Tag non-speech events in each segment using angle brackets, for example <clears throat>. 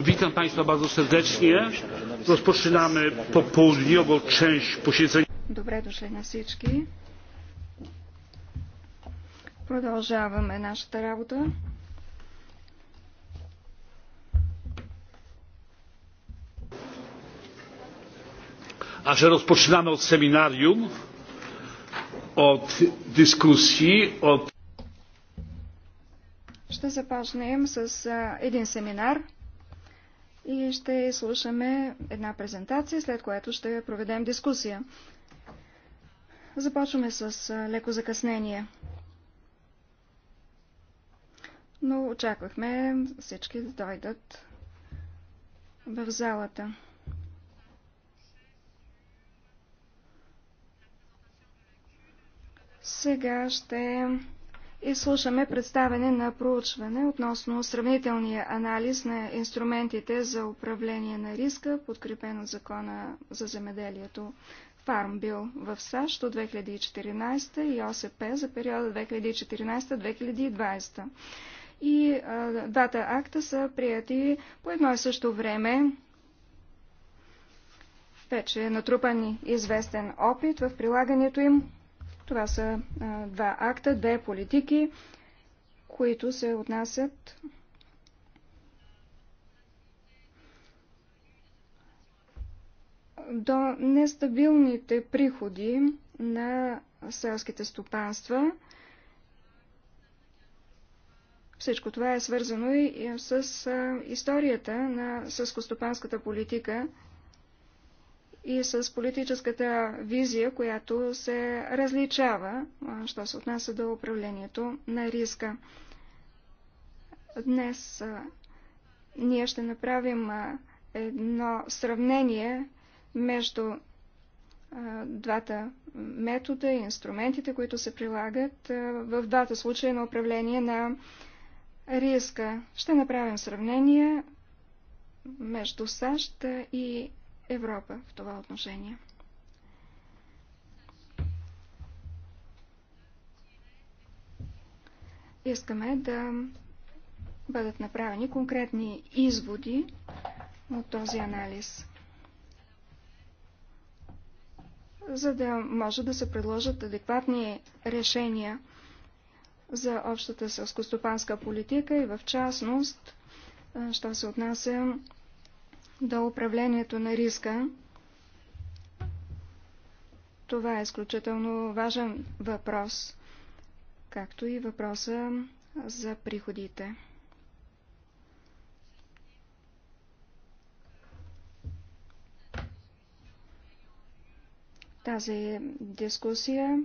Witam Państwa bardzo serdecznie. Rozpoczynamy popołudniową część posiedzenia. Добре дошли на всички. Продължаваме нашата работа. a że rozpoczynamy od seminarium od dyskusji od ще започнем с един семинар и ще слушаме една презентация, след което ще проведем дискусия. Започваме с леко закъснение. Но очаквахме всички да дойдат в залата. Сега ще изслушаме представене на проучване относно сравнителния анализ на инструментите за управление на риска, подкрепен от закона за земеделието Farm Bill в САЩ от 2014 и ОСП за периода 2014-2020. И а, двата акта са прияти по едно и също време. Вече е натрупан известен опит в прилагането им това са два акта, две политики, които се отнасят до нестабилните приходи на селските стопанства. Всичко това е свързано и с историята на сълскостопанската политика – и с политическата визия, която се различава, що се отнася до управлението на риска. Днес ние ще направим едно сравнение между двата метода и инструментите, които се прилагат в двата случая на управление на риска. Ще направим сравнение между САЩ и Европа в това отношение. Искаме да бъдат направени конкретни изводи от този анализ, за да може да се предложат адекватни решения за общата селскостопанска политика и в частност, що се отнася до управлението на риска. Това е изключително важен въпрос, както и въпроса за приходите. Тази дискусия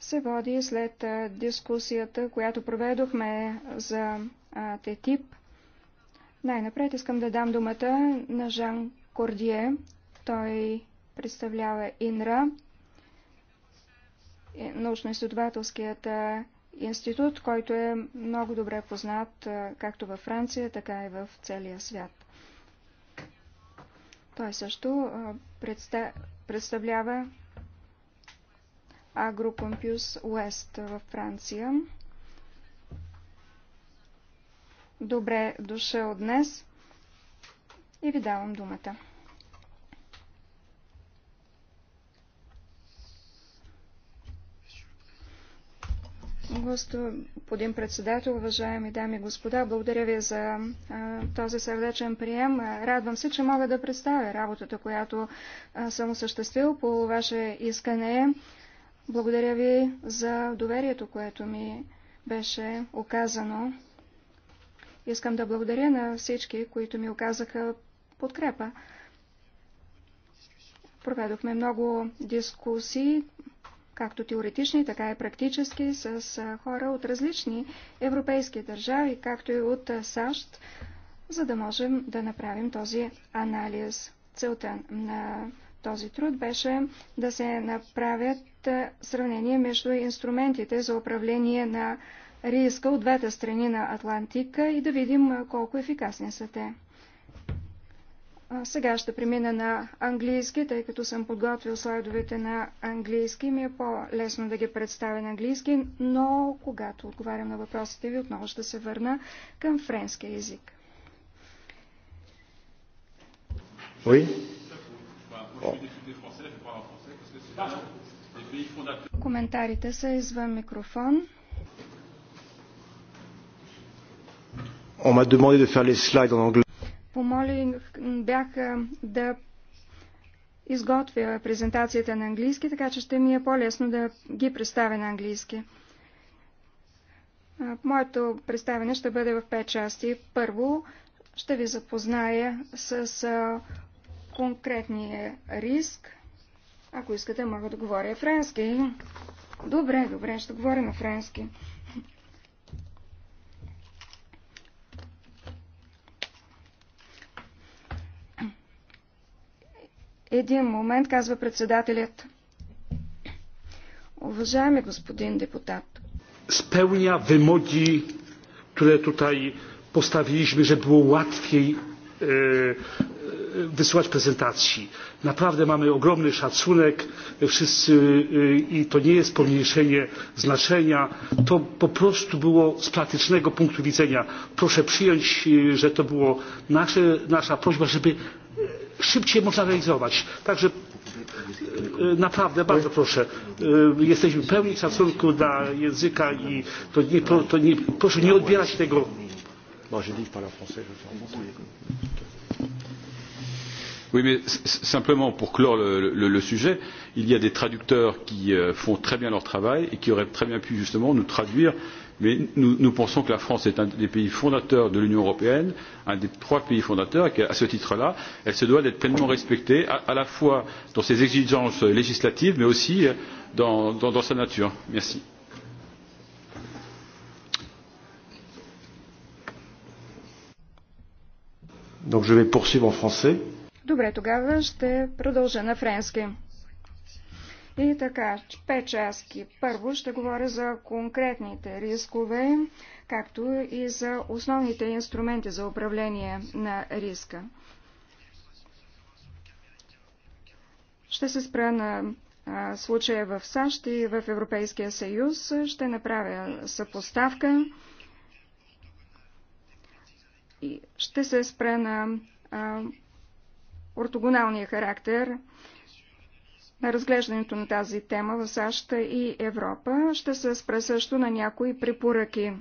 се води след дискусията, която проведохме за ТТИП най-напред искам да дам думата на Жан Кордие. Той представлява ИНРА, е, научно-изследователският институт, който е много добре познат както във Франция, така и в целия свят. Той също представлява Агрокомпюс Уест във Франция добре дошъл днес и ви давам думата. Господин председател, уважаеми дами и господа, благодаря ви за а, този сърдечен прием. Радвам се, че мога да представя работата, която а, съм осъществил по ваше искане. Благодаря ви за доверието, което ми беше оказано. Искам да благодаря на всички, които ми оказаха подкрепа. Проведохме много дискусии, както теоретични, така и практически, с хора от различни европейски държави, както и от САЩ, за да можем да направим този анализ. Целта на този труд беше да се направят сравнения между инструментите за управление на риска от двете страни на Атлантика и да видим колко ефикасни са те. Сега ще премина на английски, тъй като съм подготвил слайдовете на английски. Ми е по-лесно да ги представя на английски, но когато отговарям на въпросите ви, отново ще се върна към френския език. Oui. Коментарите са извън микрофон. On m'a demandé de faire les slides en anglais. бях да изготвя презентацията на английски, така че ще ми е по-лесно да ги представя на английски. Моето представяне ще бъде в пет части. Първо ще ви запозная с конкретния риск. Ако искате, мога да говоря френски. Добре, добре, ще говоря на френски. Един момент, казва председателят. Уважаеми господин депутат. Spełnia wymogi, które tutaj postawiliśmy, żeby było łatwiej wysyłać prezentacji. Naprawdę mamy ogromny szacunek wszyscy i to nie jest pomniejszenie znaczenia. To po prostu było z praktycznego punktu widzenia. Proszę przyjąć, że to była nasza prośba, żeby szybciej można realizować. Także naprawdę bardzo proszę, jesteśmy pełni szacunku dla języka i to nie, to nie, proszę nie odbierać tego. Oui, mais simplement pour clore le, le, le sujet, il y a des traducteurs qui font très bien leur travail et qui auraient très bien pu justement nous traduire euh, mais nous, pensons que la France est un des pays fondateurs de l'Union européenne, un des trois pays fondateurs, et qu'à ce titre-là, elle se doit d'être pleinement respectée, à, la fois dans ses exigences législatives, mais aussi dans, sa nature. Merci. Donc je vais poursuivre en français. Добре, тогава ще продължа на френски. И така, пет части. Първо ще говоря за конкретните рискове, както и за основните инструменти за управление на риска. Ще се спра на случая в САЩ и в Европейския съюз. Ще направя съпоставка. И ще се спра на ортогоналния характер на разглеждането на тази тема в САЩ и Европа. Ще се спра също на някои препоръки.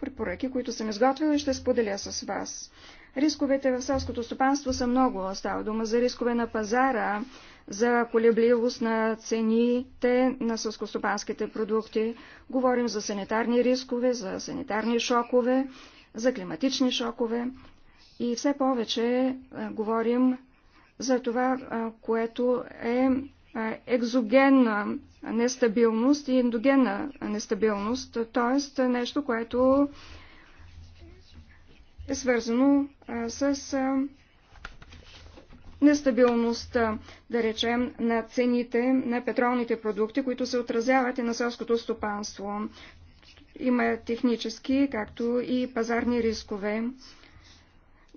Препоръки, които съм изготвила и ще споделя с вас. Рисковете в селското стопанство са много. Става дума за рискове на пазара, за колебливост на цените на сълскостопанските продукти. Говорим за санитарни рискове, за санитарни шокове, за климатични шокове. И все повече е, говорим за това, е, което е, е екзогенна нестабилност и ендогенна нестабилност, т.е. нещо, което е свързано с нестабилността, да речем, на цените на петролните продукти, които се отразяват и на селското стопанство. Има технически, както и пазарни рискове.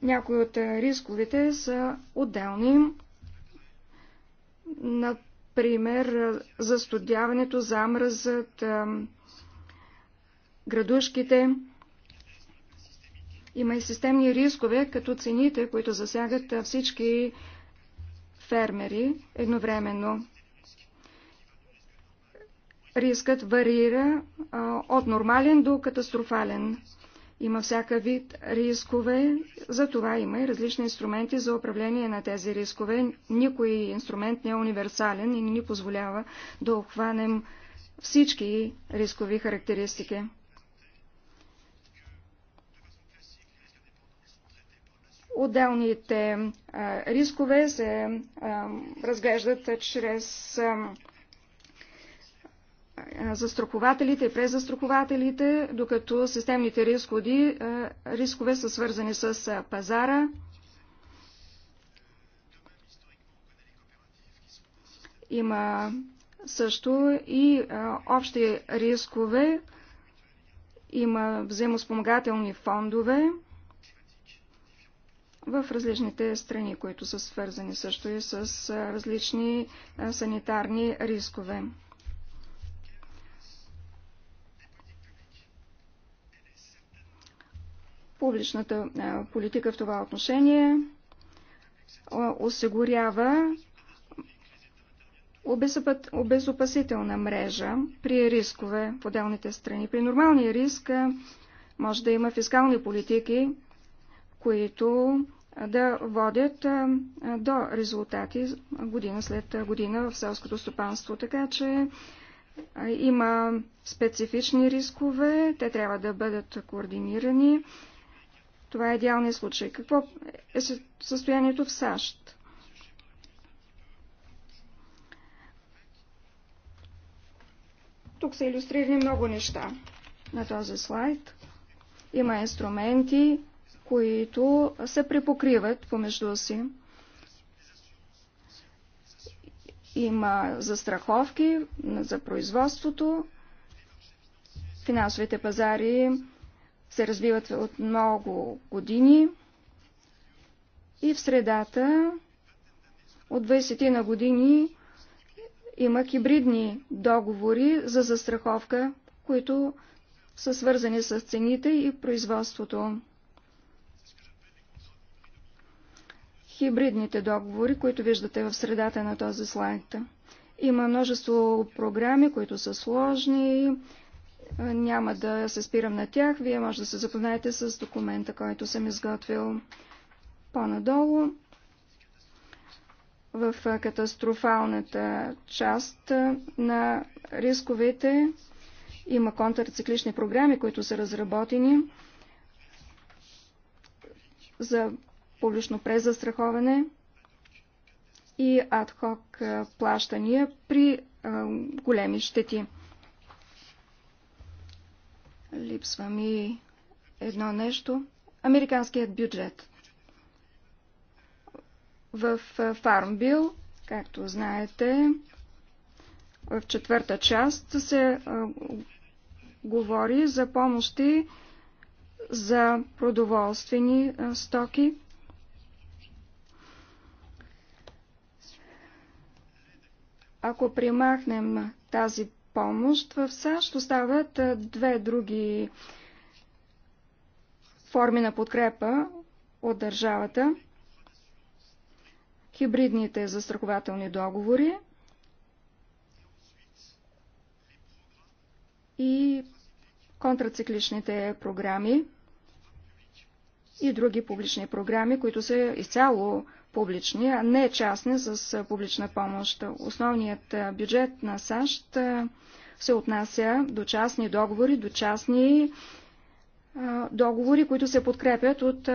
Някои от е, рисковете са отделни, например е, застудяването, замръзът, е, градушките. Има и системни рискове, като цените, които засягат всички фермери едновременно. Рискът варира от нормален до катастрофален. Има всяка вид рискове, за това има и различни инструменти за управление на тези рискове. Никой инструмент не е универсален и не ни позволява да обхванем всички рискови характеристики. Отделните рискове се разглеждат чрез застрахователите и презастрахователите, докато системните рискови, рискове са свързани с пазара. Има също и общи рискове, има взаимоспомагателни фондове в различните страни, които са свързани също и с различни санитарни рискове. Публичната политика в това отношение осигурява обезопасителна мрежа при рискове в отделните страни. При нормалния риск може да има фискални политики, които да водят до резултати година след година в селското стопанство. Така че има специфични рискове, те трябва да бъдат координирани това е идеалният случай. Какво е състоянието в САЩ? Тук са иллюстрирани много неща на този слайд. Има инструменти, които се препокриват помежду си. Има застраховки за производството, финансовите пазари се развиват от много години и в средата от 20 ти на години има хибридни договори за застраховка, които са свързани с цените и производството. Хибридните договори, които виждате в средата на този слайд. Има множество програми, които са сложни, няма да се спирам на тях. Вие може да се запознаете с документа, който съм изготвил по-надолу. В катастрофалната част на рисковете има контрциклични програми, които са разработени за публично презастраховане и адхок плащания при големи щети. Липсва ми едно нещо. Американският бюджет. В Фармбил, както знаете, в четвърта част се говори за помощи за продоволствени стоки. Ако примахнем тази помощ. В САЩ остават две други форми на подкрепа от държавата. Хибридните застрахователни договори и контрацикличните програми и други публични програми, които са изцяло публични, а не частни с публична помощ. Основният бюджет на САЩ се отнася до частни договори, до частни договори, които се подкрепят от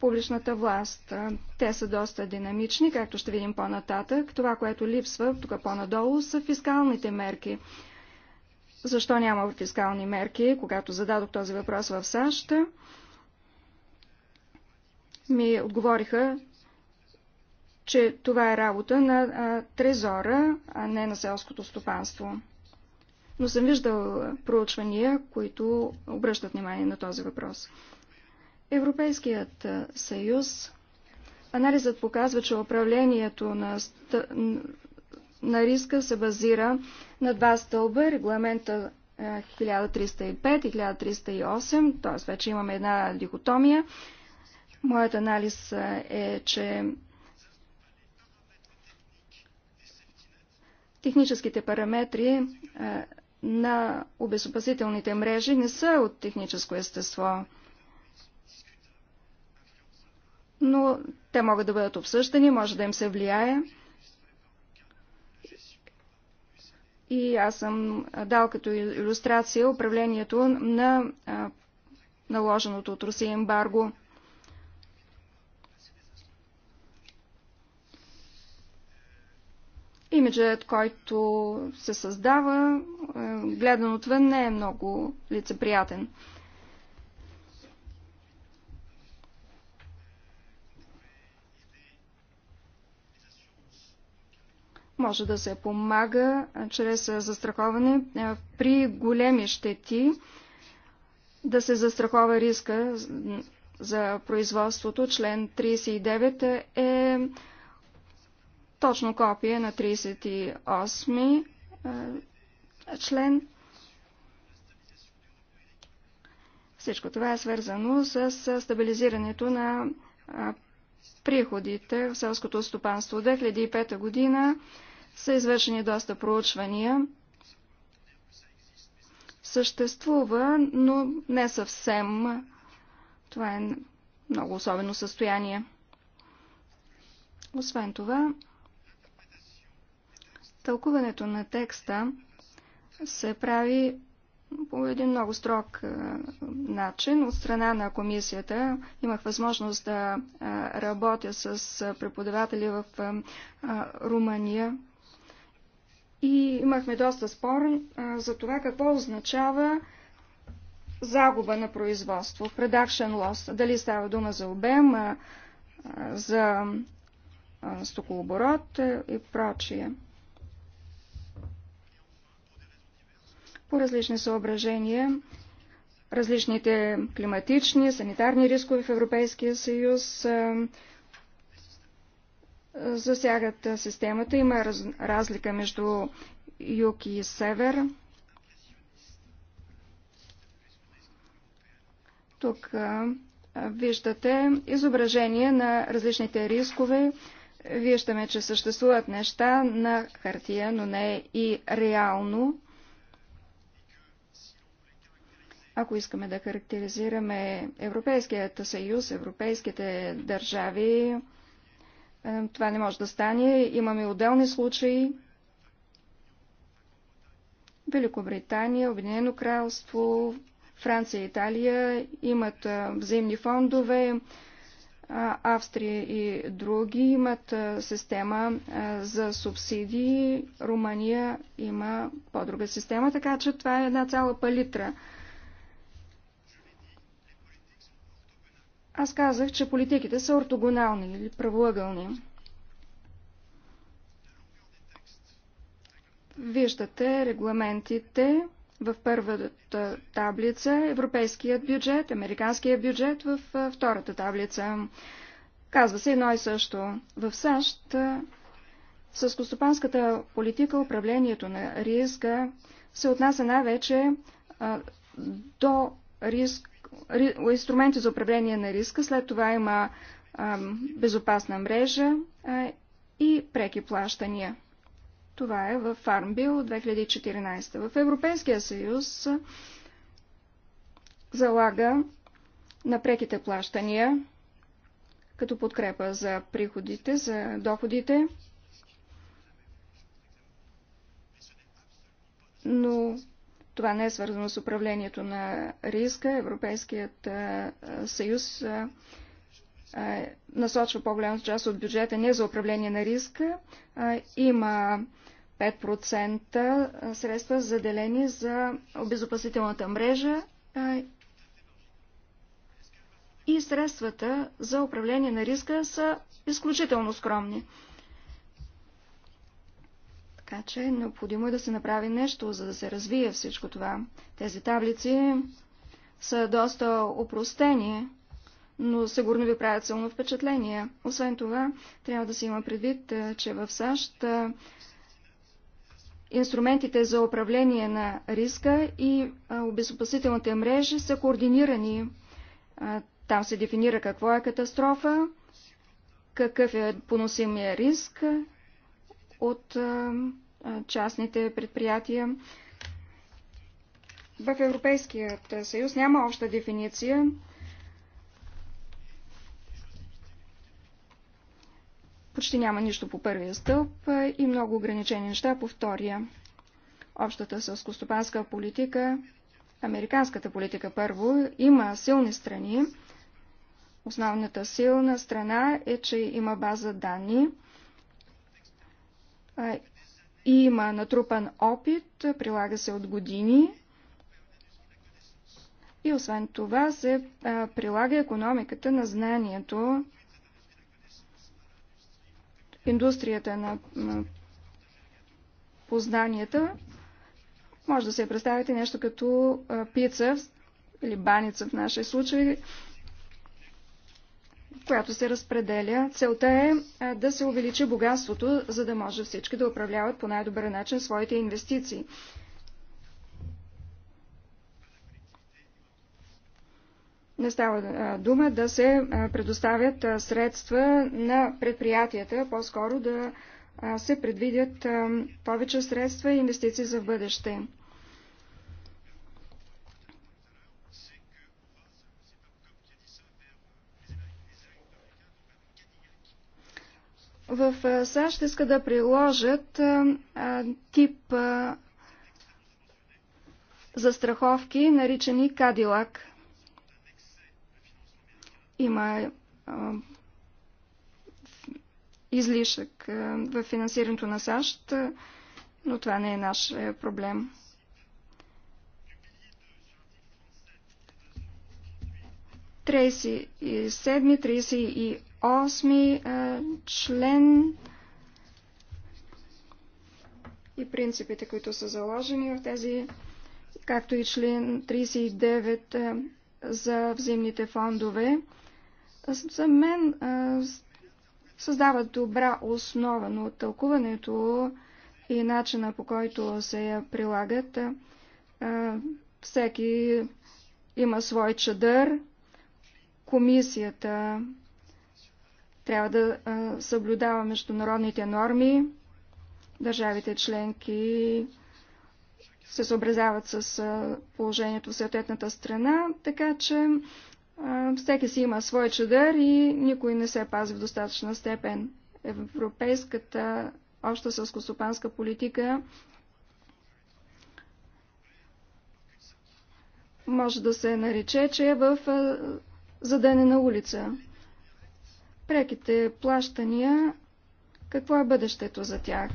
публичната власт. Те са доста динамични, както ще видим по-нататък. Това, което липсва тук по-надолу, са фискалните мерки. Защо няма фискални мерки? Когато зададох този въпрос в САЩ, ми отговориха, че това е работа на а, трезора, а не на селското стопанство. Но съм виждал проучвания, които обръщат внимание на този въпрос. Европейският съюз. Анализът показва, че управлението на, на риска се базира на два стълба. Регламента 1305 и 1308, т.е. вече имаме една дихотомия. Моят анализ е, че техническите параметри е, на обезопасителните мрежи не са от техническо естество, но те могат да бъдат обсъждани, може да им се влияе. И аз съм дал като иллюстрация управлението на наложеното от Русия ембарго – Имиджът, който се създава, е, гледан отвън, не е много лицеприятен. Може да се помага е, чрез застраховане е, при големи щети, да се застрахова риска за производството. Член 39 е точно копие на 38 е, член. Всичко това е свързано с стабилизирането на приходите в селското стопанство. 2005 година са извършени доста проучвания. Съществува, но не съвсем. Това е много особено състояние. Освен това, Тълкуването на текста се прави по един много строг е, начин от страна на комисията. Имах възможност да е, работя с е, преподаватели в Румъния и имахме доста спор за това какво означава загуба на производство, production loss. Дали става дума за обем, за стокооборот и прочие. по различни съображения, различните климатични, санитарни рискове в Европейския съюз засягат системата. Има разлика между юг и север. Тук виждате изображение на различните рискове. Виждаме, че съществуват неща на хартия, но не и реално. Ако искаме да характеризираме Европейският съюз, европейските държави, е, това не може да стане. Имаме отделни случаи. Великобритания, Обединено кралство, Франция и Италия имат е, взаимни фондове, Австрия и други имат е, система за субсидии, Румъния има по-друга система, така че това е една цяла палитра Аз казах, че политиките са ортогонални или правоъгълни. Виждате регламентите в първата таблица, европейският бюджет, американският бюджет в втората таблица. Казва се едно и също. В САЩ костопанската политика, управлението на риска се отнася най-вече до риск инструменти за управление на риска, след това има безопасна мрежа и преки плащания. Това е в Farmbill 2014. В Европейския съюз залага на преките плащания като подкрепа за приходите, за доходите, но това не е свързано с управлението на риска. Европейският съюз насочва по голямата част от бюджета не за управление на риска. Има 5% средства заделени за обезопасителната мрежа и средствата за управление на риска са изключително скромни. Така че необходимо е да се направи нещо, за да се развие всичко това. Тези таблици са доста опростени, но сигурно ви правят силно впечатление. Освен това, трябва да се има предвид, е, че в САЩ е, инструментите за управление на риска и е, обезопасителните мрежи са координирани. Там се дефинира какво е катастрофа, какъв е поносимия риск от частните предприятия. В Европейският съюз няма обща дефиниция. Почти няма нищо по първия стълб и много ограничени неща по втория. Общата сълскостопанска политика, американската политика първо, има силни страни. Основната силна страна е, че има база данни – има натрупан опит, прилага се от години и освен това се прилага економиката на знанието. Индустрията на познанията може да се представите нещо като пица или баница в нашия случай, която се разпределя. Целта е да се увеличи богатството, за да може всички да управляват по най-добър начин своите инвестиции. Не става дума да се предоставят средства на предприятията, по-скоро да се предвидят повече средства и инвестиции за бъдеще. В САЩ искат да приложат тип застраховки, наричани Кадилак. Има излишък в финансирането на САЩ, но това не е наш проблем. Трейси и Осми член и принципите, които са заложени в тези, както и член 39 за взаимните фондове, за мен създават добра основа, но тълкуването и начина по който се я прилагат, всеки има свой чадър, комисията трябва да съблюдава международните норми. Държавите членки се съобразяват с положението в съответната страна, така че всеки си има свой чадър и никой не се пази в достатъчна степен. Европейската обща сълскостопанска политика може да се нарече, че е в на улица. Преките плащания, какво е бъдещето за тях?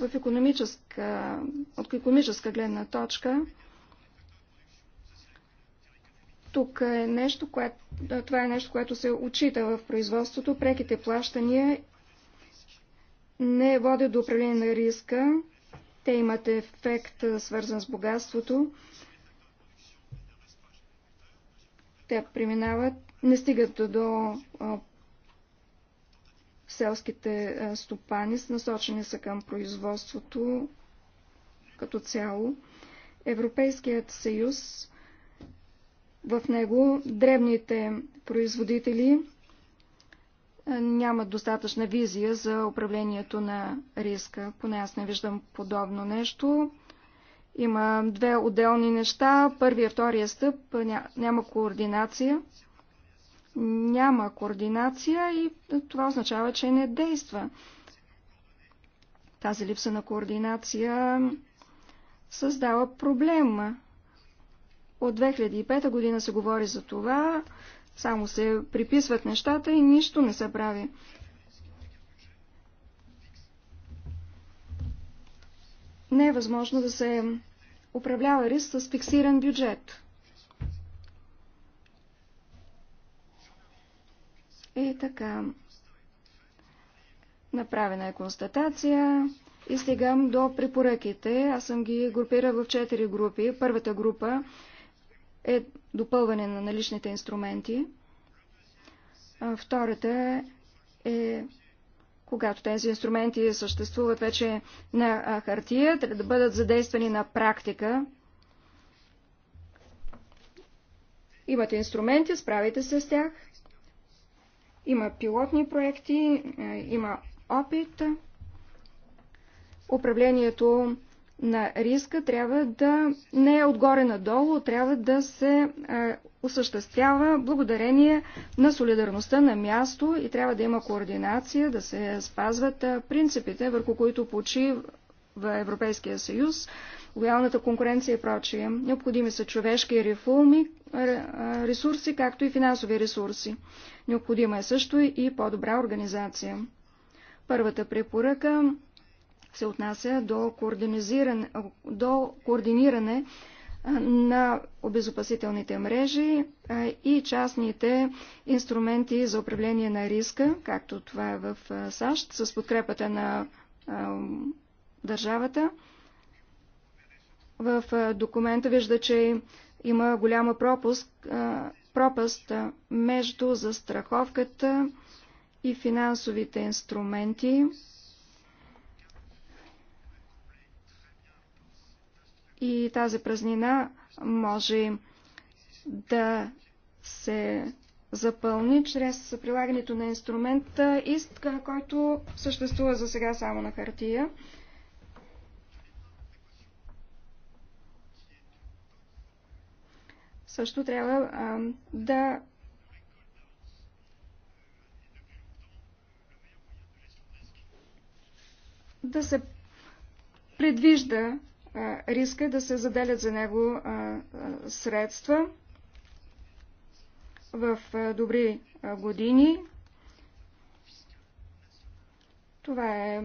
В економическа, от економическа гледна точка, тук е нещо, което, това е нещо, което се очита в производството. Преките плащания не водят до определение на риска. Те имат ефект, свързан с богатството. Те преминават, не стигат до селските е, стопани насочени са към производството като цяло. Европейският съюз, в него древните производители е, нямат достатъчна визия за управлението на риска. Поне аз не виждам подобно нещо. Има две отделни неща. Първия, втория стъп, е, няма координация няма координация и това означава, че не действа. Тази липса на координация създава проблем. От 2005 година се говори за това, само се приписват нещата и нищо не се прави. Не е възможно да се управлява риск с фиксиран бюджет. И така, направена е констатация и стигам до препоръките. Аз съм ги групира в четири групи. Първата група е допълване на наличните инструменти. Втората е когато тези инструменти съществуват вече на хартия, трябва да бъдат задействани на практика. Имате инструменти, справите се с тях. Има пилотни проекти, е, има опит. Управлението на риска трябва да не е отгоре надолу, трябва да се е, осъществява благодарение на солидарността на място и трябва да има координация, да се спазват е, принципите, върху които почи в Европейския съюз, лоялната конкуренция и прочие. Необходими са човешки реформи, ресурси, както и финансови ресурси. Необходима е също и по-добра организация. Първата препоръка се отнася до координиране, до координиране на обезопасителните мрежи и частните инструменти за управление на риска, както това е в САЩ, с подкрепата на държавата. В документа вижда, че има голяма пропуск, пропаст между застраховката и финансовите инструменти. И тази празнина може да се запълни чрез прилагането на инструмента ИСТ, който съществува за сега само на хартия. също трябва а, да да се предвижда а, риска да се заделят за него а, а, средства в а, добри а, години. Това е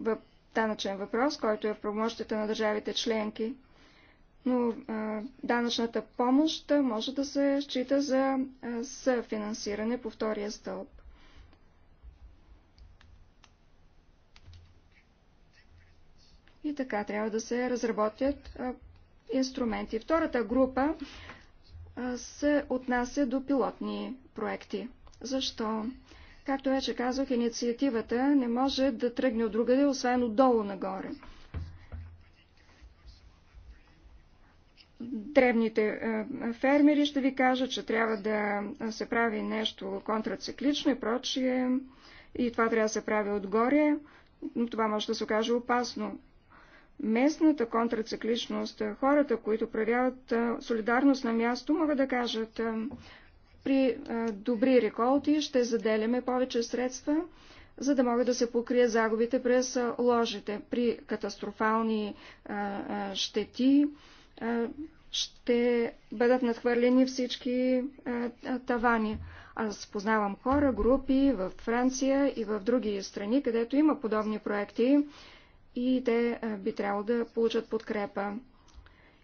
въп... данъчен въпрос, който е в промощите на държавите членки но данъчната помощ може да се счита за съфинансиране по втория стълб. И така трябва да се разработят инструменти. Втората група се отнася до пилотни проекти. Защо? Както вече казах, инициативата не може да тръгне от другаде, освен отдолу нагоре. древните е, фермери ще ви кажат, че трябва да се прави нещо контрациклично и прочие, и това трябва да се прави отгоре, но това може да се окаже опасно. Местната контрацикличност, хората, които проявяват е, солидарност на място, могат да кажат, е, при добри реколти ще заделяме повече средства, за да могат да се покрият загубите през ложите. При катастрофални щети, ще бъдат надхвърлени всички тавани. Аз познавам хора, групи в Франция и в други страни, където има подобни проекти и те би трябвало да получат подкрепа.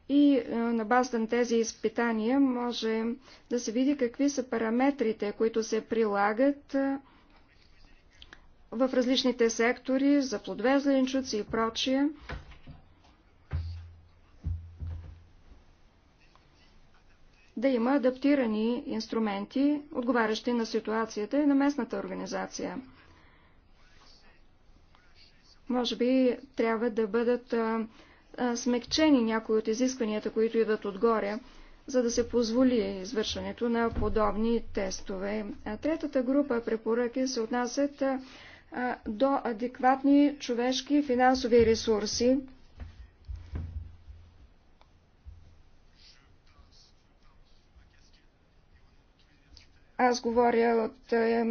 И на базата на тези изпитания може да се види какви са параметрите, които се прилагат в различните сектори за плодове, зеленчуци и прочие. да има адаптирани инструменти, отговарящи на ситуацията и на местната организация. Може би трябва да бъдат а, а, смекчени някои от изискванията, които идват отгоре, за да се позволи извършването на подобни тестове. А третата група препоръки се отнасят а, до адекватни човешки финансови ресурси, Аз говоря от а, е,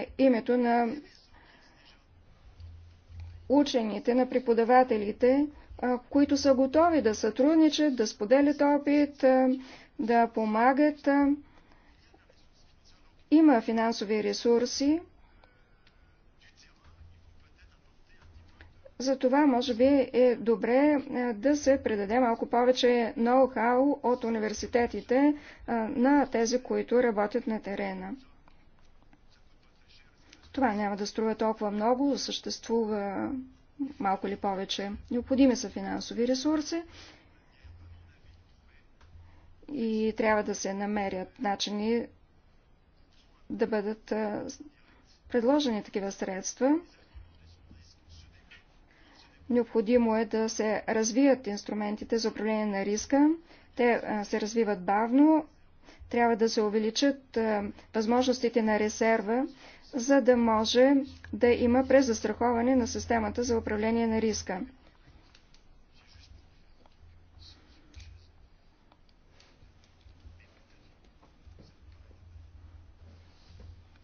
е, името на учените, на преподавателите, а, е, които са готови да сътрудничат, да споделят опит, а, да помагат. Има финансови ресурси, Затова, може би, е добре е, да се предаде малко повече ноу-хау от университетите е, на тези, които работят на терена. Това няма да струва толкова много, съществува малко ли повече. Необходими са финансови ресурси и трябва да се намерят начини да бъдат е, предложени такива средства. Необходимо е да се развият инструментите за управление на риска. Те се развиват бавно. Трябва да се увеличат възможностите на резерва, за да може да има презастраховане на системата за управление на риска.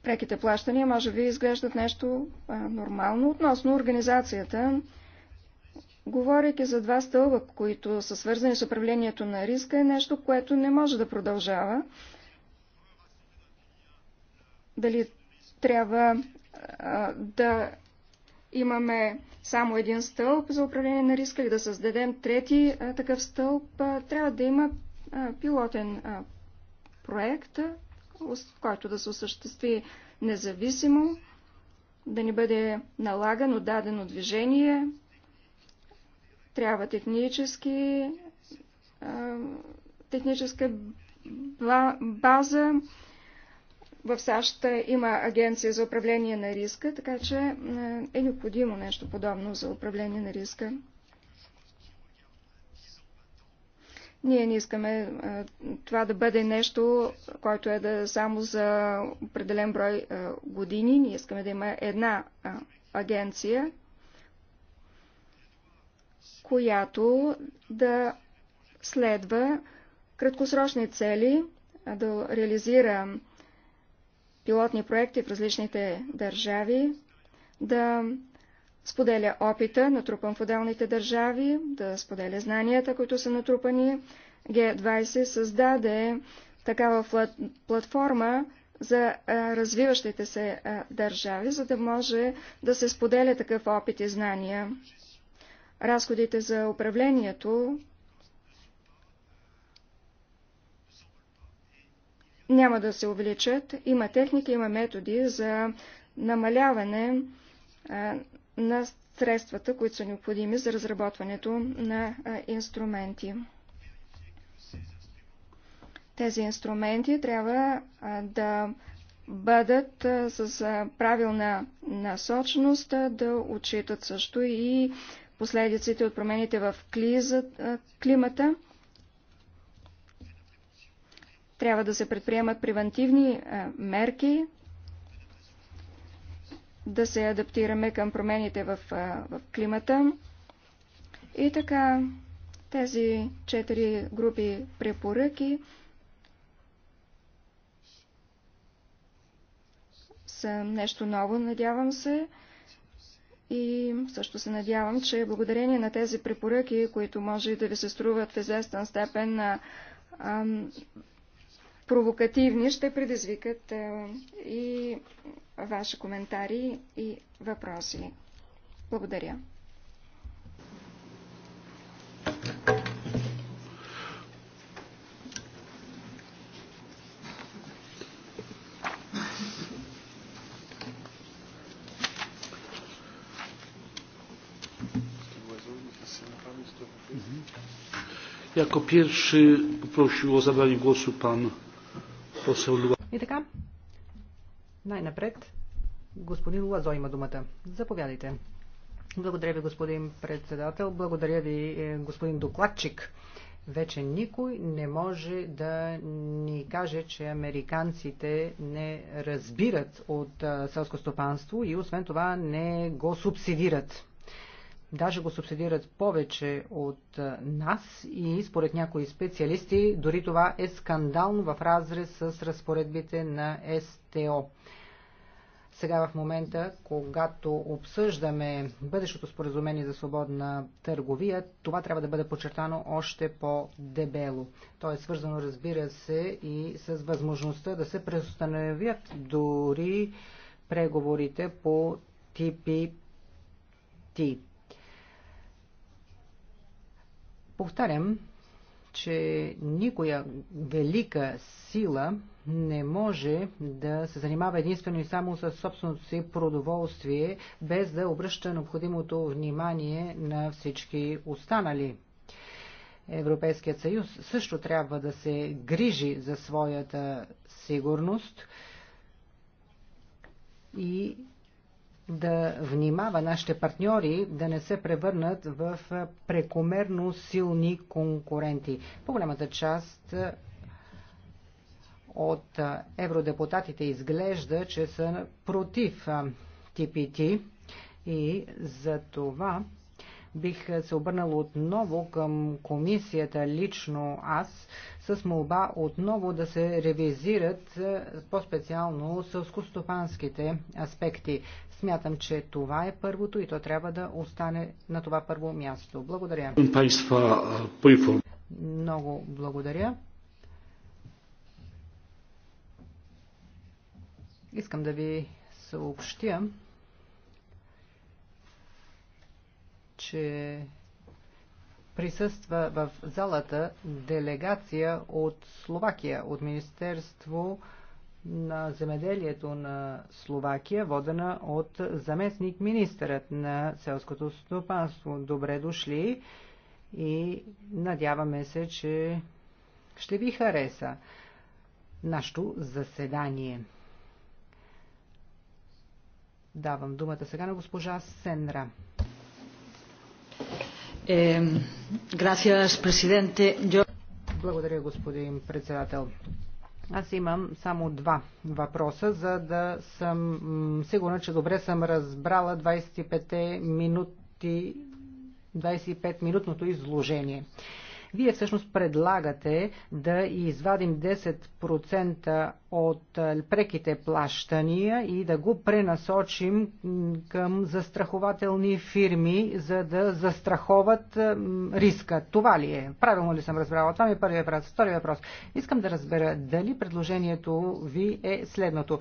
преките плащания може би изглеждат нещо нормално относно организацията Говорейки за два стълба, които са свързани с управлението на риска, е нещо, което не може да продължава. Дали трябва а, да имаме само един стълб за управление на риска или да създадем трети а, такъв стълб, а, трябва да има а, пилотен а, проект, а, който да се осъществи независимо, да ни бъде налагано дадено движение, трябва технически, техническа база. В САЩ има агенция за управление на риска, така че е необходимо нещо подобно за управление на риска. Ние не искаме а, това да бъде нещо, което е да само за определен брой а, години. Ние искаме да има една а, агенция която да следва краткосрочни цели, да реализира пилотни проекти в различните държави, да споделя опита, натрупан в отделните държави, да споделя знанията, които са натрупани. G20 създаде такава платформа за развиващите се държави, за да може да се споделя такъв опит и знания разходите за управлението няма да се увеличат. Има техники, има методи за намаляване на средствата, които са необходими за разработването на инструменти. Тези инструменти трябва да бъдат с правилна насочност, да отчитат също и последиците от промените в климата. Трябва да се предприемат превентивни мерки, да се адаптираме към промените в, климата. И така, тези четири групи препоръки са нещо ново, надявам се. И също се надявам, че благодарение на тези препоръки, които може да ви се струват в известен степен а, провокативни, ще предизвикат а, е, и ваши коментари и въпроси. Благодаря. Jako pierwszy poprosił o zabranie głosu pan poseł И така, най-напред господин Лазо има думата. Заповядайте. Благодаря ви, господин председател. Благодаря ви, е, господин докладчик. Вече никой не може да ни каже, че американците не разбират от е, селско стопанство и освен това не го субсидират даже го субсидират повече от нас и според някои специалисти дори това е скандално в разрез с разпоредбите на СТО. Сега в момента, когато обсъждаме бъдещото споразумение за свободна търговия, това трябва да бъде подчертано още по-дебело. То е свързано, разбира се, и с възможността да се преустановят дори преговорите по TPT. Повтарям, че никоя велика сила не може да се занимава единствено и само с собственото си продоволствие, без да обръща необходимото внимание на всички останали. Европейският съюз също трябва да се грижи за своята сигурност и да внимава нашите партньори да не се превърнат в прекомерно силни конкуренти. По-голямата част от евродепутатите изглежда, че са против ТПТ и за това бих се обърнал отново към комисията лично аз с молба отново да се ревизират по-специално сълскостопанските аспекти. Смятам, че това е първото и то трябва да остане на това първо място. Благодаря. Много благодаря. Искам да ви съобщя, че присъства в залата делегация от Словакия, от Министерство на земеделието на Словакия, водена от заместник министърът на селското стопанство. Добре дошли и надяваме се, че ще ви хареса нашето заседание. Давам думата сега на госпожа Сенра. Е, gracias, Yo... Благодаря, господин председател. Аз имам само два въпроса, за да съм сигурна, че добре съм разбрала 25 минути 25-минутното изложение. Вие всъщност предлагате да извадим 10% от преките плащания и да го пренасочим към застрахователни фирми, за да застраховат риска. Това ли е? Правилно ли съм разбрала? Това ми е първият въпрос. Втори въпрос. Искам да разбера дали предложението ви е следното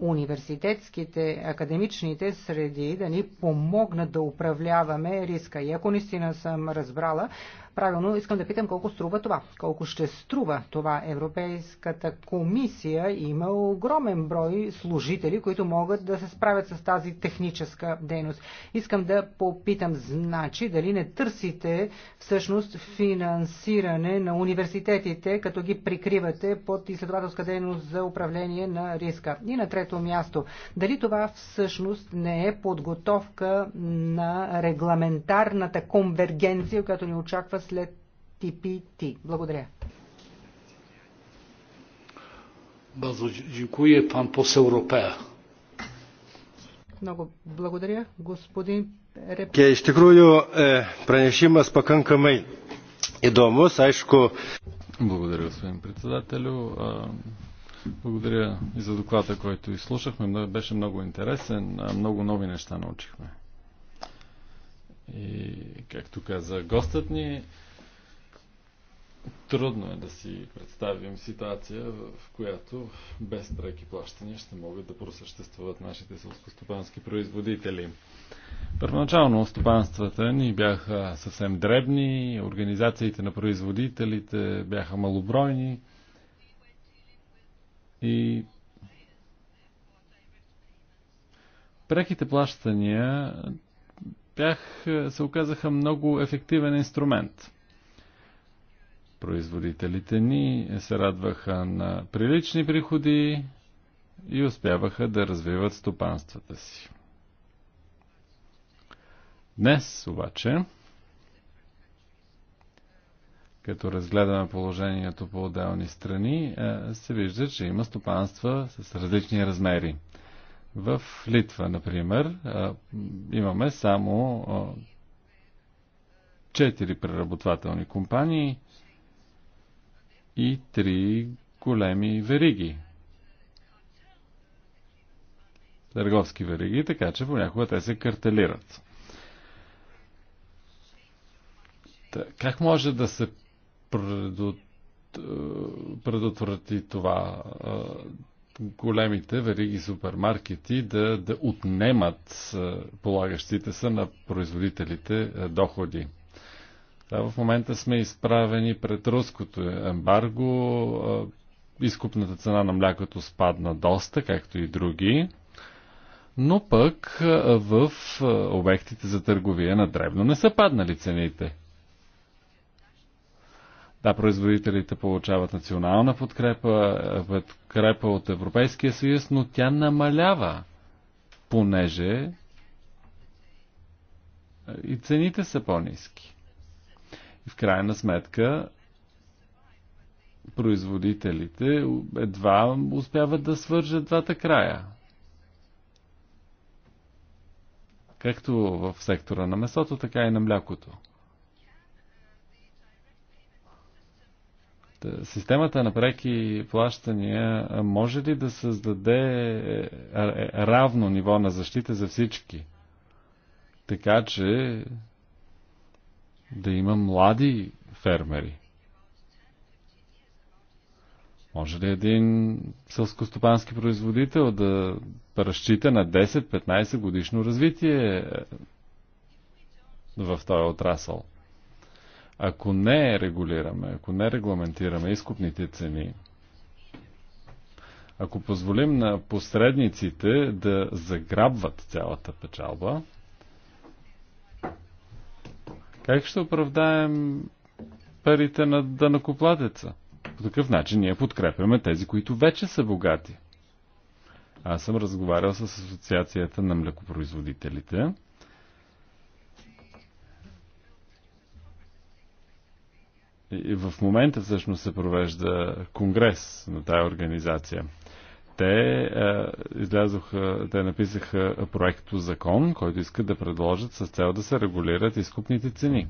университетските, академичните среди да ни помогнат да управляваме риска. И ако наистина съм разбрала, Правилно искам да питам колко струва това. Колко ще струва това? Европейската комисия има огромен брой служители, които могат да се справят с тази техническа дейност. Искам да попитам, значи, дали не търсите всъщност финансиране на университетите, като ги прикривате под изследователска дейност за управление на риска. И на трето място, дали това всъщност не е подготовка на регламентарната конвергенция, която ни очаква след TPT. Благодаря. Bardzo dziękuję. Pan poseł Ropea. Много благодаря, господин Реп. Iš tikrųjų, pranešimas и дома, сайшко. Благодаря, господин председателю. Благодаря и за доклада, който изслушахме. Беше много интересен. Много нови неща научихме. И, както каза гостът ни, трудно е да си представим ситуация, в която без преки плащания ще могат да просъществуват нашите селскостопански производители. Първоначално стопанствата ни бяха съвсем дребни, организациите на производителите бяха малобройни и преките плащания бях, е, се оказаха много ефективен инструмент. Производителите ни се радваха на прилични приходи и успяваха да развиват стопанствата си. Днес обаче, като разгледаме положението по отделни страни, е, се вижда, че има стопанства с различни размери – в Литва, например, имаме само 4 преработвателни компании и 3 големи вериги. Търговски вериги, така че понякога те се картелират. Как може да се предотврати това? големите вериги супермаркети да, да отнемат полагащите се на производителите доходи. Да, в момента сме изправени пред руското ембарго. Изкупната цена на млякото спадна доста, както и други. Но пък в обектите за търговия на древно не са паднали цените. Да, производителите получават национална подкрепа, подкрепа от Европейския съюз, но тя намалява, понеже и цените са по-низки. И в крайна сметка производителите едва успяват да свържат двата края. Както в сектора на месото, така и на млякото. Е, системата на преки плащания е, може ли да създаде е, равно ниво на защита за всички? Така че да има млади фермери. Може ли един сълскостопански производител да разчита на 10-15 годишно развитие в този отрасъл? Ако не регулираме, ако не регламентираме изкупните цени, ако позволим на посредниците да заграбват цялата печалба, как ще оправдаем парите на данакоплатеца? По такъв начин ние подкрепяме тези, които вече са богати. Аз съм разговарял с Асоциацията на млекопроизводителите И в момента всъщност се провежда конгрес на тая организация. Те е, излязоха, те написаха проекто закон, който искат да предложат с цел да се регулират изкупните цени.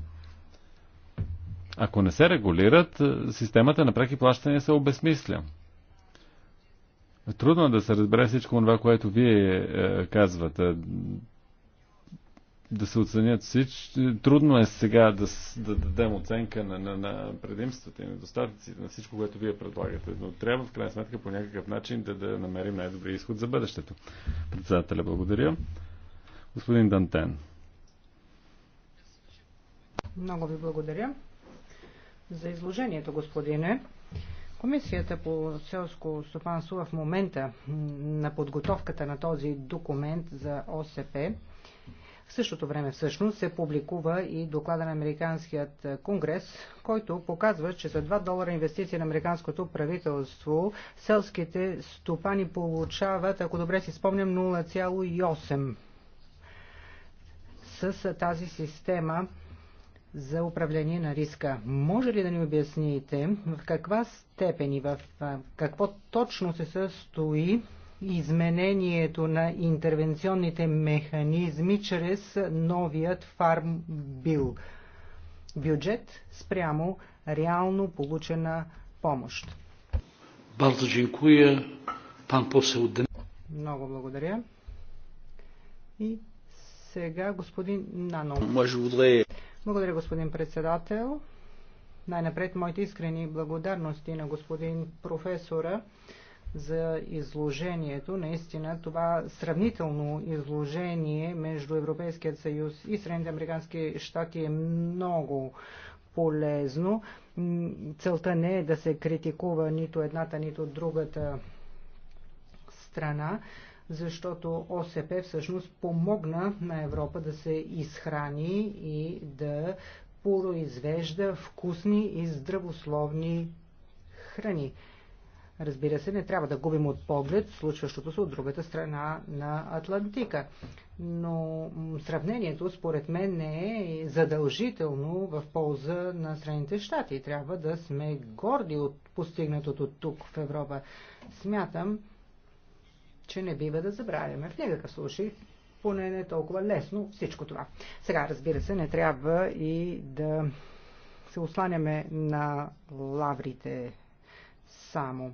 Ако не се регулират, е, системата на преки плащания се обезмисля. Трудно е да се разбере всичко това, което вие е, казвате да се оценят всички. Трудно е сега да, да дадем оценка на, на, на предимствата и недостатъците, на всичко, което вие предлагате, но трябва в крайна сметка по някакъв начин да, да намерим най-добрия изход за бъдещето. Председателя, благодаря. Господин Дантен. Много ви благодаря за изложението, господине. Комисията по селско стопанство в момента на подготовката на този документ за ОСП в същото време всъщност се публикува и доклада на Американският конгрес, който показва, че за 2 долара инвестиции на американското правителство селските стопани получават, ако добре си спомням, 0,8 с тази система за управление на риска. Може ли да ни обясните в каква степени, в какво точно се състои изменението на интервенционните механизми чрез новият фарм бил бюджет спрямо реално получена помощ. Много благодаря. И сега господин Нано. Благодаря, господин председател. Най-напред моите искрени благодарности на господин професора за изложението. Наистина това сравнително изложение между Европейският съюз и Средните американски щати е много полезно. Целта не е да се критикува нито едната, нито другата страна, защото ОСП всъщност помогна на Европа да се изхрани и да произвежда вкусни и здравословни храни. Разбира се, не трябва да губим от поглед случващото се от другата страна на Атлантика. Но сравнението, според мен, не е задължително в полза на Средните щати. Трябва да сме горди от постигнатото тук в Европа. Смятам, че не бива да забравяме в никакъв случай поне не е толкова лесно всичко това. Сега, разбира се, не трябва и да се осланяме на лаврите само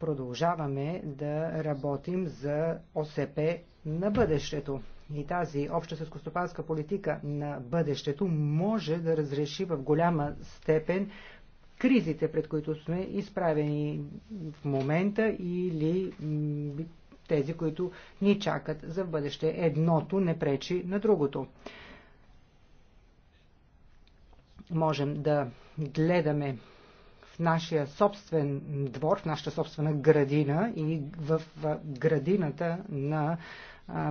продължаваме да работим за ОСП на бъдещето. И тази обща селскостопанска политика на бъдещето може да разреши в голяма степен кризите, пред които сме изправени в момента или тези, които ни чакат за бъдеще. Едното не пречи на другото. Можем да гледаме нашия собствен двор, в нашата собствена градина и в градината на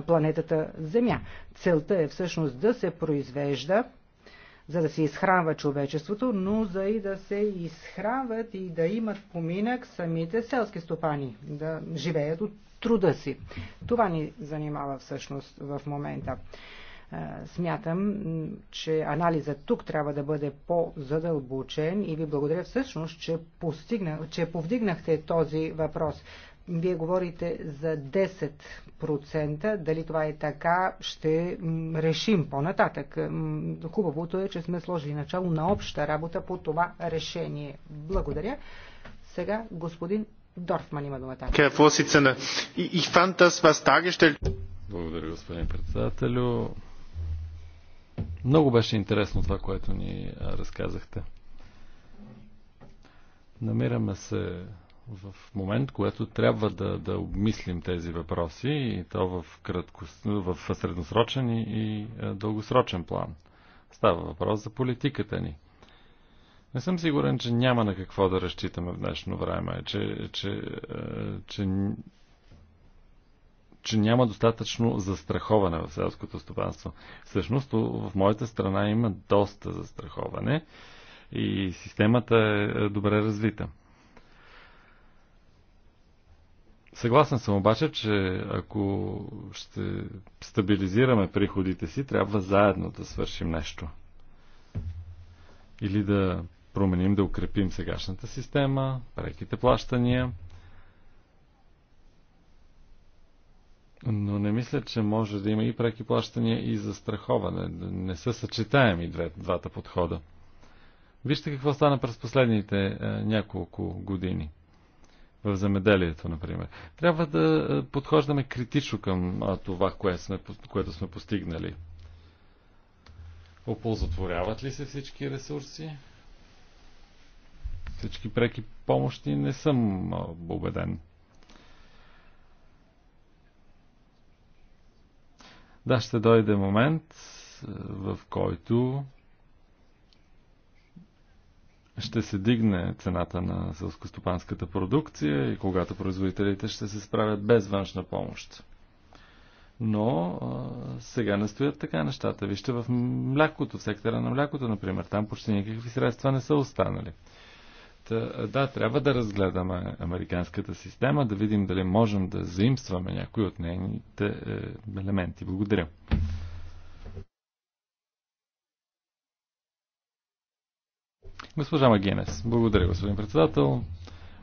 планетата Земя. Целта е всъщност да се произвежда за да се изхранва човечеството, но за и да се изхранват и да имат поминък самите селски стопани, да живеят от труда си. Това ни занимава всъщност в момента. Смятам, че анализът тук трябва да бъде по-задълбочен и ви благодаря всъщност, че, постигна, че повдигнахте този въпрос. Вие говорите за 10%. Дали това е така, ще решим по-нататък. Хубавото е, че сме сложили начало на обща работа по това решение. Благодаря. Сега господин Дорфман има думата. Благодаря, господин председателю. Много беше интересно това, което ни разказахте. Намираме се в момент, което трябва да, да обмислим тези въпроси и то в, кратко, в средносрочен и, и дългосрочен план. Става въпрос за политиката ни. Не съм сигурен, че няма на какво да разчитаме в днешно време, че, че, че че няма достатъчно застраховане в селското стопанство. Всъщност, в моята страна има доста застраховане и системата е, е добре развита. Съгласен съм обаче, че ако ще стабилизираме приходите си, трябва заедно да свършим нещо. Или да променим, да укрепим сегашната система, преките плащания – Но не мисля, че може да има и преки плащания и застраховане. Не са съчетаеми две, двата подхода. Вижте какво стана през последните е, няколко години. В земеделието, например. Трябва да е, подхождаме критично към а, това, кое сме, което сме постигнали. Оползотворяват ли се всички ресурси? Всички преки помощи не съм убеден. Да, ще дойде момент, е, в който ще се дигне цената на селскостопанската продукция и когато производителите ще се справят без външна помощ. Но а, е, сега не стоят така нещата. Вижте в млякото, в сектора на млякото, например, там почти никакви средства не са останали. Е, да, трябва да разгледаме американската система, да видим дали можем да заимстваме някои от нейните е, елементи. Благодаря. Госпожа Магинес, благодаря, господин председател.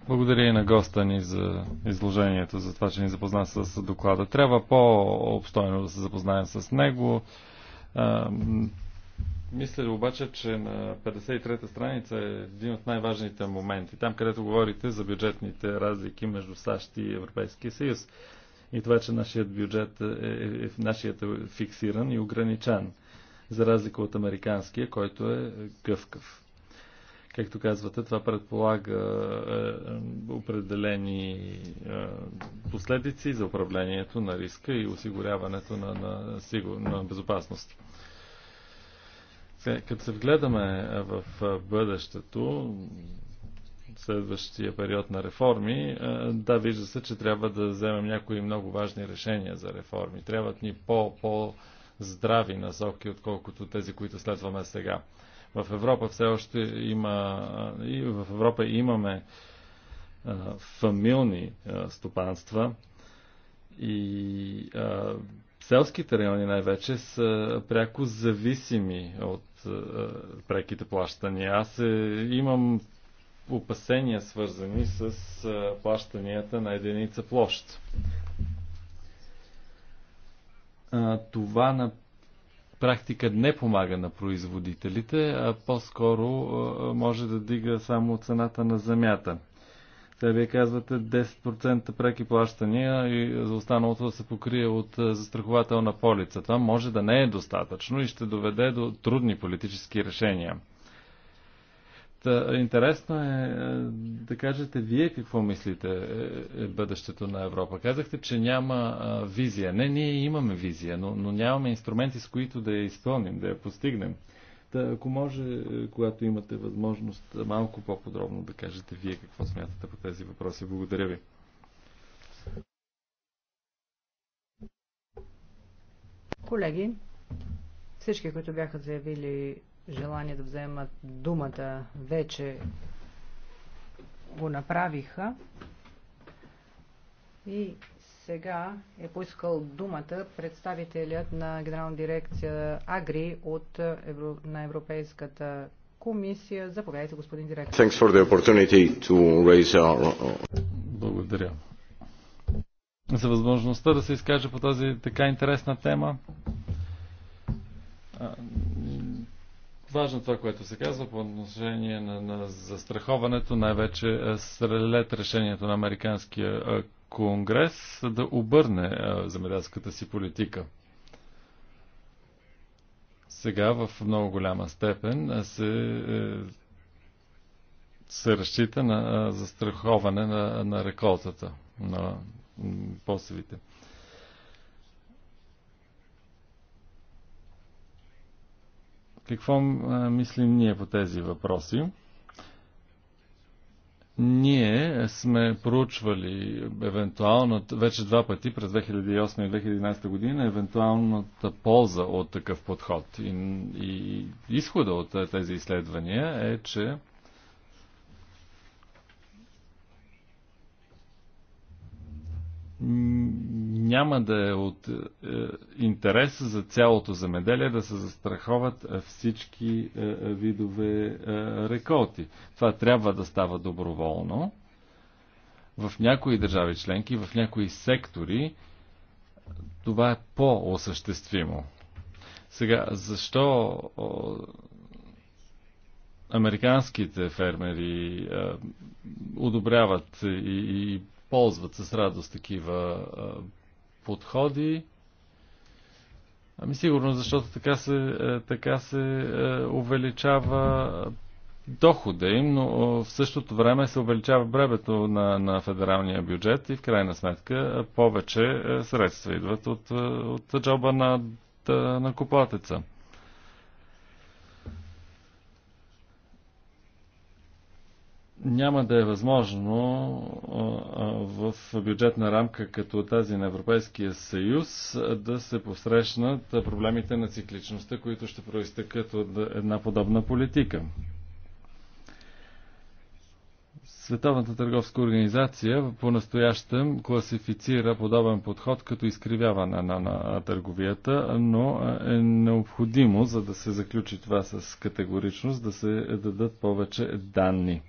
Благодаря и на госта ни за изложението, за това, че ни запозна с доклада. Трябва по-обстойно да се запознаем с него е, мисля обаче, че на 53-та страница е един от най-важните моменти. Там, където говорите за бюджетните разлики между САЩ и Европейския съюз. И това, че нашият бюджет е, е, е нашият е фиксиран и ограничен, за разлика от американския, който е гъвкав. Както казвате, това предполага е, е, определени е, последици за управлението на риска и осигуряването на, на, сигур... на безопасност. Като се вгледаме в бъдещето, следващия период на реформи, да, вижда се, че трябва да вземем някои много важни решения за реформи. Трябват ни по-здрави -по насоки, отколкото тези, които следваме сега. В Европа все още има и в Европа имаме фамилни стопанства и Селските райони най-вече са пряко зависими от е, преките плащания. Аз е, имам опасения свързани с е, плащанията на единица площ. Това на практика не помага на производителите, а по-скоро е, може да дига само цената на земята. Те вие казвате 10% преки плащания и за останалото да се покрие от е, застрахователна полица. Това може да не е достатъчно и ще доведе до трудни политически решения. Та, интересно е, е да кажете вие какво мислите е, е бъдещето на Европа. Казахте, че няма визия. Не, ние имаме визия, но, но нямаме инструменти, с които да я изпълним, да я постигнем. Та, ако може, когато имате възможност, малко по-подробно да кажете вие какво смятате по тези въпроси. Благодаря ви. Колеги, всички, които бяха заявили желание да вземат думата, вече го направиха. И сега е поискал думата представителят на Генерална дирекция Агри от Евро... на Европейската комисия. Заповядайте, господин директор. Our... Благодаря. За възможността да се изкаже по тази така интересна тема. Важно това, което се казва по отношение на, на застраховането, най-вече е, след решението на Американския е, конгрес да обърне е, земеделската си политика. Сега в много голяма степен се, е, се разчита на е, застраховане на, на реколтата, на посевите. Какво мислим ние по тези въпроси? Ние сме проучвали евентуално вече два пъти през 2008 и 2011 година, евентуалната полза от такъв подход. И, и изхода от тези изследвания е, че няма да е от е, интерес за цялото земеделие да се застраховат всички е, е видове е, реколти. Това трябва да става доброволно. В някои държави членки, в някои сектори това е по-осъществимо. Сега, защо американските фермери а, одобряват и, и ползват с радост такива а, подходи. Ами сигурно, защото така се, а, е, така се а, е, увеличава дохода им, но в същото време се увеличава бребето на, на федералния бюджет и в крайна сметка повече средства идват от, от джоба на, на купатеца. няма да е възможно в бюджетна рамка като тази на Европейския съюз да се посрещнат проблемите на цикличността, които ще проистъкат от една подобна политика. Световната търговска организация по-настоящем класифицира подобен подход като изкривяване на, на, на търговията, но е, е необходимо, за да се заключи това с категоричност, да се дадат повече данни.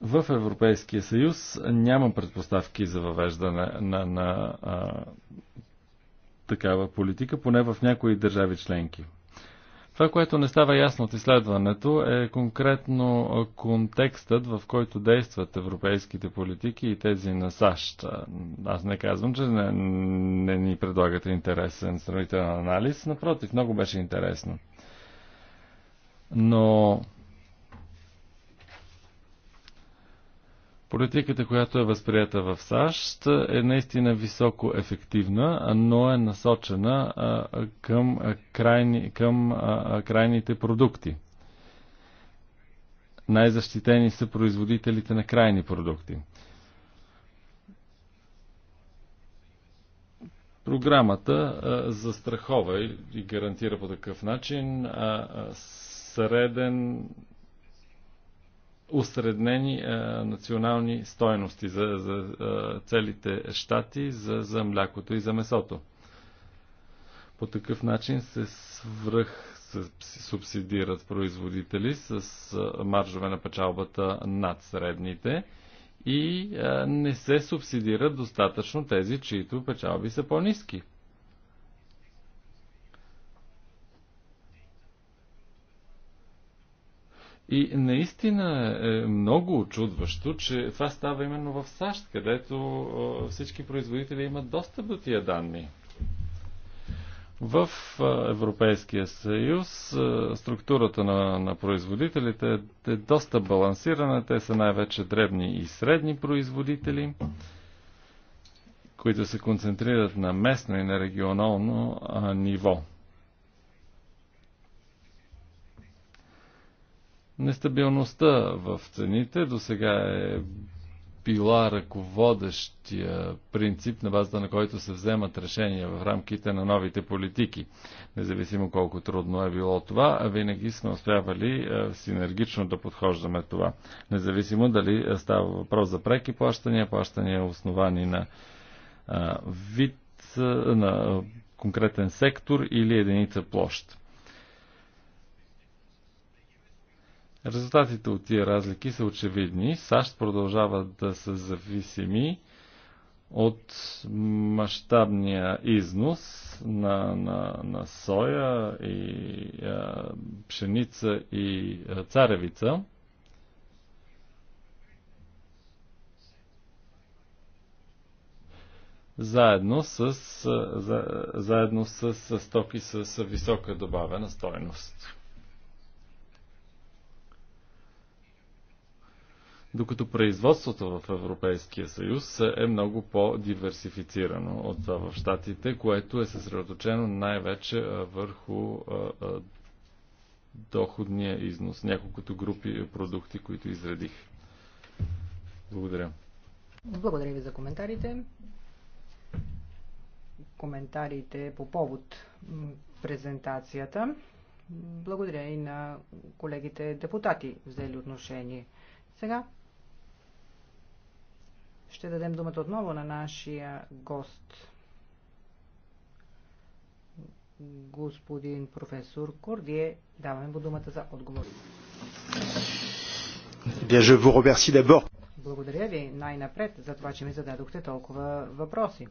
В Европейския съюз няма предпоставки за въвеждане на, на, а, такава политика, поне в някои държави членки. Това, което не става ясно от изследването е конкретно контекстът, в който действат европейските политики и тези на САЩ. Аз не казвам, че не, не ни предлагате интересен сравнителен анализ, напротив, много беше интересно. Но Политиката, която е възприята в САЩ, е наистина високо ефективна, но е насочена към, крайни, към крайните продукти. Най-защитени са производителите на крайни продукти. Програмата застрахова и гарантира по такъв начин среден осреднени национални стойности за, за целите щати, за, за млякото и за месото. По такъв начин се свръх се субсидират производители с маржове на печалбата над средните и не се субсидират достатъчно тези, чието печалби са по-низки. И наистина е много очудващо, че това става именно в САЩ, където всички производители имат достъп до тия данни. В Европейския съюз структурата на, на производителите е доста балансирана. Те са най-вече дребни и средни производители, които се концентрират на местно и на регионално ниво. Нестабилността в цените до сега е била ръководещия принцип, на базата на който се вземат решения в рамките на новите политики. Независимо колко трудно е било това, винаги сме успявали е, синергично да подхождаме това. Независимо дали става въпрос за преки плащания, плащания основани на е, вид, е, на конкретен сектор или единица площ. Резултатите от тия разлики са очевидни. САЩ продължават да са зависими от мащабния износ на, на, на соя и а, пшеница и а, царевица. Заедно с, за, заедно с, с стоки с, с висока добавена стоеност. докато производството в Европейския съюз е много по-диверсифицирано от това в Штатите, което е съсредоточено най-вече върху доходния износ, няколкото групи продукти, които изредих. Благодаря. Благодаря ви за коментарите. Коментарите по повод презентацията. Благодаря и на колегите депутати, взели отношение. Сега ще дадем думата отново на нашия гост, господин професор Кордие. Даваме му думата за отговор. Благодаря ви най-напред за това, че ми зададохте толкова въпроси.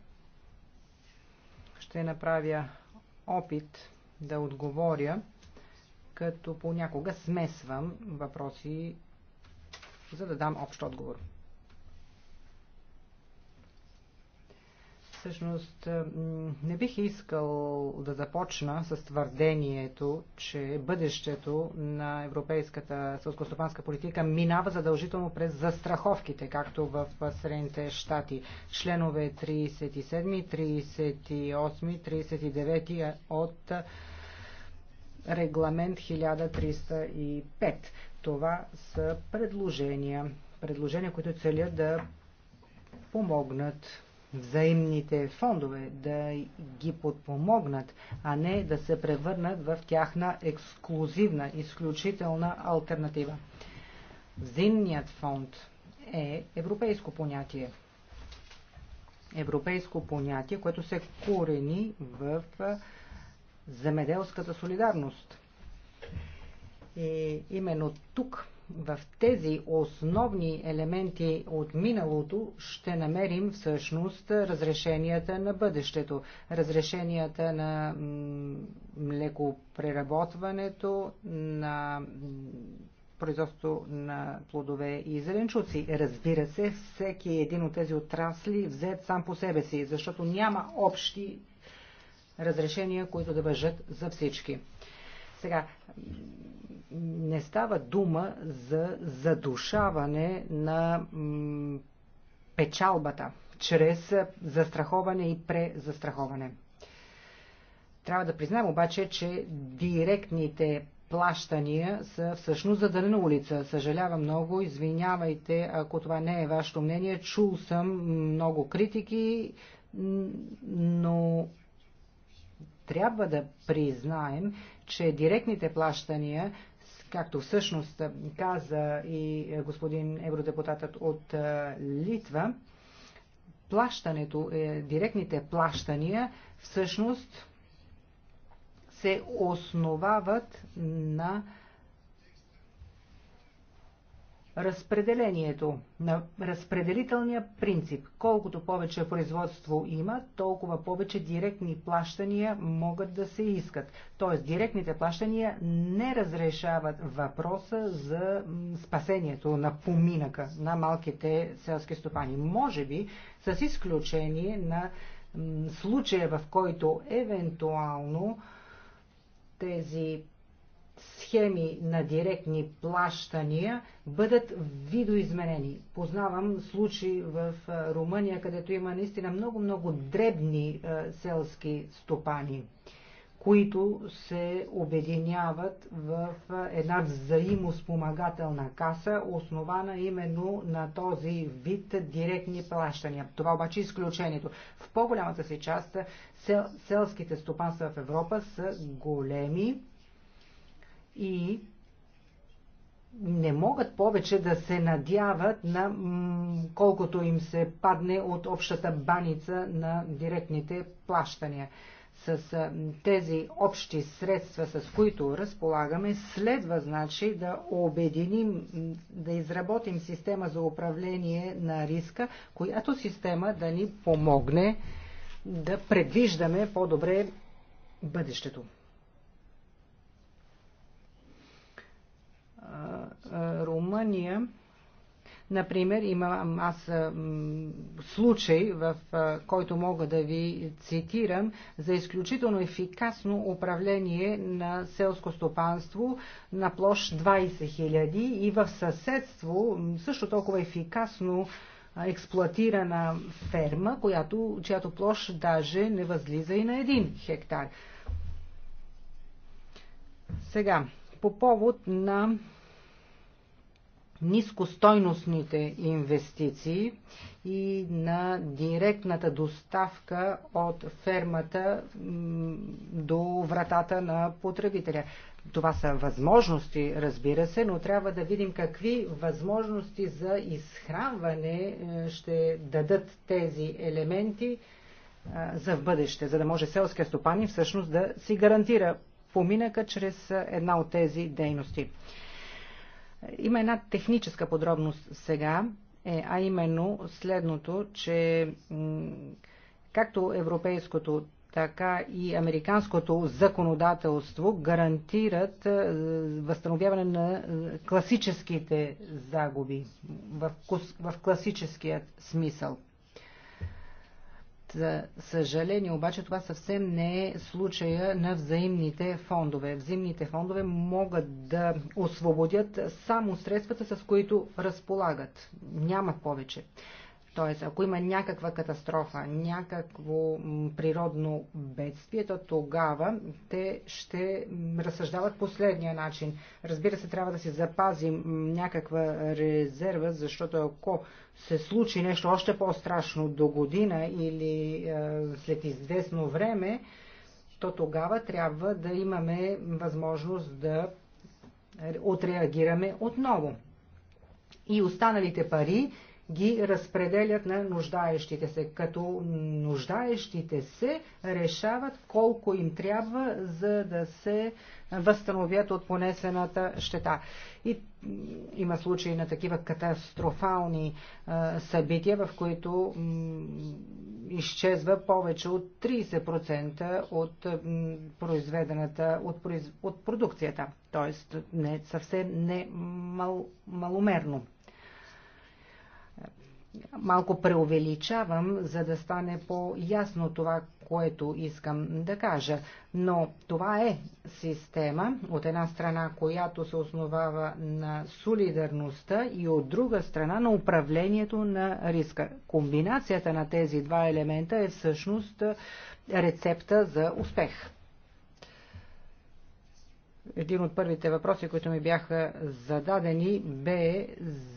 Ще направя опит да отговоря, като понякога смесвам въпроси, за да дам общ отговор. Всъщност, е, не бих искал да започна с твърдението, че бъдещето на европейската сълскостопанска политика минава задължително през застраховките, както в Средните щати. Членове 37, 38, 39 от регламент 1305. Това са предложения, предложения, които целят да помогнат взаимните фондове, да ги подпомогнат, а не да се превърнат в тяхна ексклюзивна, изключителна альтернатива. Взаимният фонд е европейско понятие. Европейско понятие, което се корени в земеделската солидарност. И именно тук в тези основни елементи от миналото ще намерим всъщност разрешенията на бъдещето, разрешенията на млекопреработването, на производство на плодове и зеленчуци. Разбира се, всеки един от тези отрасли взет сам по себе си, защото няма общи разрешения, които да въжат за всички. Сега, не става дума за задушаване на печалбата чрез застраховане и презастраховане. Трябва да признаем обаче, че директните плащания са всъщност за на улица. Съжалявам много, извинявайте, ако това не е вашето мнение. Чул съм много критики, но трябва да признаем, че директните плащания, както всъщност каза и господин евродепутатът от Литва, плащането, е, директните плащания всъщност се основават на разпределението, на разпределителния принцип. Колкото повече производство има, толкова повече директни плащания могат да се искат. Тоест, директните плащания не разрешават въпроса за спасението на поминъка на малките селски стопани. Може би, с изключение на случая, в който евентуално тези схеми на директни плащания бъдат видоизменени. Познавам случаи в Румъния, където има наистина много-много дребни селски стопани, които се обединяват в една взаимоспомагателна каса, основана именно на този вид директни плащания. Това обаче е изключението. В по-голямата си част сел, селските стопанства в Европа са големи и не могат повече да се надяват на колкото им се падне от общата баница на директните плащания. С тези общи средства, с които разполагаме, следва значи да обединим, да изработим система за управление на риска, която система да ни помогне да предвиждаме по-добре бъдещето. Румъния, например, имам аз случай, в който мога да ви цитирам, за изключително ефикасно управление на селско стопанство на площ 20 000 и в съседство също толкова ефикасно експлуатирана ферма, която, чиято площ даже не възлиза и на един хектар. Сега, по повод на нискостойностните инвестиции и на директната доставка от фермата до вратата на потребителя. Това са възможности, разбира се, но трябва да видим какви възможности за изхранване е, ще дадат тези елементи за в бъдеще, за да може селския стопанин всъщност да си гарантира поминъка чрез една от тези дейности. Има една техническа подробност сега, е, а именно следното, че както европейското, така и американското законодателство гарантират е, възстановяване на е, класическите загуби в класическият смисъл. За съжаление, обаче това съвсем не е случая на взаимните фондове. Взаимните фондове могат да освободят само средствата, с които разполагат. Нямат повече. Тоест, ако има някаква катастрофа, някакво природно бедствие, то тогава те ще разсъждават последния начин. Разбира се, трябва да си запазим някаква резерва, защото ако се случи нещо още по-страшно до година или е, след известно време, то тогава трябва да имаме възможност да отреагираме отново. И останалите пари ги разпределят на нуждаещите се, като нуждаещите се решават колко им трябва, за да се възстановят от понесената щета. И има случаи на такива катастрофални а, събития, в които изчезва повече от 30% от произведената, от, произ... от продукцията. Тоест, не, съвсем не мал... маломерно малко преувеличавам, за да стане по-ясно това, което искам да кажа. Но това е система, от една страна, която се основава на солидарността и от друга страна на управлението на риска. Комбинацията на тези два елемента е всъщност рецепта за успех един от първите въпроси, които ми бяха зададени, бе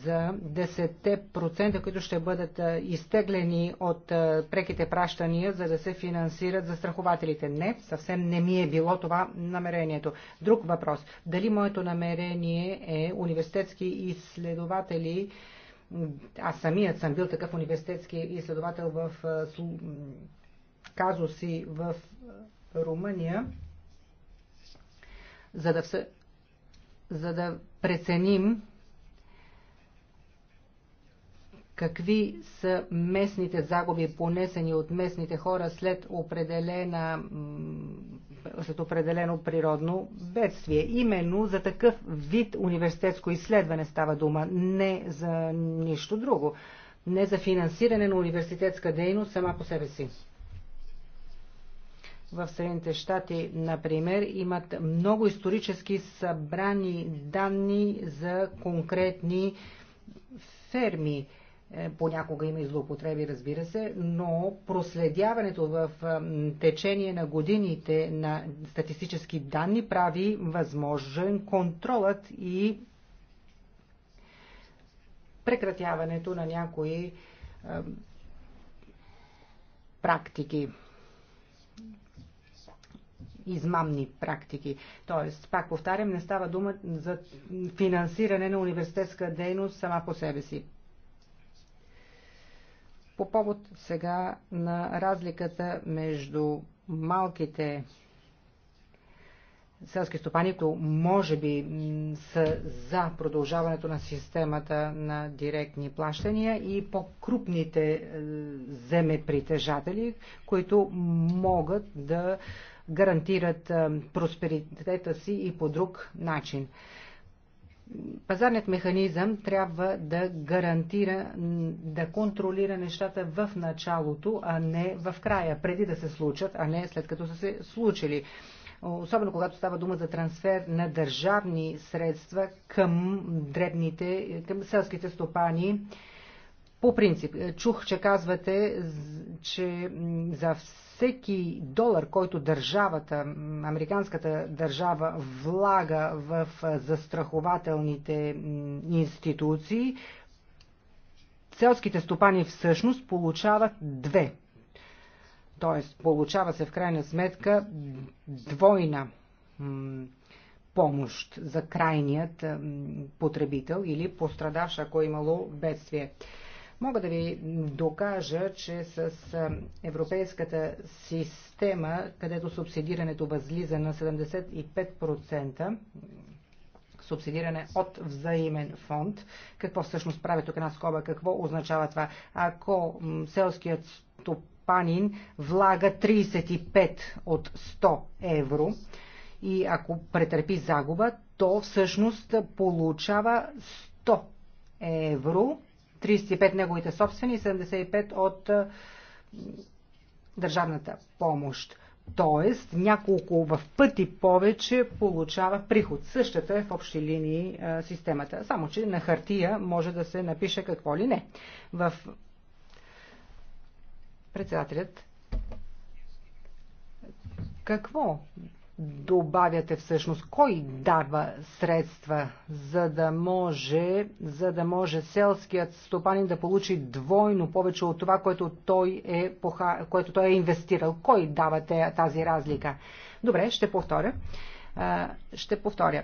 за 10%, които ще бъдат изтеглени от преките пращания, за да се финансират застрахователите. Не, съвсем не ми е било това намерението. Друг въпрос. Дали моето намерение е университетски изследователи аз самият съм бил такъв университетски изследовател в казуси в Румъния за да, все, за да преценим какви са местните загуби, понесени от местните хора след, определена, след определено природно бедствие. Именно за такъв вид университетско изследване става дума, не за нищо друго, не за финансиране на университетска дейност сама по себе си в Съединените щати, например, имат много исторически събрани данни за конкретни ферми. Е, понякога има и злоупотреби, разбира се, но проследяването в течение на годините на статистически данни прави възможен контролът и прекратяването на някои практики измамни практики. Тоест, пак повтарям, не става дума за финансиране на университетска дейност сама по себе си. По повод сега на разликата между малките селски стопани, които може би са за продължаването на системата на директни плащания и по-крупните е, земепритежатели, които могат да гарантират просперитета си и по друг начин. Пазарният механизъм трябва да гарантира, да контролира нещата в началото, а не в края, преди да се случат, а не след като са се случили особено когато става дума за трансфер на държавни средства към дребните, към селските стопани. По принцип, чух, че казвате, че за всеки долар, който държавата, американската държава влага в застрахователните институции, селските стопани всъщност получават две. Тоест, получава се в крайна сметка двойна помощ за крайният потребител или пострадавш, ако е имало бедствие. Мога да ви докажа, че с европейската система, където субсидирането възлиза на 75%, субсидиране от взаимен фонд. Какво всъщност прави тук една скоба? Какво означава това? Ако селският стопанин влага 35 от 100 евро и ако претърпи загуба, то всъщност получава 100 евро 35 неговите собствени и 75 от държавната помощ. Тоест, няколко в пъти повече получава приход. Същата е в общи линии системата. Само, че на хартия може да се напише какво ли не. В председателят какво добавяте всъщност? Кой дава средства, за да може, за да може селският стопанин да получи двойно повече от това, което той е, което той е инвестирал? Кой дава тази разлика? Добре, ще повторя. ще повторя.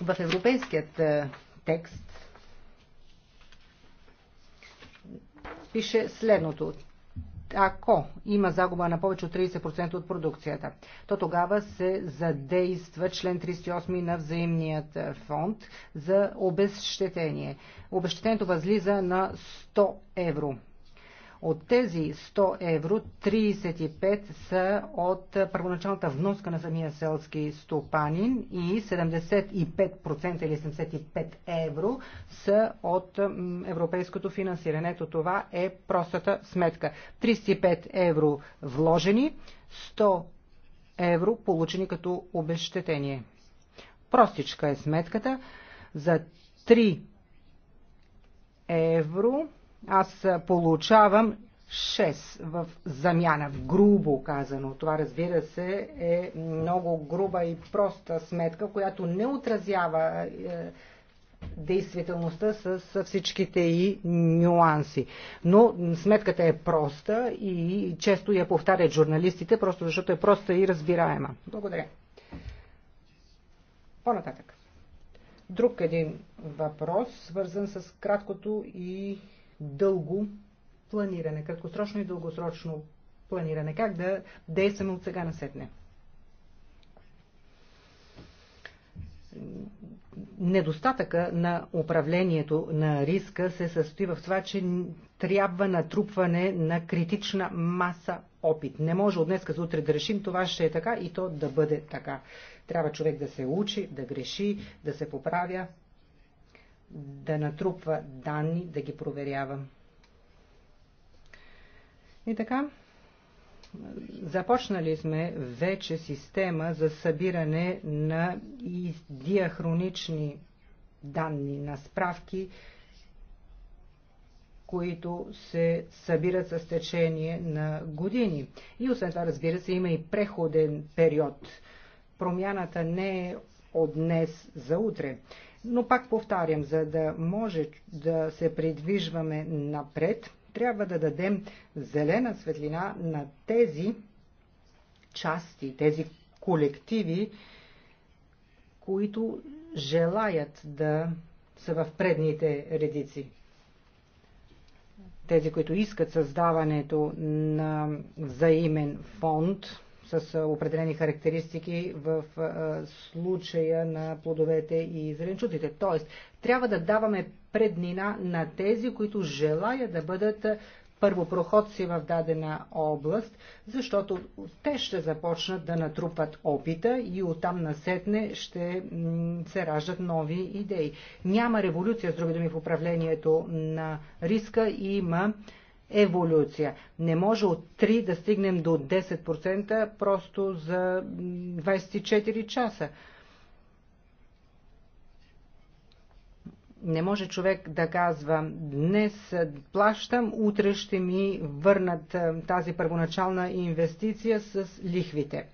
В европейският текст пише следното ако има загуба на повече от 30% от продукцията, то тогава се задейства член 38 на взаимният е, фонд за обезщетение. Обещетението възлиза на 100 евро. От тези 100 евро, 35 са от първоначалната вноска на самия селски стопанин и 75% или 75 евро са от европейското финансиране. Ето това е простата сметка. 35 евро вложени, 100 евро получени като обещетение. Простичка е сметката. За 3 евро аз получавам 6 в замяна, в грубо казано. Това разбира се е много груба и проста сметка, която не отразява е, действителността с всичките и нюанси. Но сметката е проста и често я повтарят журналистите, просто защото е проста и разбираема. Благодаря. По-нататък. Друг един въпрос, свързан с краткото и дълго планиране, краткосрочно и дългосрочно планиране. Как да действаме от сега насетне? недостатъка на управлението на риска се състои в това, че трябва натрупване на критична маса опит. Не може от днес за утре да решим това ще е така и то да бъде така. Трябва човек да се учи, да греши, да се поправя да натрупва данни, да ги проверява. И така, започнали сме вече система за събиране на диахронични данни, на справки, които се събират с течение на години. И освен това, разбира се, има и преходен период. Промяната не е от днес за утре. Но пак повтарям, за да може да се придвижваме напред, трябва да дадем зелена светлина на тези части, тези колективи, които желаят да са в предните редици. Тези, които искат създаването на взаимен фонд, с определени характеристики в случая на плодовете и зеленчуците. Тоест, трябва да даваме преднина на тези, които желаят да бъдат първопроходци в дадена област, защото те ще започнат да натрупват опита и оттам насетне ще се раждат нови идеи. Няма революция, с други думи, в управлението на риска, има еволюция. Не може от 3 да стигнем до 10% просто за 24 часа. Не може човек да казва, днес плащам, утре ще ми върнат е, тази първоначална инвестиция с лихвите.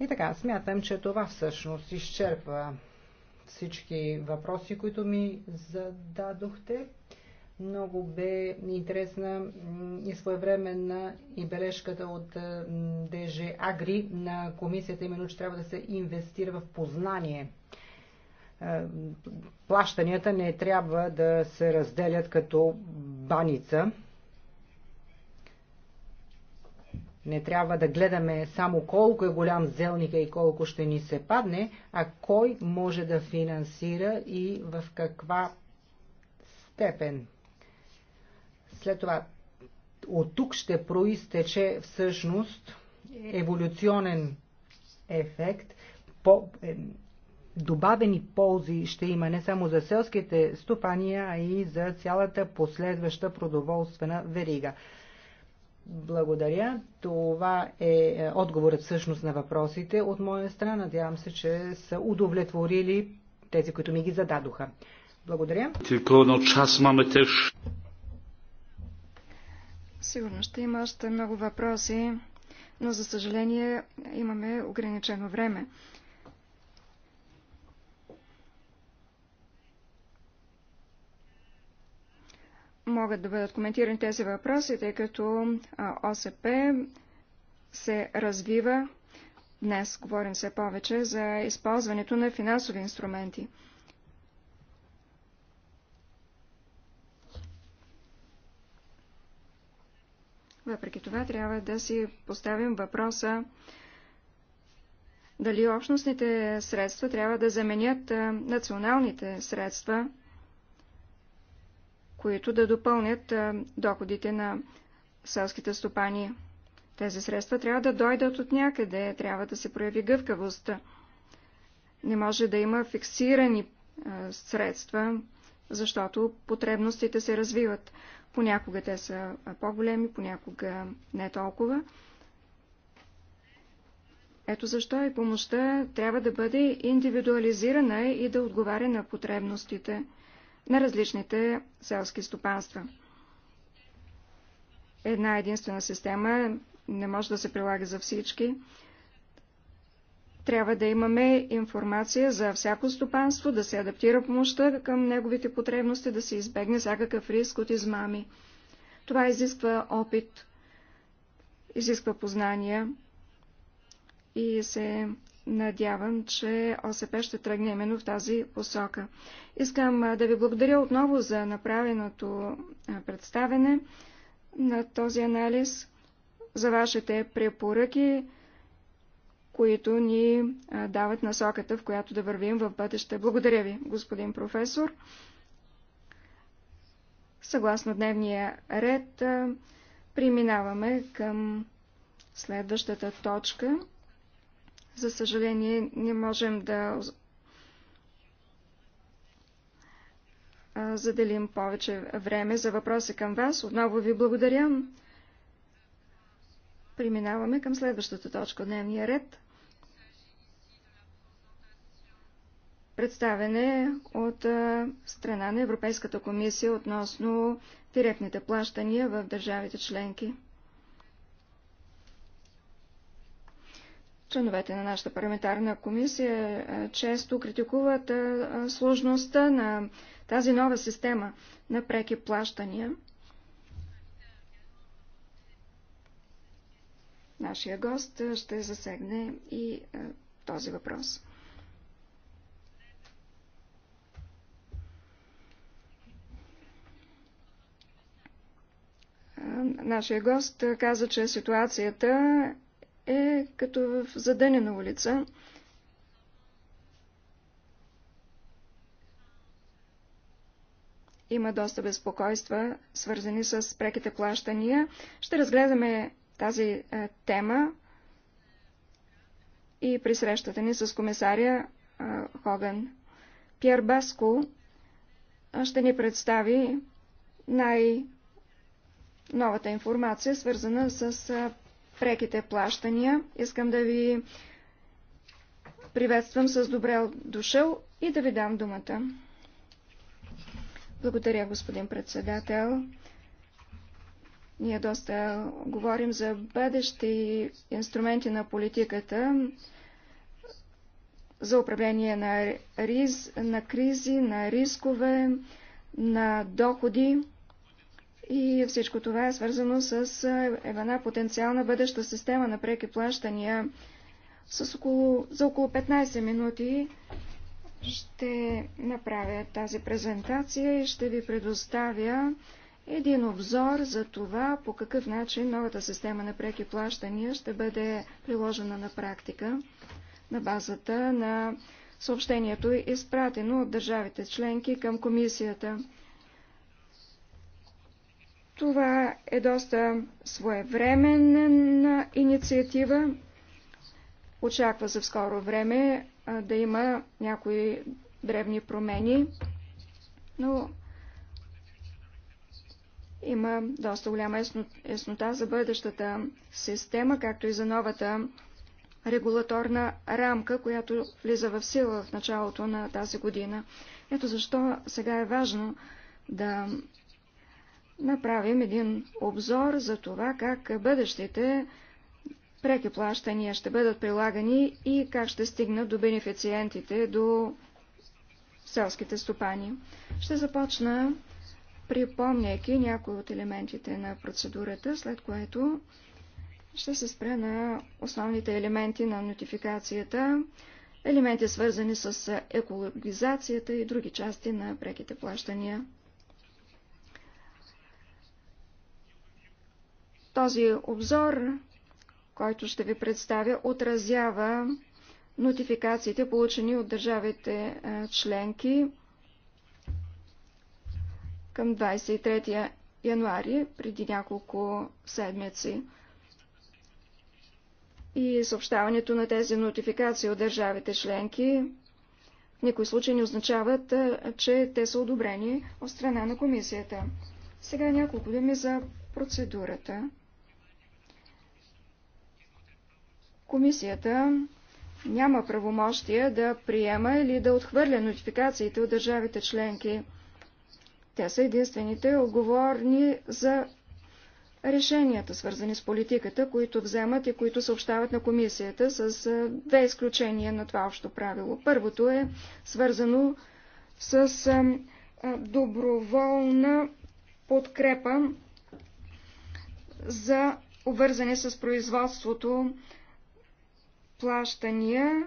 И така, смятам, че това всъщност изчерпва всички въпроси, които ми зададохте. Много бе интересна и своевременна и бележката от е, ДЖ Агри на комисията, именно, че трябва да се инвестира в познание е, плащанията не трябва да се разделят като баница. Не трябва да гледаме само колко е голям зелника и колко ще ни се падне, а кой може да финансира и в каква степен. След това, от тук ще проистече всъщност еволюционен ефект, по, е, добавени ползи ще има не само за селските стопания, а и за цялата последваща продоволствена верига. Благодаря. Това е, е отговорът всъщност на въпросите от моя страна. Надявам се, че са удовлетворили тези, които ми ги зададоха. Благодаря. час маме теж. Сигурно ще има още много въпроси, но за съжаление имаме ограничено време. Могат да бъдат коментирани тези въпроси, тъй като ОСП се развива. Днес говорим все повече за използването на финансови инструменти – Въпреки това трябва да си поставим въпроса дали общностните средства трябва да заменят националните средства, които да допълнят доходите на селските стопани. Тези средства трябва да дойдат от някъде, трябва да се прояви гъвкавост. Не може да има фиксирани средства, защото потребностите се развиват. Понякога те са по-големи, понякога не толкова. Ето защо и помощта трябва да бъде индивидуализирана и да отговаря на потребностите на различните селски стопанства. Една единствена система не може да се прилага за всички. Трябва да имаме информация за всяко стопанство, да се адаптира помощта към неговите потребности, да се избегне всякакъв риск от измами. Това изисква опит, изисква познания и се надявам, че ОСП ще тръгне именно в тази посока. Искам да ви благодаря отново за направеното представене на този анализ, за вашите препоръки, които ни дават насоката, в която да вървим в бъдеще. Благодаря ви, господин професор. Съгласно дневния ред, преминаваме към следващата точка. За съжаление, не можем да заделим повече време за въпроси към вас. Отново ви благодаря. Преминаваме към следващата точка дневния ред. представене от страна на Европейската комисия относно директните плащания в държавите членки. Членовете на нашата парламентарна комисия често критикуват сложността на тази нова система на преки плащания. Нашия гост ще засегне и този въпрос. Нашия гост каза, че ситуацията е като в задънена улица. Има доста безпокойства, свързани с преките плащания. Ще разгледаме тази е, тема и при срещата ни с комисаря е, Хоган. Пьер Баско ще ни представи най- новата информация, свързана с преките плащания. Искам да ви приветствам с добре дошъл и да ви дам думата. Благодаря, господин председател. Ние доста говорим за бъдещи инструменти на политиката, за управление на, риз, на кризи, на рискове, на доходи. И всичко това е свързано с една потенциална бъдеща система на преки плащания. С около, за около 15 минути ще направя тази презентация и ще ви предоставя един обзор за това по какъв начин новата система на преки плащания ще бъде приложена на практика на базата на съобщението, изпратено от държавите членки към комисията. Това е доста своевременна инициатива. Очаква се в скоро време да има някои древни промени, но има доста голяма яснота за бъдещата система, както и за новата регулаторна рамка, която влиза в сила в началото на тази година. Ето защо сега е важно да направим един обзор за това как бъдещите преки плащания ще бъдат прилагани и как ще стигнат до бенефициентите, до селските стопани. Ще започна припомняйки някои от елементите на процедурата, след което ще се спре на основните елементи на нотификацията, елементи свързани с екологизацията и други части на преките плащания. Този обзор, който ще ви представя, отразява нотификациите, получени от държавите членки към 23 януари, преди няколко седмици. И съобщаването на тези нотификации от държавите членки в никой случай не означават, че те са одобрени от страна на комисията. Сега няколко думи за процедурата. Комисията няма правомощия да приема или да отхвърля нотификациите от държавите членки. Те са единствените отговорни за решенията, свързани с политиката, които вземат и които съобщават на комисията, с две изключения на това общо правило. Първото е свързано с доброволна подкрепа за обвързане с производството плащания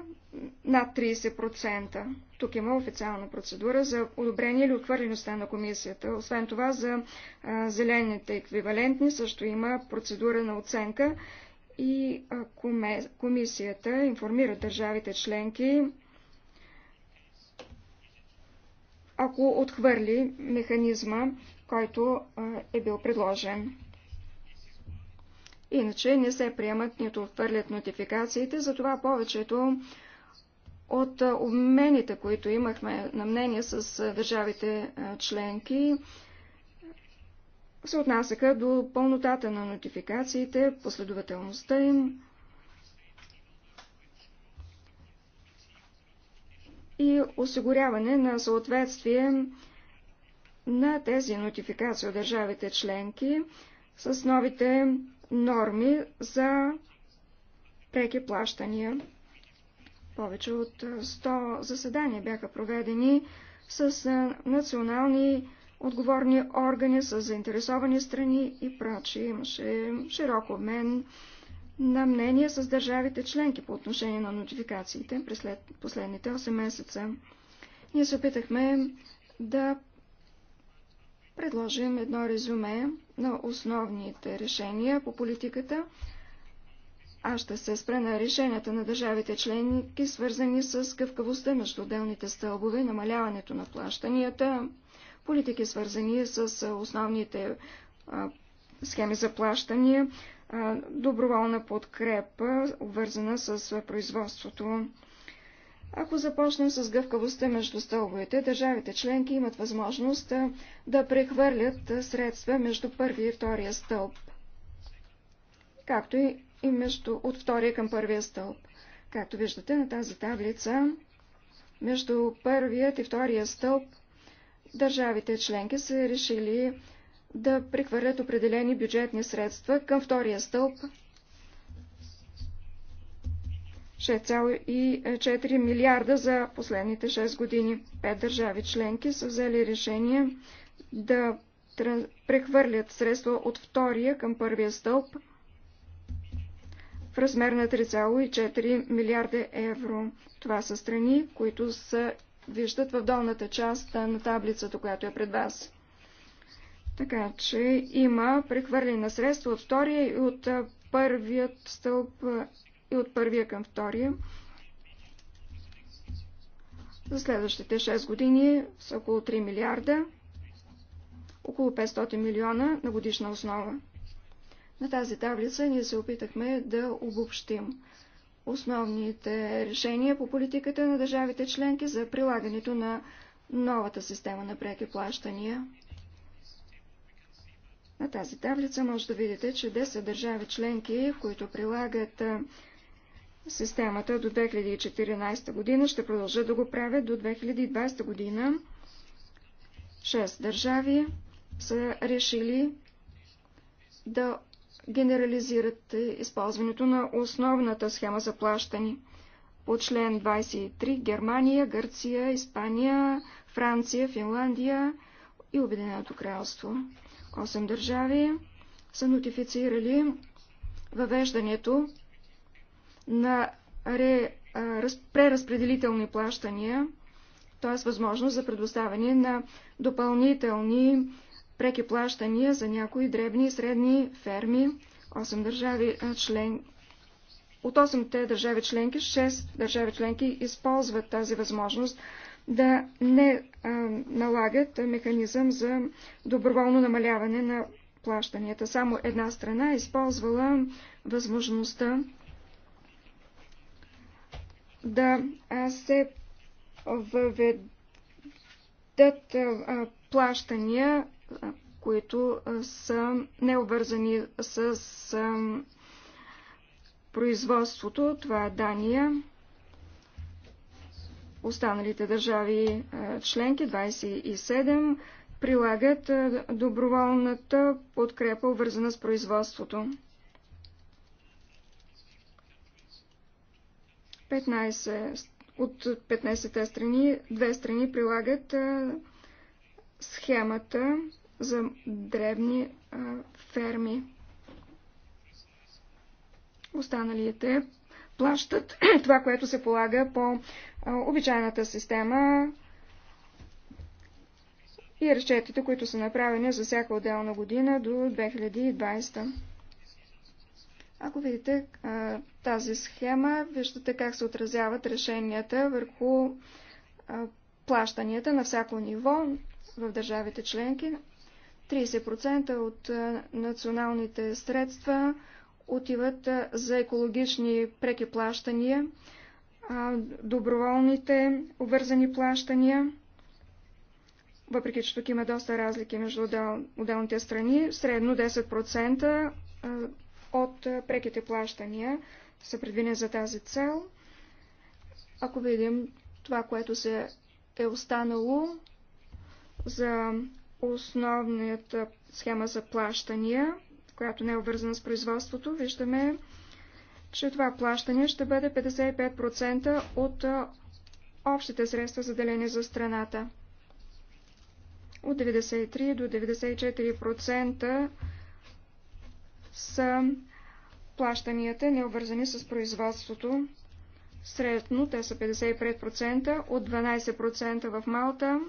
над 30%. Тук има официална процедура за одобрение или отвърлеността на комисията. Освен това, за а, зелените еквивалентни също има процедура на оценка и а, коме, комисията информира държавите членки, ако отхвърли механизма, който а, е бил предложен. Иначе не се приемат нито отвърлят нотификациите, затова повечето от обмените, които имахме на мнение с държавите членки, се отнасяха до пълнотата на нотификациите, последователността им и осигуряване на съответствие на тези нотификации от държавите членки с новите норми за преки плащания. Повече от 100 заседания бяха проведени с национални отговорни органи, с заинтересовани страни и прочие. Имаше широк обмен на мнение с държавите членки по отношение на нотификациите през след последните 8 месеца. Ние се опитахме да предложим едно резюме на основните решения по политиката. Аз ще се спре на решенията на държавите членки, свързани с гъвкавостта между отделните стълбове, намаляването на плащанията, политики свързани с основните схеми за плащания, доброволна подкрепа, обвързана с производството. Ако започнем с гъвкавостта между стълбовете, държавите членки имат възможност да прехвърлят средства между първи и втория стълб, както и между, от втория към първия стълб. Както виждате на тази таблица, между първият и втория стълб държавите членки са решили да прехвърлят определени бюджетни средства към втория стълб 6,4 е, милиарда за последните 6 години. Пет държави членки са взели решение да прехвърлят средства от втория към първия стълб в размер на 3,4 милиарда евро. Това са страни, които се виждат в долната част на таблицата, която е пред вас. Така че има прехвърлени на средства от втория и от е, първият стълб и от първия към втория. За следващите 6 години са около 3 милиарда, около 500 милиона на годишна основа. На тази таблица ние се опитахме да обобщим основните решения по политиката на държавите членки за прилагането на новата система на преки плащания. На тази таблица може да видите, че 10 държави членки, които прилагат системата до 2014 година. Ще продължа да го правя до 2020 година. Шест държави са решили да генерализират използването на основната схема за плащане по член 23 Германия, Гърция, Испания, Франция, Финландия и Обединеното кралство. Осем държави са нотифицирали въвеждането на ре, а, раз, преразпределителни плащания, т.е. възможност за предоставяне на допълнителни преки плащания за някои дребни и средни ферми. 8 държави член... От 8-те държави членки, 6 държави членки използват тази възможност да не а, налагат механизъм за доброволно намаляване на плащанията. Само една страна е използвала възможността да се въведат плащания, които са необвързани с производството. Това е Дания. Останалите държави членки, 27, прилагат доброволната подкрепа, обвързана с производството. 15 от 15-те страни, две страни прилагат а, схемата за древни а, ферми. Останалите плащат <clears throat> това, което се полага по а, обичайната система и разчетите, които са направени за всяка отделна година до 2020. Ако видите а, тази схема, виждате как се отразяват решенията върху а, плащанията на всяко ниво в държавите членки. 30% от а, националните средства отиват а, за екологични преки плащания, а, доброволните обвързани плащания. Въпреки, че тук има доста разлики между отделните страни, средно 10% от преките плащания са предвидени за тази цел. Ако видим това, което се е останало за основната схема за плащания, която не е обвързана с производството, виждаме, че това плащане ще бъде 55% от общите средства заделени за страната. От 93 до 94% са плащанията, необвързани с производството. Средно те са 55% от 12% в Малта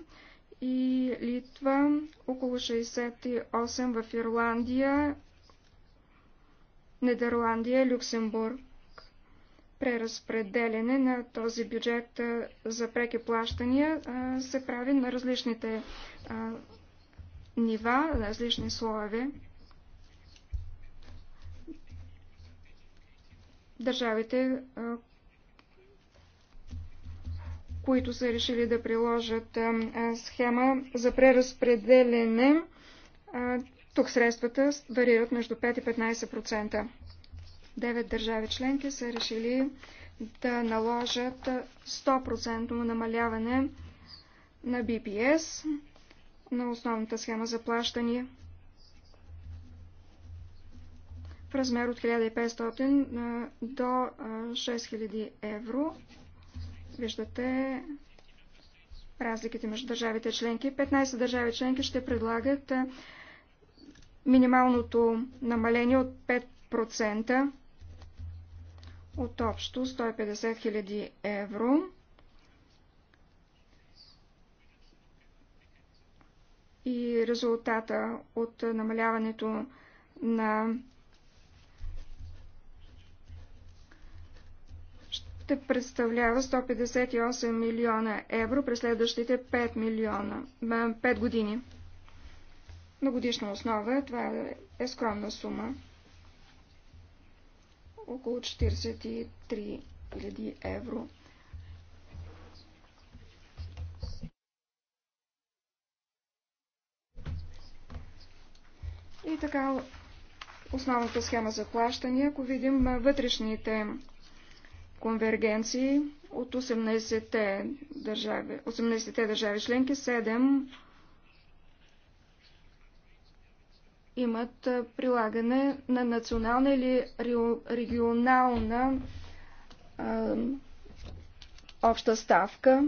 и Литва, около 68% в Ирландия, Нидерландия Люксембург. Преразпределене на този бюджет за преки плащания се прави на различните нива, на различни слоеве. държавите, които са решили да приложат схема за преразпределене. Тук средствата варират между 5 и 15%. Девет държави членки са решили да наложат 100% намаляване на BPS на основната схема за плащане в размер от 1500 до 6000 евро. Виждате разликите между държавите членки. 15 държави членки ще предлагат минималното намаление от 5% от общо 150 000 евро. И резултата от намаляването на ще представлява 158 милиона евро през следващите 5, милиона, 5 години. На годишна основа това е скромна сума. Около 43 000 евро. И така, основната схема за плащане, ако видим вътрешните конвергенции от 18-те държави, 18 държави членки, 7 имат прилагане на национална или регионална а, обща ставка.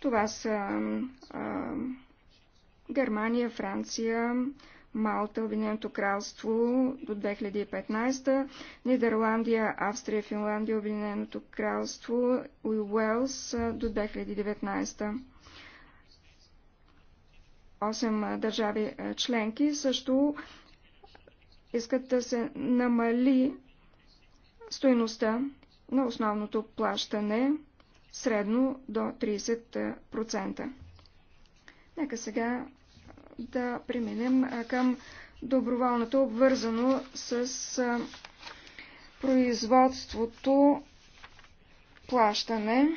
Това са а, Германия, Франция, Малта, Обединеното кралство до 2015, Нидерландия, Австрия, Финландия, Обединеното кралство и Уелс до 2019. Осем държави членки също искат да се намали стоеността на основното плащане средно до 30%. Нека сега да преминем към доброволното, обвързано с производството плащане.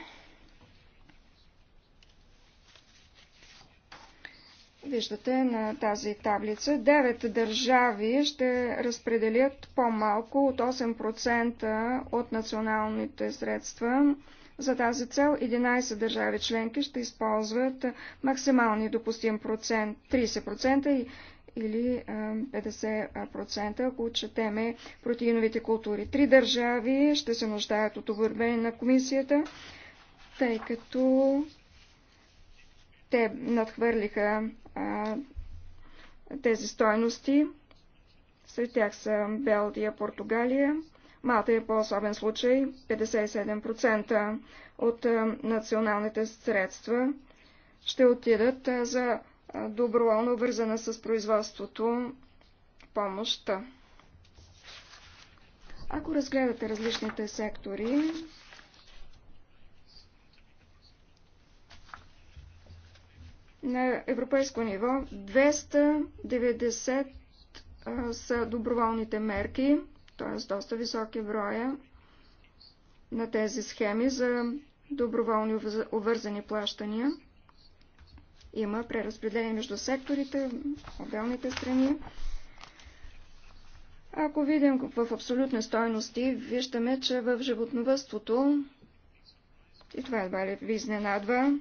Виждате на тази таблица, 9 държави ще разпределят по-малко от 8% от националните средства за тази цел 11 държави членки ще използват максимални допустим процент 30% или 50%, ако отчетеме протеиновите култури. Три държави ще се нуждаят от обърбение на комисията, тъй като те надхвърлиха а, тези стойности. Сред тях са Белдия, Португалия, Малта е по-особен случай, 57% от националните средства ще отидат за доброволно вързана с производството помощта. Ако разгледате различните сектори, на европейско ниво 290 са доброволните мерки, т.е. доста високи броя на тези схеми за доброволни обвързани плащания. Има преразпределение между секторите, отделните страни. Ако видим в абсолютни стойности, виждаме, че в животновътството, и това едва ли ви изненадва,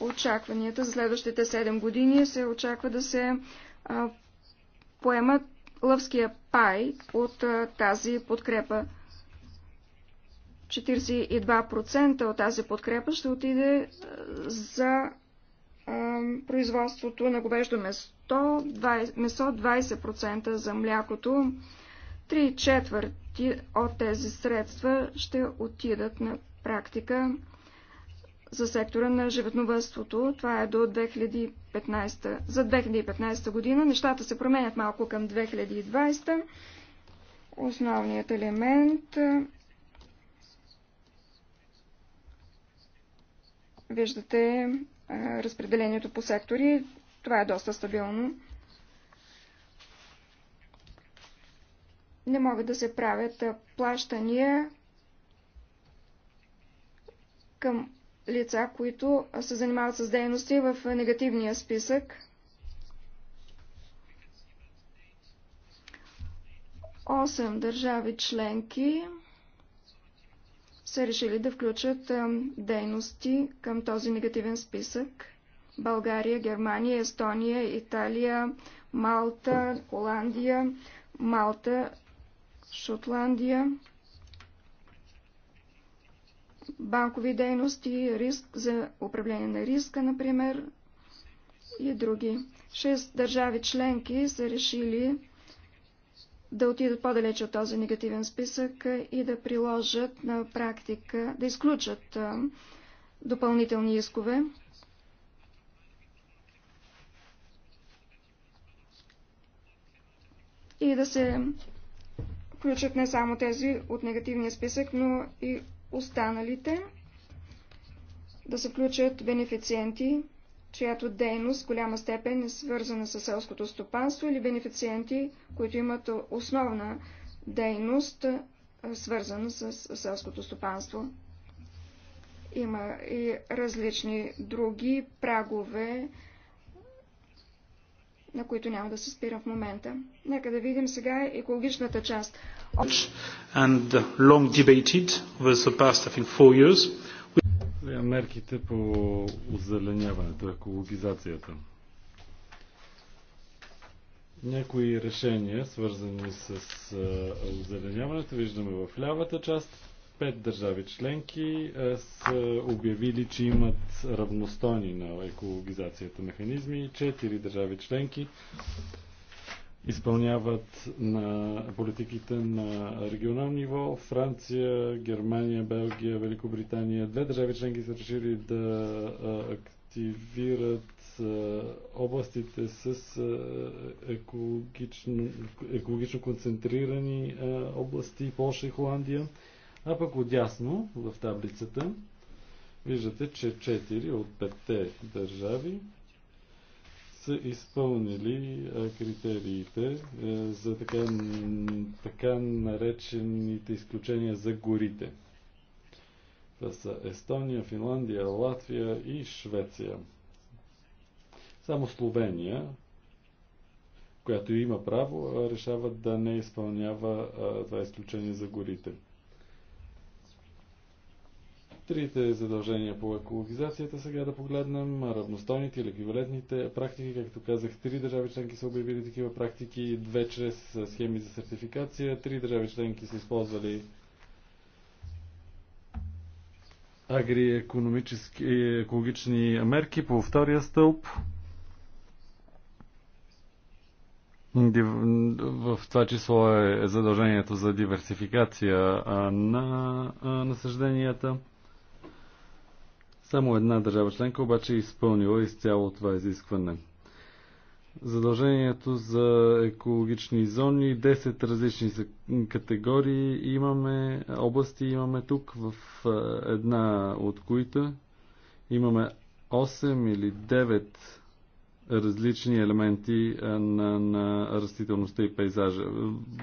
очакванията за следващите 7 години се очаква да се а, поемат лъвския пай от тази подкрепа. 42% от тази подкрепа ще отиде за производството на говеждо месо, 20% за млякото. 3 четвърти от тези средства ще отидат на практика за сектора на животновътството. Това е до 2015, за 2015 година. Нещата се променят малко към 2020. Основният елемент е, Виждате е, разпределението по сектори. Това е доста стабилно. Не могат да се правят е, плащания към лица, които се занимават с дейности в негативния списък. Осем държави членки са решили да включат дейности към този негативен списък. България, Германия, Естония, Италия, Малта, Холандия, Малта, Шотландия банкови дейности, риск за управление на риска, например, и други. Шест държави членки са решили да отидат по далече от този негативен списък и да приложат на практика, да изключат допълнителни искове. И да се включат не само тези от негативния списък, но и останалите да се включат бенефициенти, чиято дейност в голяма степен е свързана с селското стопанство или бенефициенти, които имат основна дейност, свързана с селското стопанство. Има и различни други прагове, на които няма да се спирам в момента. Нека да видим сега екологичната част and long debated over the past, I think, four years. Мерките по озеленяването, екологизацията. Някои решения, свързани с озеленяването, виждаме в лявата част. Пет държави членки са обявили, че имат равностойни на екологизацията механизми. Четири държави членки изпълняват на политиките на регионално ниво. Франция, Германия, Белгия, Великобритания. Две държави членки са решили да активират областите с екологично, екологично концентрирани области, Польша и Холандия. А пък отясно в таблицата виждате, че 4 от 5 държави са изпълнили критериите е, за така, така наречените изключения за горите. Това са Естония, Финландия, Латвия и Швеция. Само Словения, която има право, решава да не изпълнява това изключение за горите. Трите задължения по екологизацията сега да погледнем, равностойните или еквивалентните практики, както казах, три държави членки са обявили такива практики, две чрез схеми за сертификация, три държави членки са използвали агриекономически и екологични мерки по втория стълб. В това число е задължението за диверсификация на насъжденията. Само една държава членка обаче е изпълнила изцяло това изискване. Задължението за екологични зони, 10 различни категории имаме, области имаме тук, в една от които имаме 8 или 9 различни елементи на, на растителността и пейзажа,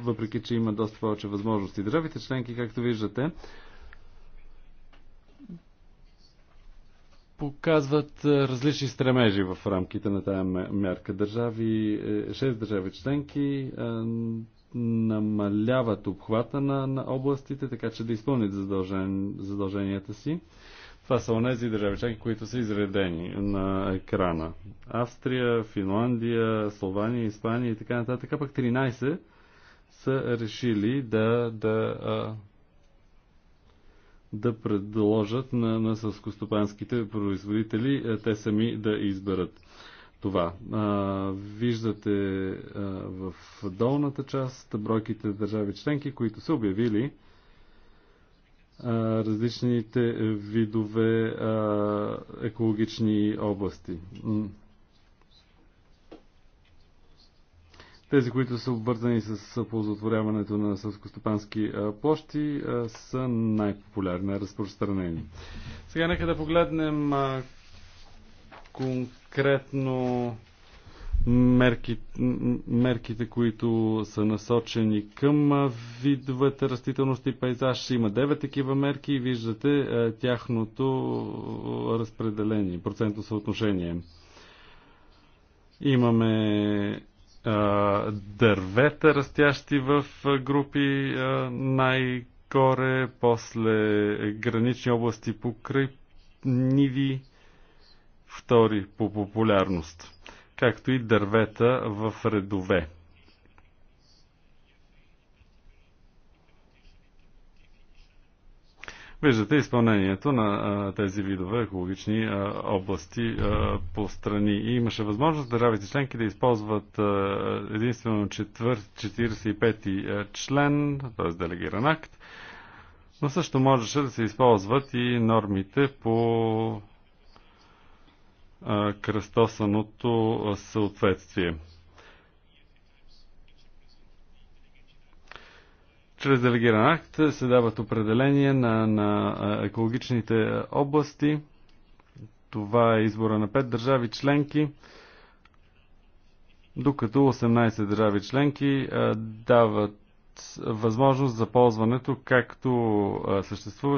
въпреки че има доста повече възможности. Държавите членки, както виждате, показват е, различни стремежи в рамките на тая мярка. Държави, 6 е, държави членки е, намаляват обхвата на, на областите, така че да изпълнят задължен, задълженията си. Това са онези държави членки, които са изредени на екрана. Австрия, Финландия, Слования, Испания и така нататък. Пък 13 са решили да, да да предложат на, на съскостопанските производители е, те сами да изберат това. А, виждате а, в долната част бройките държави членки, които са обявили а, различните видове а, екологични области. Тези, които са обвързани с ползотворяването на съвскостопански площи, са най-популярни, разпространени. Сега нека да погледнем конкретно мерки, мерките, които са насочени към видовете растителност и пейзаж. Има 9 такива мерки и виждате тяхното разпределение, процентно съотношение. Имаме дървета, растящи в групи най-горе, после гранични области покрай ниви, втори по популярност, както и дървета в редове. Виждате изпълнението на тези видове екологични области по страни. И имаше възможност държавите членки да използват единствено 45-ти член, т.е. делегиран акт, но също можеше да се използват и нормите по кръстосаното съответствие. чрез делегиран акт се дават определения на, на екологичните области. Това е избора на 5 държави членки, докато 18 държави членки дават възможност за ползването както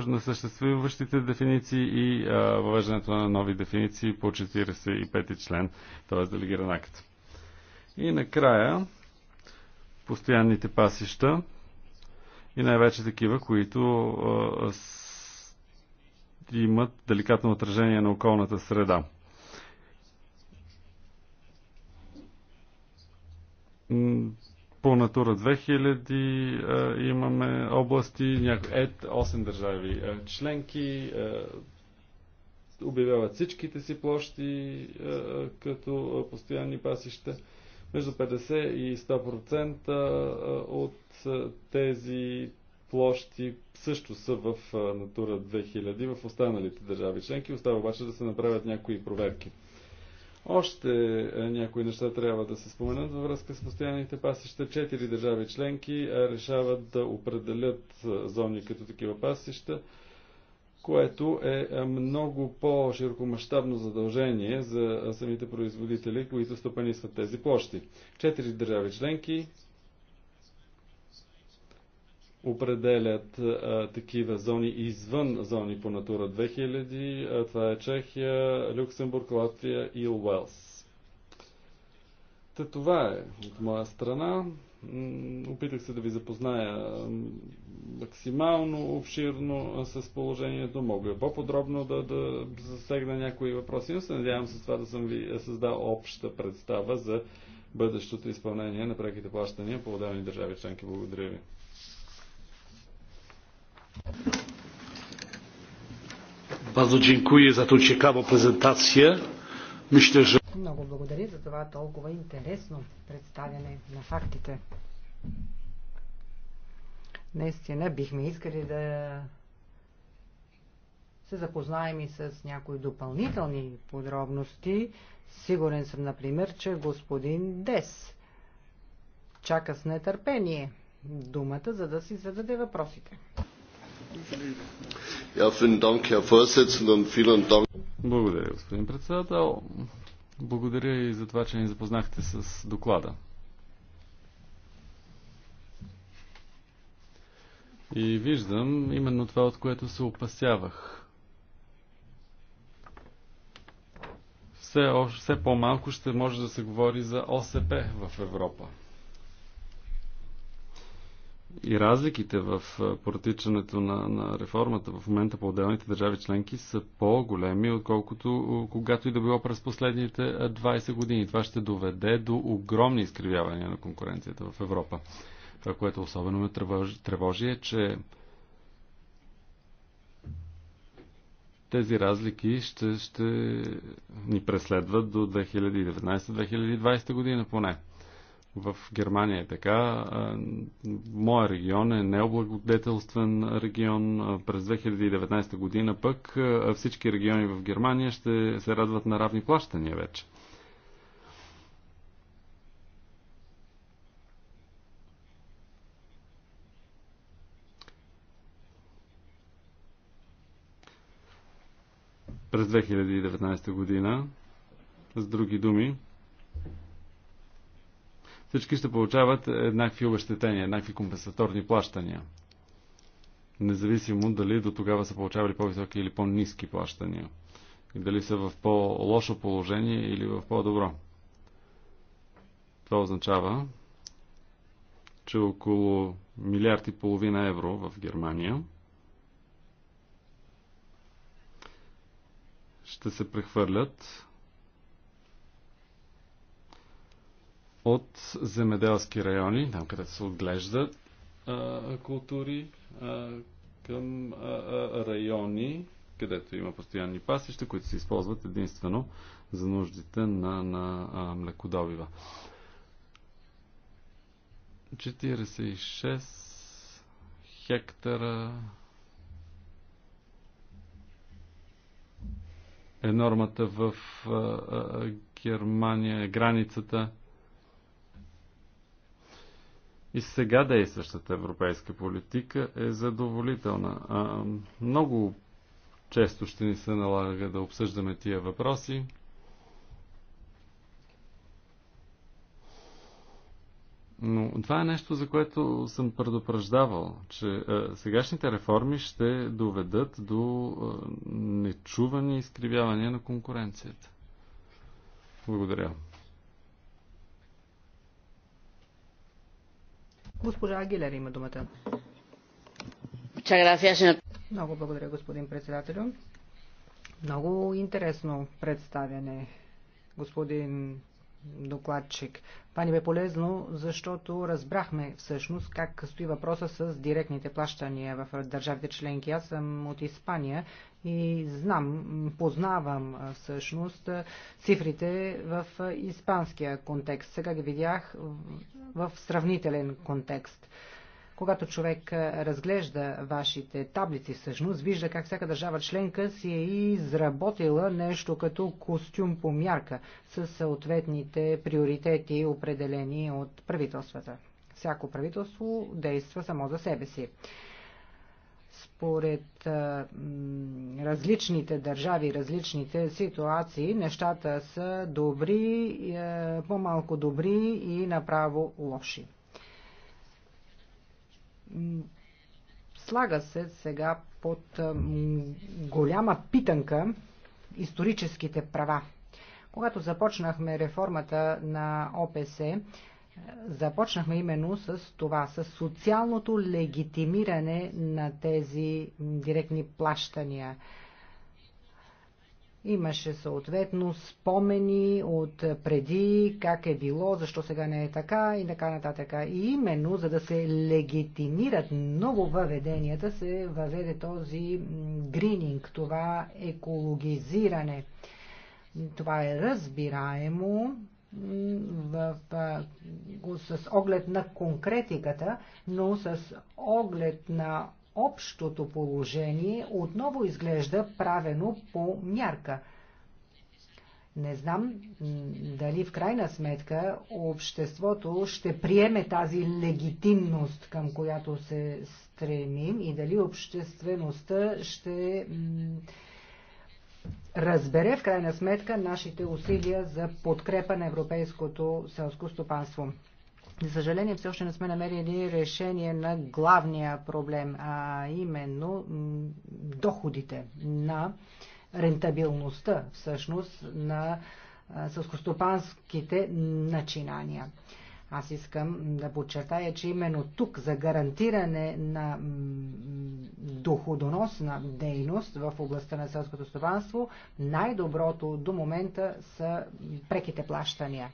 на съществуващите дефиниции и въвеждането на нови дефиниции по 45 член, т.е. делегиран акт. И накрая, постоянните пасища, и най-вече такива, които а, с, имат деликатно отражение на околната среда. По Натура 2000 а, имаме области, няко... ед 8 държави а, членки, а, обявяват всичките си площи а, като постоянни пасища между 50 и 100% от тези площи също са в Натура 2000 в останалите държави членки. Остава обаче да се направят някои проверки. Още някои неща трябва да се споменат във връзка с постоянните пасища. Четири държави членки решават да определят зони като такива пасища което е, е много по-широкомащабно задължение за е, самите производители, които стопанисват тези площи. Четири държави членки определят а, е, такива зони извън зони по Натура 2000. А, това е Чехия, Люксембург, Латвия и Уелс. Та това е от моя страна. Опитах се да ви запозная максимално обширно с положението. Мога по-подробно да, да засегна някои въпроси, но се надявам с това да съм ви е, създал обща представа за бъдещото изпълнение на преките плащания по отделни държави членки. Благодаря ви. Bardzo dziękuję za tą ciekawą prezentację. Myślę, że много благодаря за това толкова интересно представяне на фактите. Наистина бихме искали да се запознаем и с някои допълнителни подробности. Сигурен съм, например, че господин Дес чака с нетърпение думата, за да си зададе въпросите. Благодаря, господин председател. Благодаря и за това, че ни запознахте с доклада. И виждам именно това, от което се опасявах. Все, все по-малко ще може да се говори за ОСП в Европа и разликите в протичането на, на реформата в момента по отделните държави членки са по-големи, отколкото когато и да било през последните 20 години. Това ще доведе до огромни изкривявания на конкуренцията в Европа. Това, което особено ме тревожи, тревожи е, че тези разлики ще, ще ни преследват до 2019-2020 година поне в Германия е така. Моя регион е необлагодетелствен регион. През 2019 година пък всички региони в Германия ще се радват на равни плащания вече. През 2019 година, с други думи, всички ще получават еднакви обещетения, еднакви компенсаторни плащания. Независимо дали до тогава са получавали по-високи или по-низки плащания. И дали са в по-лошо положение или в по-добро. Това означава, че около милиард и половина евро в Германия ще се прехвърлят от земеделски райони, там където се отглеждат а, култури, а, към а, а, райони, където има постоянни пасища, които се използват единствено за нуждите на, на а, млекодобива. 46 хектара е нормата в а, а, Германия, границата и сега действащата европейска политика е задоволителна. А, много често ще ни се налага да обсъждаме тия въпроси. Но това е нещо, за което съм предупреждавал, че а, сегашните реформи ще доведат до а, нечувани изкривявания на конкуренцията. Благодаря. Госпожа Агилер има думата. Много благодаря, господин председател. Много интересно представяне, господин докладчик. Това ни бе полезно, защото разбрахме всъщност как стои въпроса с директните плащания в държавите членки. Аз съм от Испания и знам, познавам всъщност цифрите в испанския контекст. Сега ги видях в сравнителен контекст. Когато човек разглежда вашите таблици, всъщност вижда как всяка държава членка си е изработила нещо като костюм по мярка с съответните приоритети, определени от правителствата. Всяко правителство действа само за себе си според а, различните държави, различните ситуации, нещата са добри, по-малко добри и направо лоши слага се сега под голяма питанка историческите права. Когато започнахме реформата на ОПС, е, започнахме именно с това, с социалното легитимиране на тези директни плащания – Имаше съответно спомени от преди, как е било, защо сега не е така и така нататък. И именно, за да се легитимират много въведенията, се въведе този грининг, това екологизиране. Това е разбираемо в, с оглед на конкретиката, но с оглед на общото положение отново изглежда правено по мярка. Не знам дали в крайна сметка обществото ще приеме тази легитимност, към която се стремим и дали обществеността ще разбере в крайна сметка нашите усилия за подкрепа на европейското селско стопанство. За съжаление, все още не сме намерили решение на главния проблем, а именно доходите на рентабилността всъщност на сълскостопанските начинания. Аз искам да подчертая, че именно тук за гарантиране на доходоносна дейност в областта на селското стопанство най-доброто до момента са преките плащания.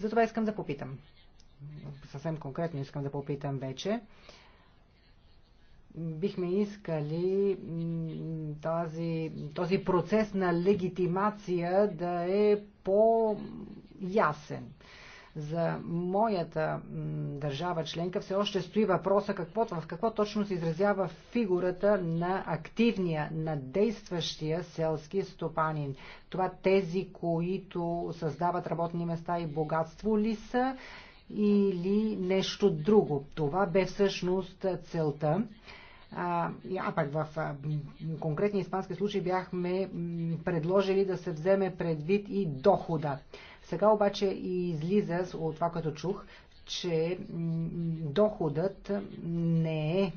Затова искам да попитам съвсем конкретно искам да попитам вече. Бихме искали този, този процес на легитимация да е по-ясен за моята държава членка все още стои въпроса какво, в какво точно се изразява фигурата на активния, на действащия селски стопанин. Това тези, които създават работни места и богатство ли са или нещо друго. Това бе всъщност целта. А, а пък в конкретния испански случай бяхме предложили да се вземе предвид и дохода. Сега обаче излиза от това, като чух, че доходът не е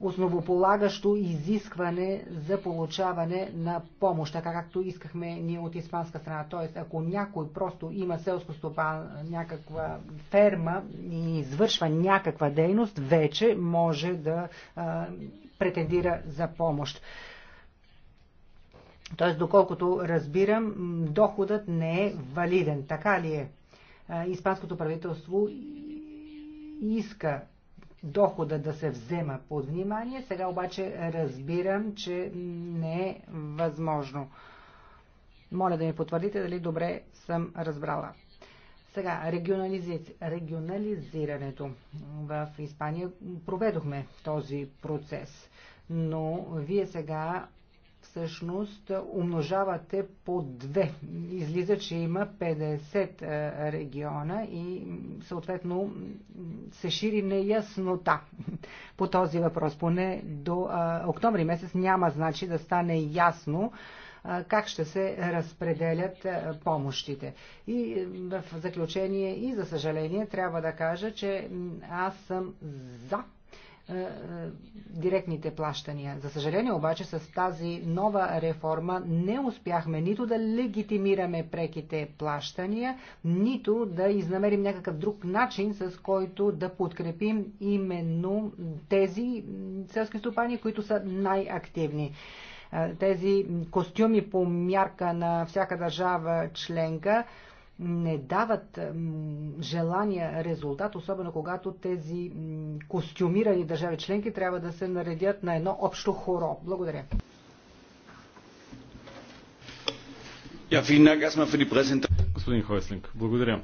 основополагащо изискване за получаване на помощ, така както искахме ние от испанска страна. Т.е. ако някой просто има селско стопан, някаква ферма и извършва някаква дейност, вече може да а, претендира за помощ. Т.е. доколкото разбирам, доходът не е валиден. Така ли е? Испанското правителство иска дохода да се взема под внимание. Сега обаче разбирам, че не е възможно. Моля да ми потвърдите дали добре съм разбрала. Сега, регионализ... регионализирането. В Испания проведохме този процес, но вие сега всъщност умножавате по две. Излиза, че има 50 е, региона и съответно се шири неяснота <laughs> по този въпрос. Поне до а, е, октомври месец няма значи да стане ясно е, как ще се разпределят помощите. И в заключение и за съжаление трябва да кажа, че аз съм за е, е, директните плащания. За съжаление обаче с тази нова реформа не успяхме нито да легитимираме преките плащания, нито да изнамерим някакъв друг начин, с който да подкрепим именно тези селски стопани, които са най-активни е, тези костюми по мярка на всяка държава членка не дават желания резултат, особено когато тези костюмирани държави членки трябва да се наредят на едно общо хоро. Благодаря. Господин Хойслинг, благодаря.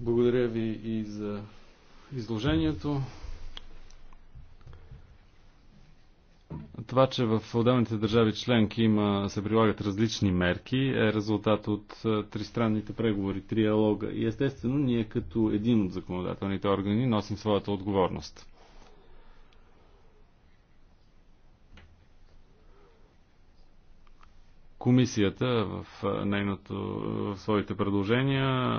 Благодаря ви и за изложението. Това, че в отделните държави членки има, се прилагат различни мерки, е резултат от е, тристранните преговори, триалога. И естествено, ние като един от законодателните органи носим своята отговорност. Комисията в, е, нейното, е, в своите предложения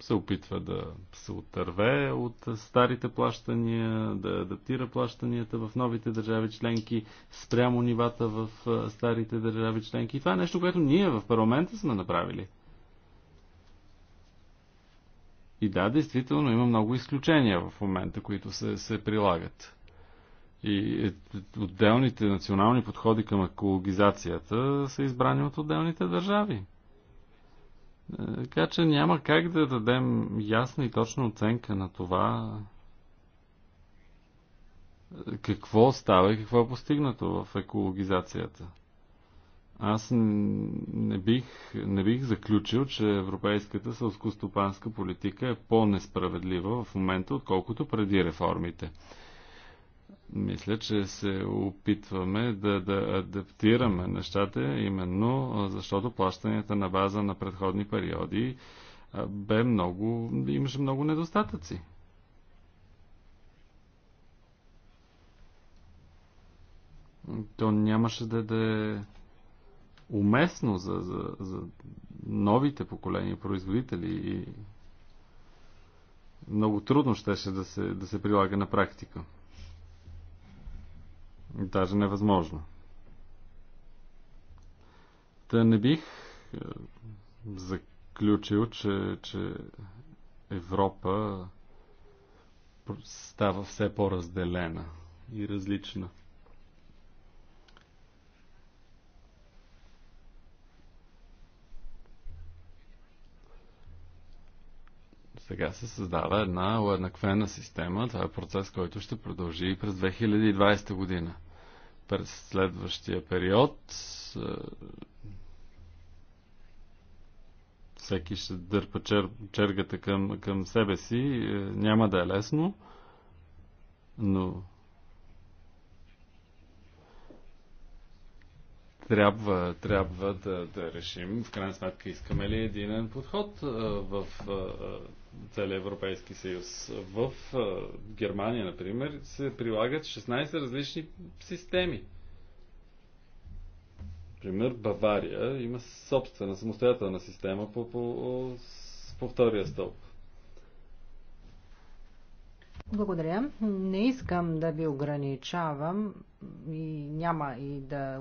се опитва да се отърве от старите плащания, да адаптира плащанията в новите държави членки спрямо нивата в старите държави членки. И това е нещо, което ние в парламента сме направили. И да, действително има много изключения в момента, които се, се прилагат. И е, отделните национални подходи към екологизацията са избрани от отделните държави. Така че няма как да дадем ясна и точна оценка на това какво става и какво е постигнато в екологизацията. Аз не бих, не бих заключил, че европейската сълскостопанска политика е по-несправедлива в момента, отколкото преди реформите. Мисля, че се опитваме да, да адаптираме нещата, именно защото плащанията на база на предходни периоди бе много, имаше много недостатъци. То нямаше да, да е уместно за, за, за новите поколения производители и много трудно щеше да се, да се прилага на практика. Даже невъзможно. Та не бих е, заключил, че, че Европа става все по-разделена и различна. Сега се създава една уеднаквена система. Това е процес, който ще продължи и през 2020 година през следващия период е, всеки ще дърпа чер, чергата към, към себе си. Е, няма да е лесно, но трябва, трябва да, да решим в крайна сметка искаме ли един подход е, в целия Европейски съюз. В Германия, например, се прилагат 16 различни системи. Пример, Бавария има собствена самостоятелна система по, по, по втория стълб. Благодаря. Не искам да ви ограничавам и няма и да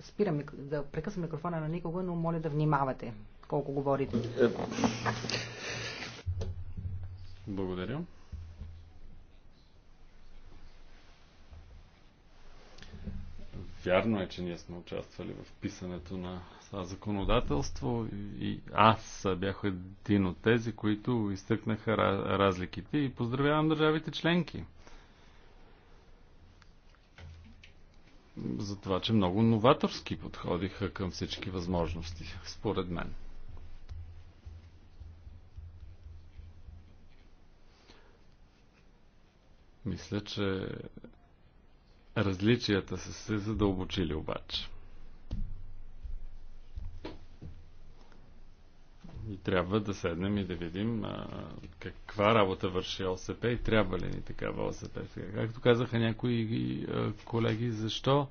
спирам, да прекъсвам микрофона на никого, но моля да внимавате колко говорите. Е, благодаря. Вярно е, че ние сме участвали в писането на законодателство и аз бях един от тези, които изтъкнаха разликите и поздравявам държавите членки. За това, че много новаторски подходиха към всички възможности, според мен. Мисля, че различията са се задълбочили обаче. И трябва да седнем и да видим а, каква работа върши ОСП и трябва ли ни такава ОСП. Сега, както казаха някои а, колеги, защо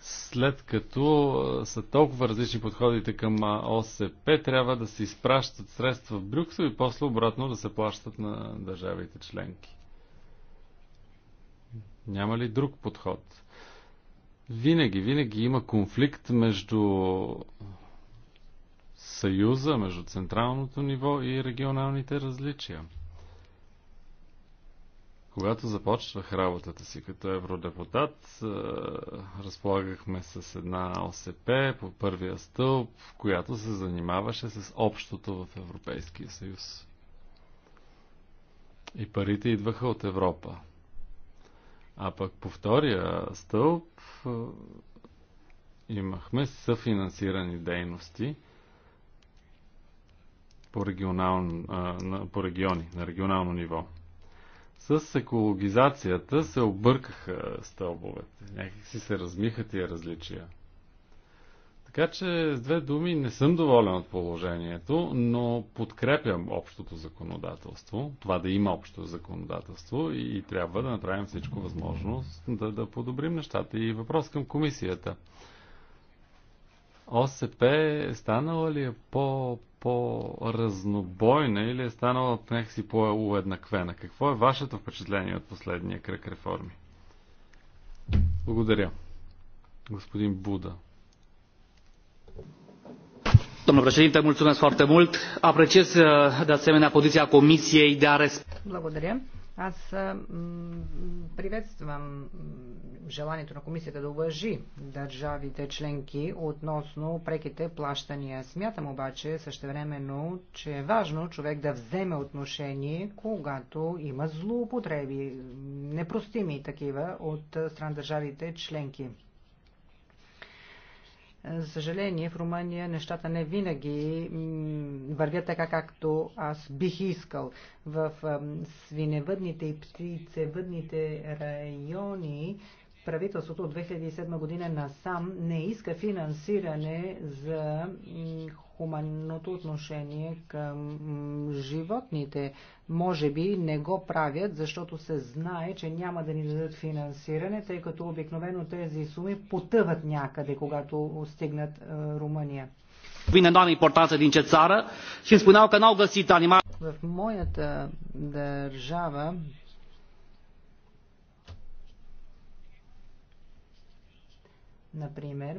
след като а, са толкова различни подходите към ОСП, трябва да се изпращат средства в Брюксел и после обратно да се плащат на държавите членки. Няма ли друг подход? Винаги, винаги има конфликт между съюза, между централното ниво и регионалните различия. Когато започвах работата си като евродепутат, е, разполагахме с една ОСП по първия стълб, която се занимаваше с общото в Европейския съюз. И парите идваха от Европа. А пък по втория стълб имахме съфинансирани дейности по, регионал, по региони, на регионално ниво. С екологизацията се объркаха стълбовете. някакси се размиха тия различия. Така че с две думи не съм доволен от положението, но подкрепям общото законодателство, това да има общо законодателство и, и трябва да направим всичко възможно да, да подобрим нещата. И въпрос към комисията. ОСП е станала ли е по, по-разнобойна или е станала някакси по-уеднаквена? Какво е вашето впечатление от последния кръг реформи? Благодаря. Господин Буда. Domnul președinte, mulțumesc foarte mult. Apreciez uh, de asemenea poziția Comisiei de a Благодаря. Аз приветствам желанието на комисията да уважи държавите членки относно преките плащания. Смятам обаче същевременно, че е важно човек да вземе отношение, когато има злоупотреби, непростими такива от стран държавите членки. За съжаление, в Румъния нещата не винаги вървят така, както аз бих искал. В свиневъдните и птицевъдните райони правителството от 2007 година насам не иска финансиране за хуманното отношение към животните. Може би не го правят, защото се знае, че няма да ни дадат финансиране, тъй като обикновено тези суми потъват някъде, когато стигнат Румъния. Vine doamne importanță din ce țară și îmi spuneau că n-au găsit animale. В моята държава Например,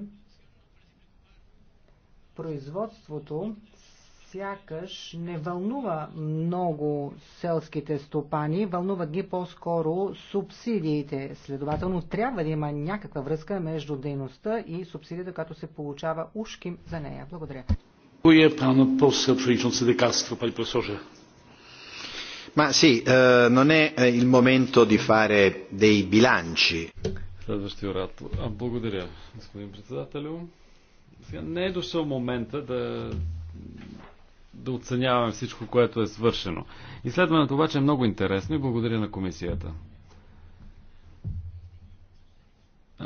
производството сякаш не вълнува много селските стопани, вълнуват ги по-скоро субсидиите. Следователно трябва да има някаква връзка между дейността и субсидията, която се получава ушким за нея. Благодаря. Dziękuję pan poseł przewodniczący De Castro, panie profesorze. Ma eh, non è eh, il momento di fare dei bilanci. Следващия рад. А, благодаря, господин председателю. Сега не е дошъл момента да, да оценяваме всичко, което е свършено. Изследването обаче е много интересно и благодаря на комисията.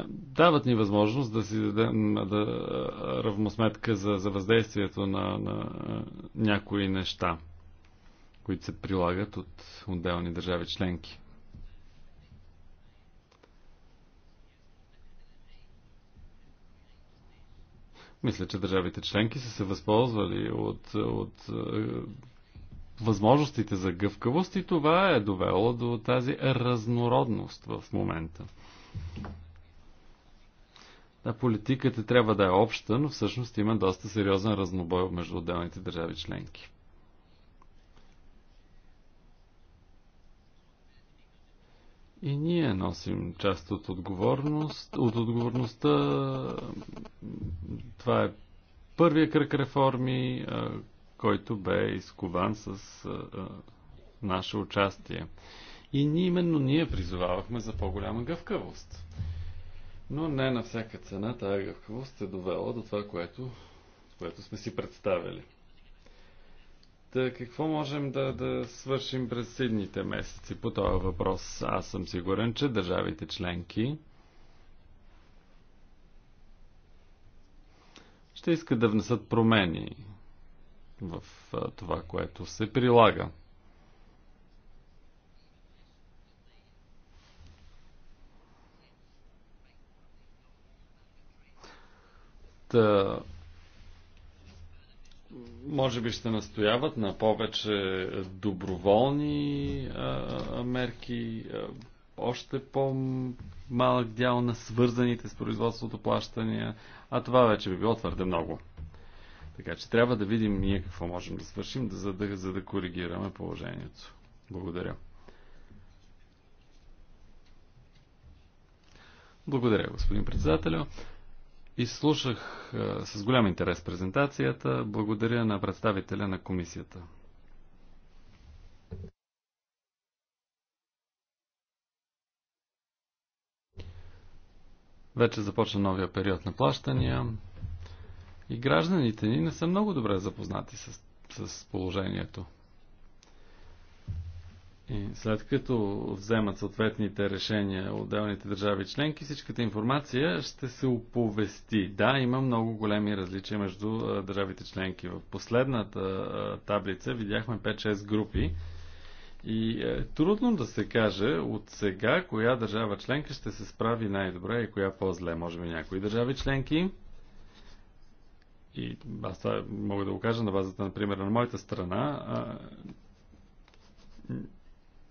Дават ни възможност да си дадем да, равносметка за, за въздействието на, на някои неща, които се прилагат от отделни държави членки. Мисля, че държавите членки са се възползвали от, от е, възможностите за гъвкавост и това е довело до тази разнородност в момента. Да, политиката трябва да е обща, но всъщност има доста сериозен разнобой между отделните държави членки. И ние носим част от отговорност. От отговорността това е първия кръг реформи, който бе изкован с наше участие. И ние, именно ние призовавахме за по-голяма гъвкавост. Но не на всяка цена тази гъвкавост е довела до това, което, което сме си представили. Да, какво можем да, да свършим през следните месеци по този въпрос? Аз съм сигурен, че държавите членки ще искат да внесат промени в това, което се прилага. Та, може би ще настояват на повече доброволни а, мерки, а, още по-малък дял на свързаните с производството плащания, а това вече би било твърде много. Така че трябва да видим ние какво можем да свършим, за да, за да коригираме положението. Благодаря. Благодаря, господин председателю. Изслушах е, с голям интерес презентацията. Благодаря на представителя на комисията. Вече започна новия период на плащания и гражданите ни не са много добре запознати с, с положението. И след като вземат съответните решения отделните държави членки, всичката информация ще се оповести. Да, има много големи различия между държавите членки. В последната таблица видяхме 5-6 групи. И е трудно да се каже от сега коя държава членка ще се справи най-добре и коя по-зле. Може би някои държави членки. И аз това мога да го кажа на базата, например, на моята страна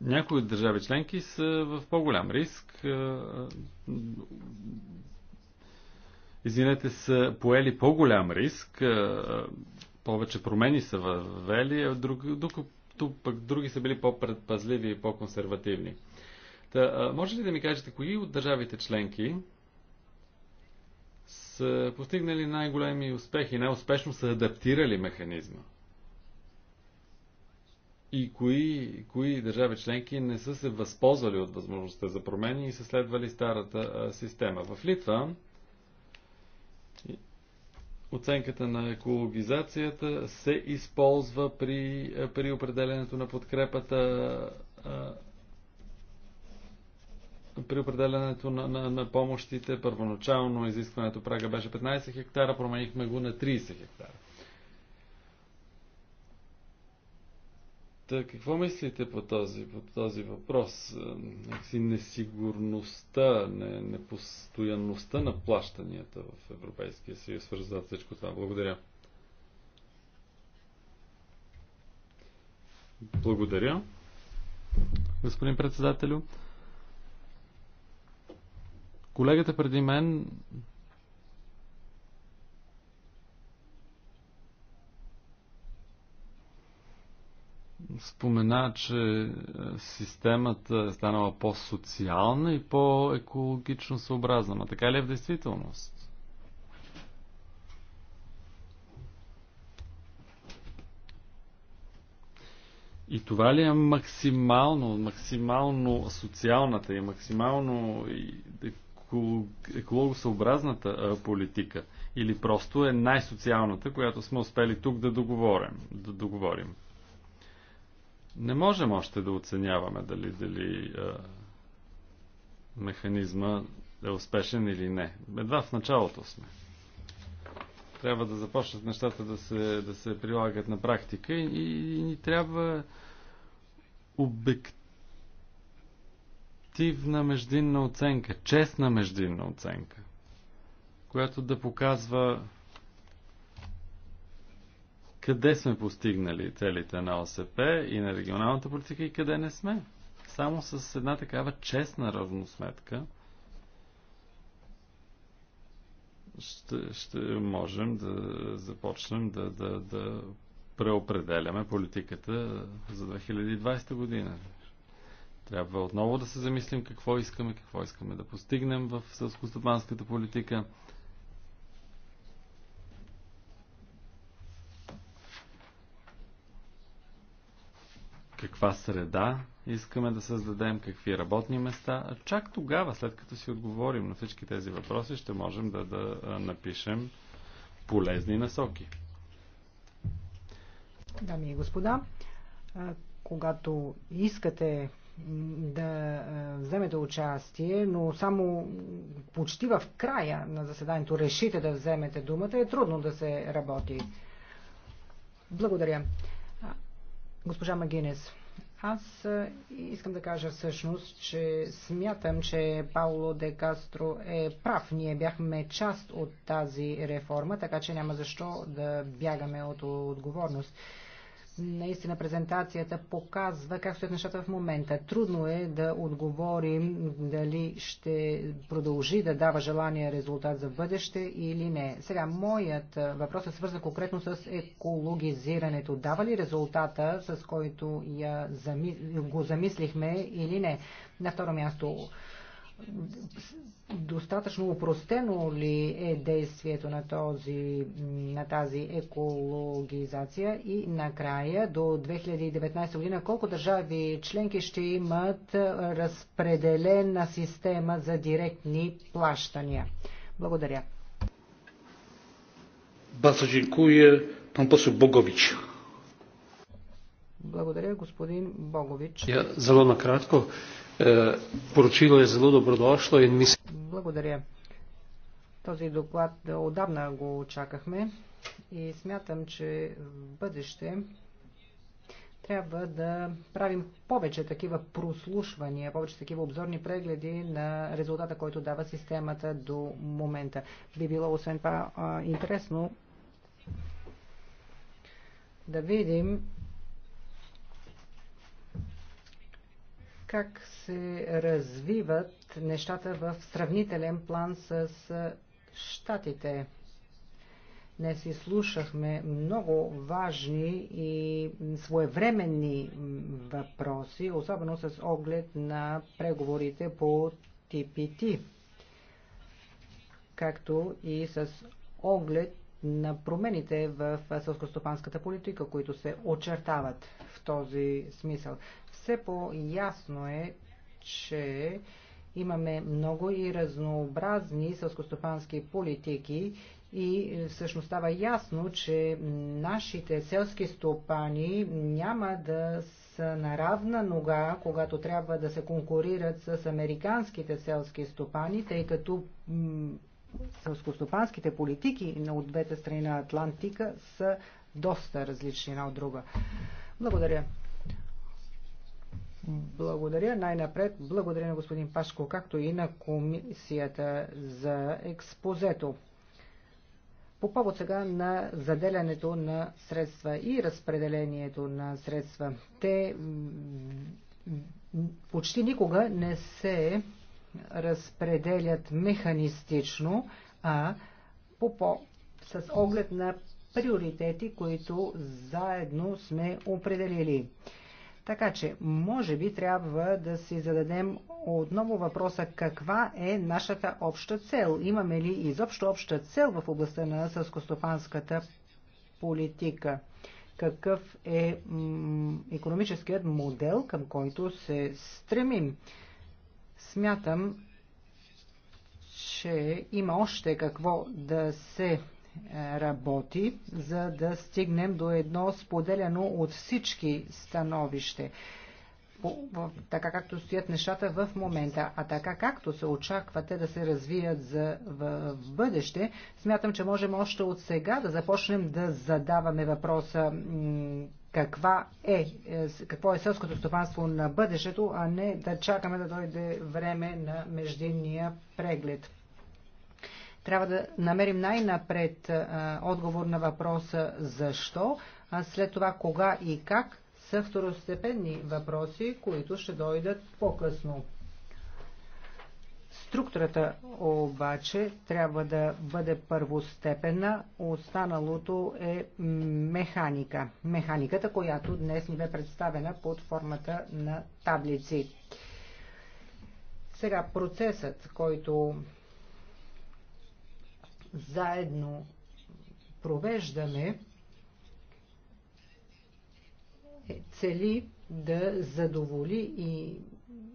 някои от държави членки са в по-голям риск. Е, е, извинете, са поели по-голям риск. Е, повече промени са въвели, а друг, докато пък други са били по-предпазливи и по-консервативни. Та, може ли да ми кажете, кои от държавите членки са постигнали най-големи успехи, най-успешно са адаптирали механизма? и кои, кои държави членки не са се възползвали от възможността за промени и са следвали старата система. В Литва оценката на екологизацията се използва при, при определенето на подкрепата при определенето на, на, на помощите. Първоначално изискването прага беше 15 хектара, променихме го на 30 хектара. Та, какво мислите по този, по този въпрос? Някакси несигурността, не, непостоянността на плащанията в Европейския съюз, свързана всичко това. Благодаря. Благодаря. Господин председателю, колегата преди мен спомена, че е, системата е станала по-социална и по-екологично съобразна. Но така ли е в действителност? И това ли е максимално, максимално социалната и максимално екологосъобразната е, политика? Или просто е най-социалната, която сме успели тук да договорим? Да договорим? Не можем още да оценяваме дали, дали а, механизма е успешен или не. Едва в началото сме. Трябва да започнат нещата да се, да се прилагат на практика и, и, и ни трябва обективна междинна оценка, честна междинна оценка, която да показва къде сме постигнали целите на ОСП и на регионалната политика и къде не сме. Само с една такава честна равносметка ще, ще можем да започнем да, да, да преопределяме политиката за 2020 година. Трябва отново да се замислим какво искаме, какво искаме да постигнем в селскостопанската политика. каква среда искаме да създадем, какви работни места. чак тогава, след като си отговорим на всички тези въпроси, ще можем да, да напишем полезни насоки. Дами и господа, когато искате да вземете участие, но само почти в края на заседанието решите да вземете думата, е трудно да се работи. Благодаря. Госпожа Магинес, аз е, искам да кажа всъщност, че смятам, че Пауло де Кастро е прав. Ние бяхме част от тази реформа, така че няма защо да бягаме от отговорност. Наистина презентацията показва как стоят нещата в момента. Трудно е да отговорим дали ще продължи да дава желания резултат за бъдеще или не. Сега, моят въпрос е свързан конкретно с екологизирането. Дава ли резултата, с който я зами... го замислихме или не? На второ място, достатъчно упростено ли е действието на, този, на тази екологизация и накрая до 2019 година колко държави членки ще имат разпределена система за директни плащания? Благодаря. Баса, dziękuję. Pan poseł Благодаря, господин Богович. Я зелено кратко. Е, поручило е зело добродошло и мисля... Благодаря. Този доклад отдавна го очакахме и смятам, че в бъдеще трябва да правим повече такива прослушвания, повече такива обзорни прегледи на резултата, който дава системата до момента. Би било освен това интересно да видим как се развиват нещата в сравнителен план с щатите. Днес изслушахме много важни и своевременни въпроси, особено с оглед на преговорите по ТПТ, както и с оглед на промените в сълскостопанската политика, които се очертават в този смисъл. Все по-ясно е, че имаме много и разнообразни сълскостопански политики и всъщност става ясно, че нашите селски стопани няма да са на равна нога, когато трябва да се конкурират с американските селски стопани, тъй като сълскостопанските политики на от двете страни на Атлантика са доста различни една от друга. Благодаря. Благодаря. Най-напред благодаря на господин Пашко, както и на комисията за експозето. По повод сега на заделянето на средства и разпределението на средства, те почти никога не се разпределят механистично, а по, по, с оглед на приоритети, които заедно сме определили. Така че, може би трябва да си зададем отново въпроса каква е нашата обща цел. Имаме ли изобщо обща цел в областта на сълскостопанската политика? Какъв е економическият модел, към който се стремим? Смятам, че има още какво да се е, работи, за да стигнем до едно споделяно от всички становище. По, в, така както стоят нещата в момента, а така както се очаквате да се развият за, в, в бъдеще, смятам, че можем още от сега да започнем да задаваме въпроса каква е, е какво е селското стопанство на бъдещето, а не да чакаме да дойде време на междинния преглед. Трябва да намерим най-напред отговор на въпроса защо, а след това кога и как са второстепенни въпроси, които ще дойдат по-късно. Структурата обаче трябва да бъде първостепенна, останалото е механика. Механиката, която днес ни бе представена под формата на таблици. Сега процесът, който заедно провеждаме, е, цели да задоволи и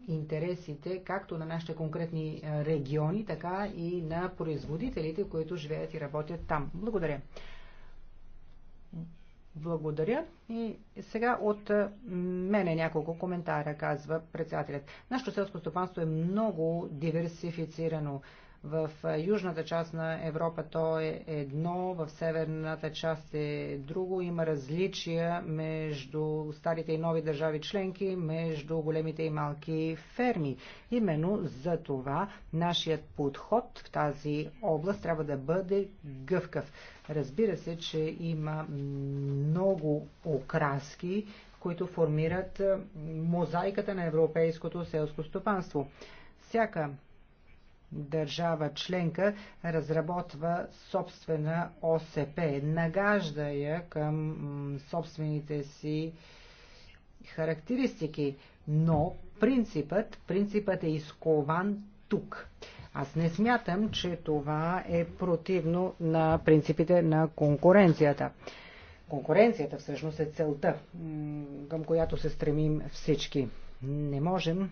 интересите както на нашите конкретни е, региони, така и на производителите, които живеят и работят там. Благодаря. Благодаря. И сега от е, мене няколко коментара, казва председателят. Нашето селско стопанство е много диверсифицирано. В южната част на Европа то е едно, в северната част е друго. Има различия между старите и нови държави членки, между големите и малки ферми. Именно за това нашият подход в тази област трябва да бъде гъвкав. Разбира се, че има много окраски, които формират мозайката на европейското селско стопанство. Всяка държава членка разработва собствена ОСП, нагажда я към собствените си характеристики, но принципът, принципът е изкован тук. Аз не смятам, че това е противно на принципите на конкуренцията. Конкуренцията всъщност е целта, към която се стремим всички. Не можем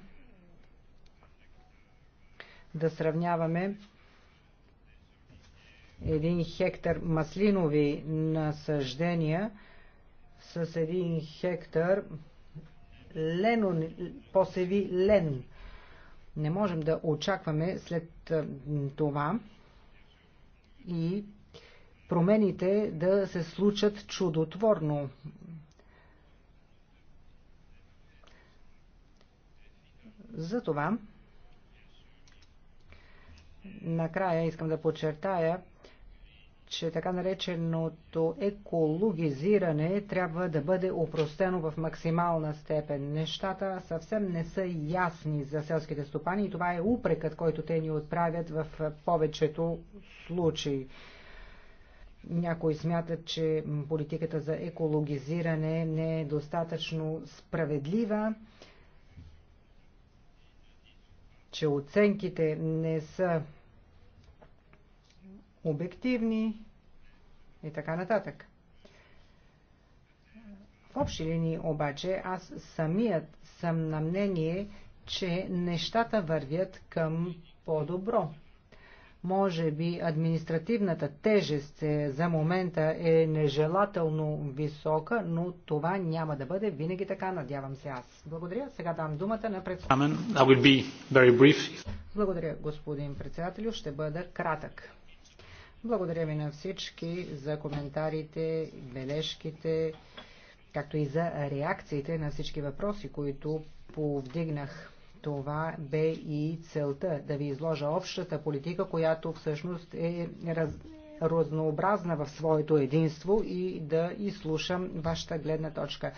да сравняваме един хектар маслинови насъждения с един хектар лено, посеви лен. Не можем да очакваме след това и промените да се случат чудотворно. Затова накрая искам да подчертая, че така нареченото екологизиране трябва да бъде упростено в максимална степен. Нещата съвсем не са ясни за селските стопани и това е упрекът, който те ни отправят в повечето случаи. Някои смятат, че политиката за екологизиране не е достатъчно справедлива че оценките не са обективни и така нататък. В общи линии обаче аз самият съм на мнение, че нещата вървят към по-добро. Може би административната тежест е, за момента е нежелателно висока, но това няма да бъде винаги така, надявам се аз. Благодаря. Сега дам думата на председателя. Благодаря, господин председател, Ще бъда кратък. Благодаря ви на всички за коментарите, бележките, както и за реакциите на всички въпроси, които повдигнах това бе и целта да ви изложа общата политика, която всъщност е раз, разнообразна в своето единство и да изслушам вашата гледна точка.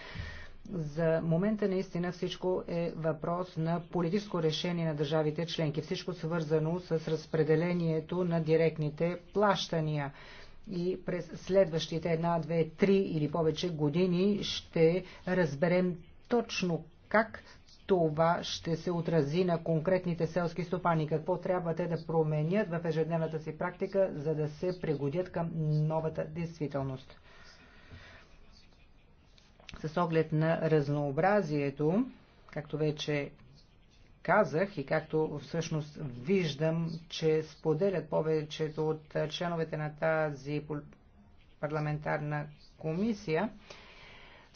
За момента наистина всичко е въпрос на политическо решение на държавите членки. Всичко свързано с разпределението на директните плащания. И през следващите една, две, три или повече години ще разберем точно как това ще се отрази на конкретните селски стопани? Какво трябва те да променят в ежедневната си практика, за да се пригодят към новата действителност? С оглед на разнообразието, както вече казах и както всъщност виждам, че споделят повечето от членовете на тази парламентарна комисия,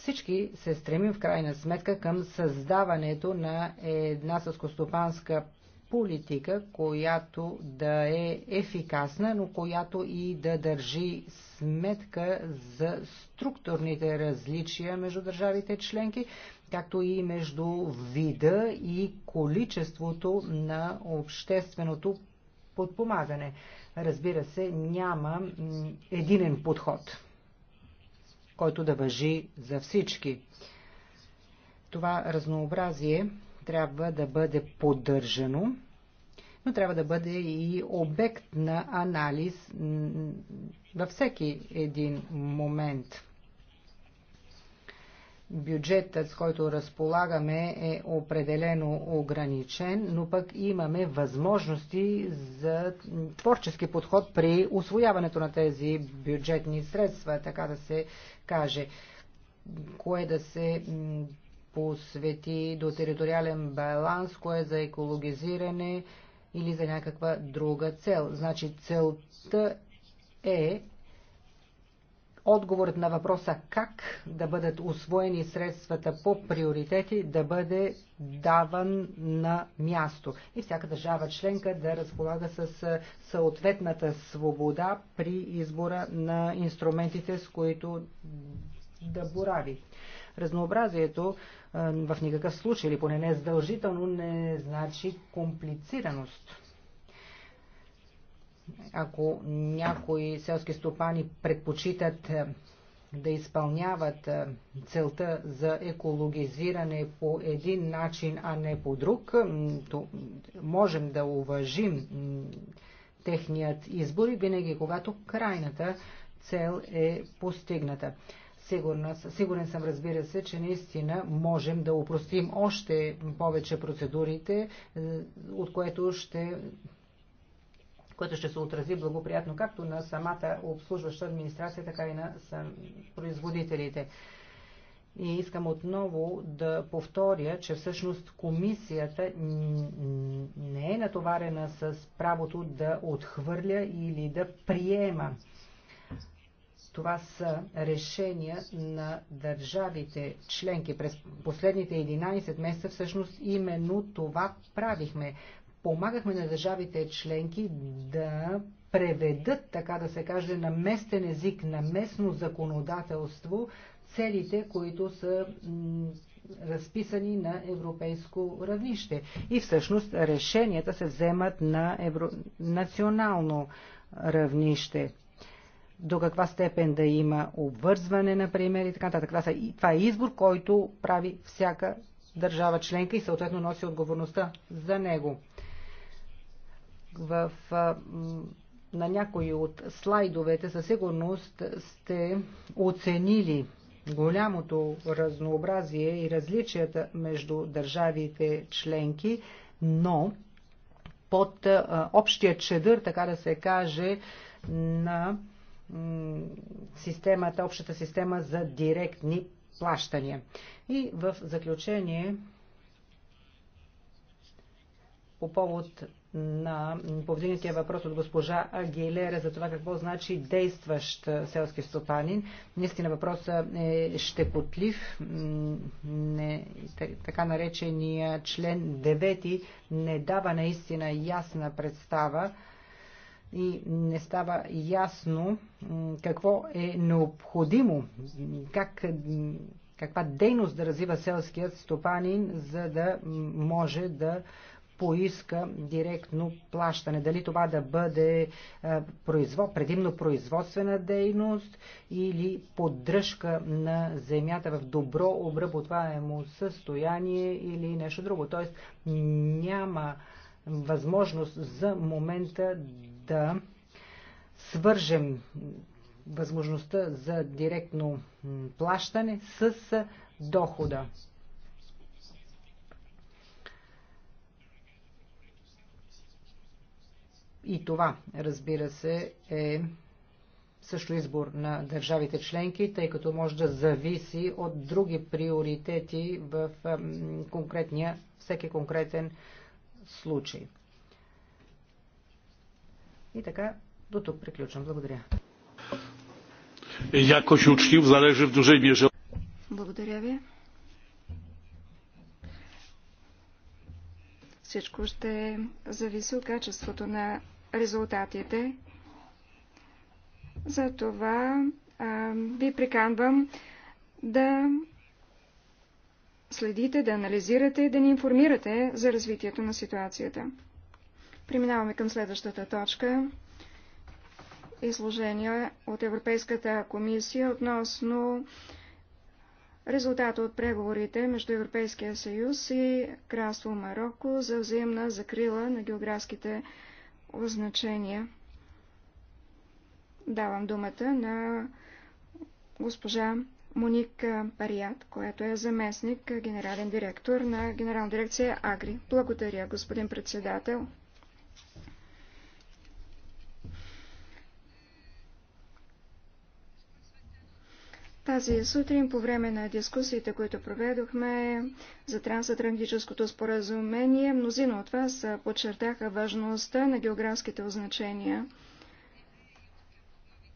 всички се стремим в крайна сметка към създаването на една съскостопанска политика, която да е ефикасна, но която и да държи сметка за структурните различия между държавите членки, както и между вида и количеството на общественото подпомагане. Разбира се, няма единен подход който да въжи за всички. Това разнообразие трябва да бъде поддържано, но трябва да бъде и обект на анализ във всеки един момент бюджетът, с който разполагаме, е определено ограничен, но пък имаме възможности за творчески подход при освояването на тези бюджетни средства, така да се каже, кое да се посвети до териториален баланс, кое за екологизиране или за някаква друга цел. Значи целта е отговорът на въпроса как да бъдат освоени средствата по приоритети да бъде даван на място и всяка държава членка да разполага с съответната свобода при избора на инструментите, с които да борави. Разнообразието в никакъв случай или поне не е задължително не значи комплицираност ако някои селски стопани предпочитат е, да изпълняват е, целта за екологизиране по един начин, а не по друг, е, то можем да уважим техният избор и винаги, когато крайната цел е постигната. Сигурна, сигурен съм, разбира се, че наистина можем да упростим още повече процедурите, от което ще което ще се отрази благоприятно както на самата обслужваща администрация, така и на производителите. И искам отново да повторя, че всъщност комисията не е натоварена с правото да отхвърля или да приема. Това са решения на държавите членки. През последните 11 месеца всъщност именно това правихме помагахме на държавите членки да преведат, така да се каже, на местен език, на местно законодателство целите, които са разписани на европейско равнище. И всъщност решенията се вземат на евро... национално равнище. До каква степен да има обвързване, например, и така нататък. Това, са... това е избор, който прави всяка държава членка и съответно носи отговорността за него в, на някои от слайдовете със сигурност сте оценили голямото разнообразие и различията между държавите членки, но под общия чедър, така да се каже, на системата, общата система за директни плащания. И в заключение, по повод на повдигнатия въпрос от госпожа Агилера за това какво значи действащ селски стопанин. Наистина въпросът е щекотлив. Не, така наречения член 9 не дава наистина ясна представа и не става ясно какво е необходимо, как каква дейност да развива селският стопанин, за да може да поиска директно плащане. Дали това да бъде е, производ, предимно производствена дейност или поддръжка на земята в добро обработваемо състояние или нещо друго. Тоест няма възможност за момента да свържем възможността за директно плащане с дохода. И това, разбира се, е също избор на държавите членки, тъй като може да зависи от други приоритети в конкретния, всеки конкретен случай. И така, до тук приключвам. Благодаря. учтив залежи в мере. Благодаря ви. Всичко ще зависи от качеството на резултатите. Затова а, ви приканвам да следите, да анализирате и да ни информирате за развитието на ситуацията. Преминаваме към следващата точка. Изложение от Европейската комисия относно резултата от преговорите между Европейския съюз и Кралство Марокко за взаимна закрила на географските означения. Давам думата на госпожа Моник Парият, която е заместник генерален директор на Генерална дирекция Агри. Благодаря, господин председател. Тази сутрин по време на дискусиите, които проведохме за трансатлантическото споразумение, мнозина от вас подчертаха важността на географските означения.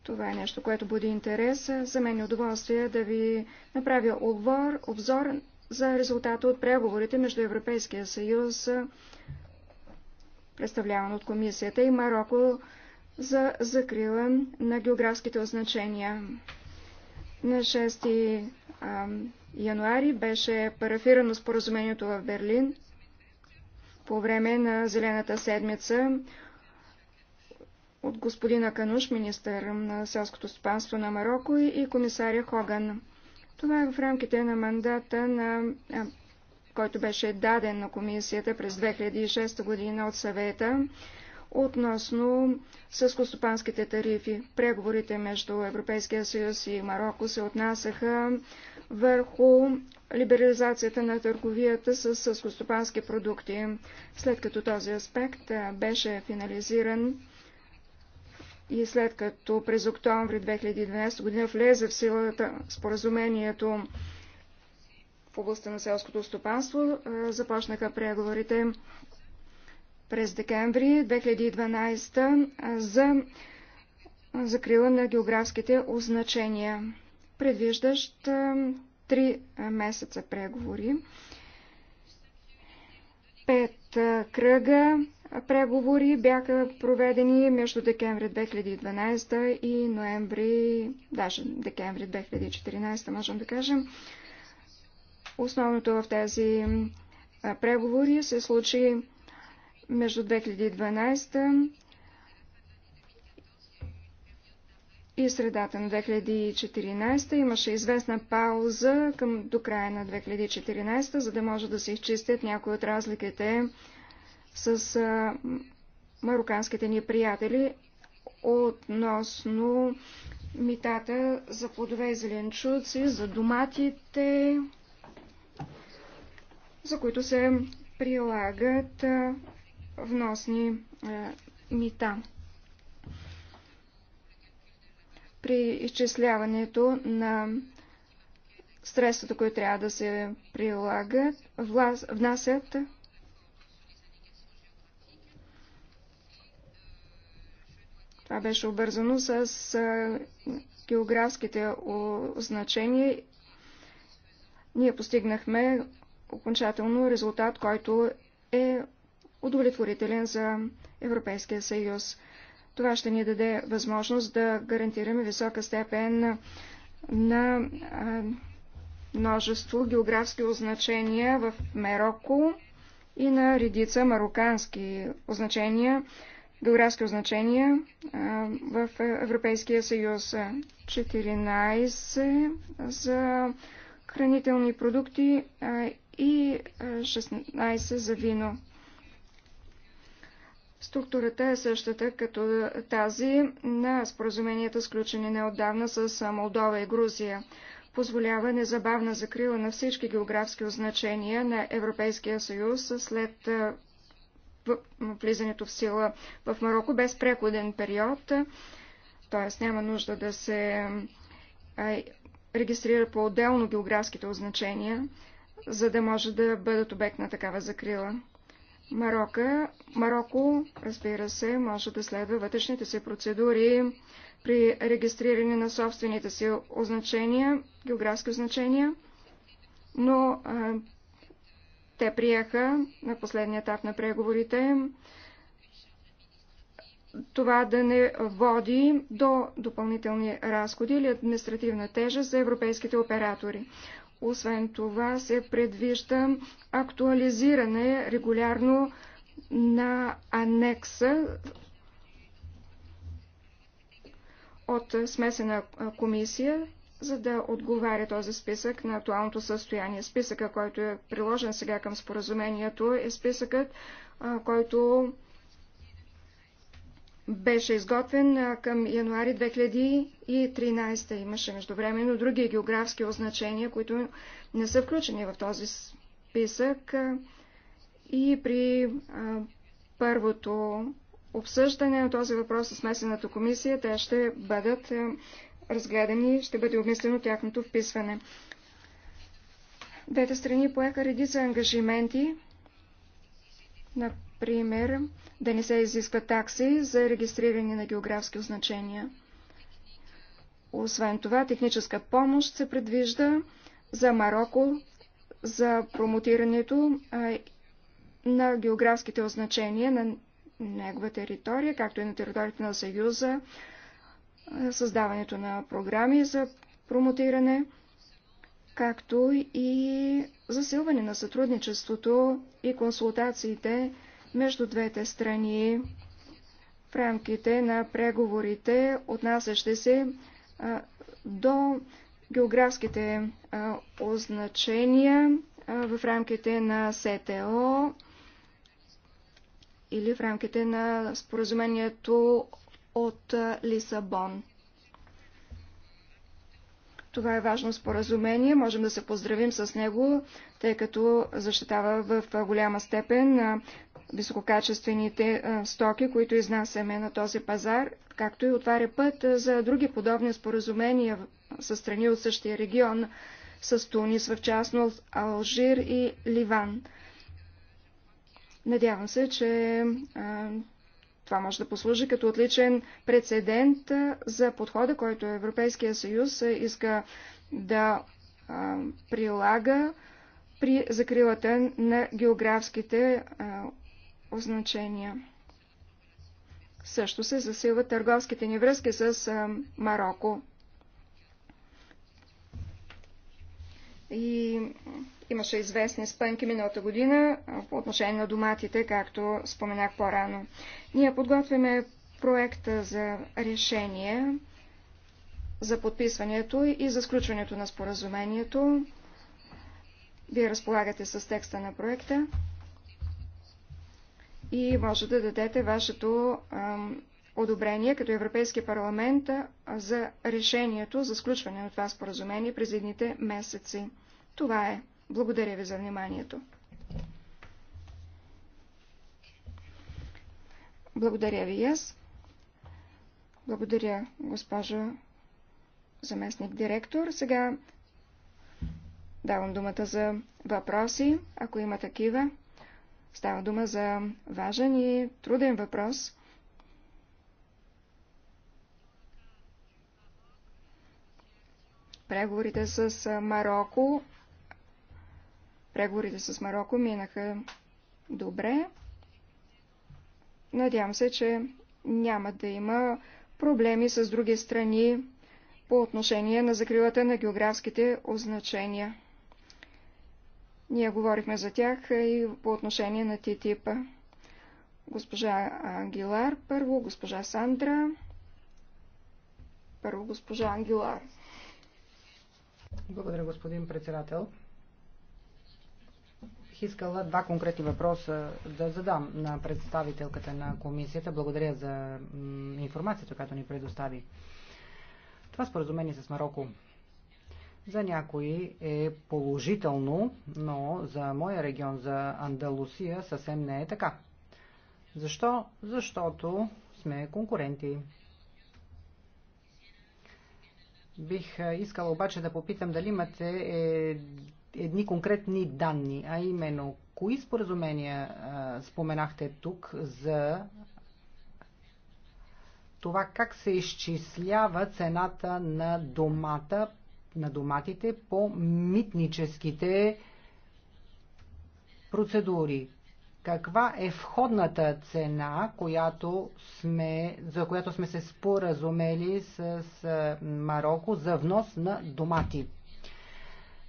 Това е нещо, което буди интерес. За мен е удоволствие да ви направя обзор, обзор за резултата от преговорите между Европейския съюз, представляван от комисията и Марокко за закрила на географските означения. На 6 януари беше парафирано споразумението в Берлин по време на Зелената седмица от господина Кануш, министър на селското стопанство на Марокко и комисаря Хоган. Това е в рамките на мандата, на, който беше даден на комисията през 2006 година от съвета относно съскостопанските тарифи. Преговорите между Европейския съюз и Марокко се отнасяха върху либерализацията на търговията с съскостопански продукти. След като този аспект беше финализиран и след като през октомври 2012 година влезе в силата споразумението в областта на селското стопанство, започнаха преговорите през декември 2012 за закрила на географските означения, предвиждащ три месеца преговори, пет кръга преговори бяха проведени между декември 2012 и ноември, даже декември 2014, можем да кажем. Основното в тези преговори се случи между 2012 и средата на 2014 имаше известна пауза към, до края на 2014, за да може да се изчистят някои от разликите с а, мароканските ни приятели относно митата за плодове и зеленчуци, за доматите, за които се прилагат вносни е, мита. При изчисляването на средствата, които трябва да се прилагат, влаз, внасят Това беше обързано с е, географските значения. Ние постигнахме окончателно резултат, който е удовлетворителен за Европейския съюз. Това ще ни даде възможност да гарантираме висока степен на множество географски означения в Мероко и на редица марокански означения, географски означения в Европейския съюз. 14 за хранителни продукти и 16 за вино. Структурата е същата като тази на споразуменията, сключени неотдавна с Молдова и Грузия. Позволява незабавна закрила на всички географски означения на Европейския съюз след влизането в сила в Марокко без преходен период, т.е. няма нужда да се регистрира по-отделно географските означения, за да може да бъдат обект на такава закрила. Марока, Марокко, разбира се, може да следва вътрешните си процедури при регистриране на собствените си означения, географски означения, но а, те приеха на последния етап на преговорите това да не води до допълнителни разходи или административна тежест за европейските оператори. Освен това се предвижда актуализиране регулярно на анекса от смесена комисия, за да отговаря този списък на актуалното състояние. Списъка, който е приложен сега към споразумението, е списъкът, който беше изготвен към януари 2013. Имаше междувременно други географски означения, които не са включени в този списък. И при първото обсъждане на този въпрос с месената комисия, те ще бъдат разгледани, ще бъде обмислено тяхното вписване. Двете страни поеха редица ангажименти, например, да не се изиска такси за регистриране на географски означения. Освен това, техническа помощ се предвижда за Марокко, за промотирането на географските означения на негова територия, както и на територията на Съюза, създаването на програми за промотиране, както и засилване на сътрудничеството и консултациите между двете страни в рамките на преговорите, отнасящи се до географските означения в рамките на СТО или в рамките на споразумението от Лисабон. Това е важно споразумение. Можем да се поздравим с него тъй като защитава в голяма степен висококачествените стоки, които изнасяме на този пазар, както и отваря път за други подобни споразумения с страни от същия регион, с Тунис, в частност Алжир и Ливан. Надявам се, че а, това може да послужи като отличен прецедент за подхода, който Европейския съюз иска да а, прилага при закрилата на географските а, означения. Също се засилват търговските ни връзки с а, Марокко. И имаше известни спънки миналата година по отношение на доматите, както споменах по-рано. Ние подготвяме проекта за решение за подписването и за сключването на споразумението. Вие разполагате с текста на проекта и може да дадете вашето одобрение като Европейски парламент за решението за сключване на това споразумение през едните месеци. Това е. Благодаря ви за вниманието. Благодаря ви и аз. Благодаря, госпожо заместник директор. Сега Давам думата за въпроси, ако има такива. Става дума за важен и труден въпрос. Преговорите с Марокко преговорите с Марокко минаха добре. Надявам се, че няма да има проблеми с други страни по отношение на закрилата на географските означения. Ние говорихме за тях и по отношение на ТТИПа. Госпожа Ангелар първо, госпожа Сандра. Първо госпожа Ангелар. Благодаря, господин председател. Бих искала два конкретни въпроса да задам на представителката на комисията. Благодаря за информацията, която ни предостави. Това споразумение с Марокко за някои е положително, но за моя регион, за Андалусия, съвсем не е така. Защо? Защото сме конкуренти. Бих искала обаче да попитам дали имате е, едни конкретни данни, а именно кои споразумения споменахте тук за това как се изчислява цената на домата на доматите по митническите процедури. Каква е входната цена, която сме, за която сме се споразумели с Марокко за внос на домати?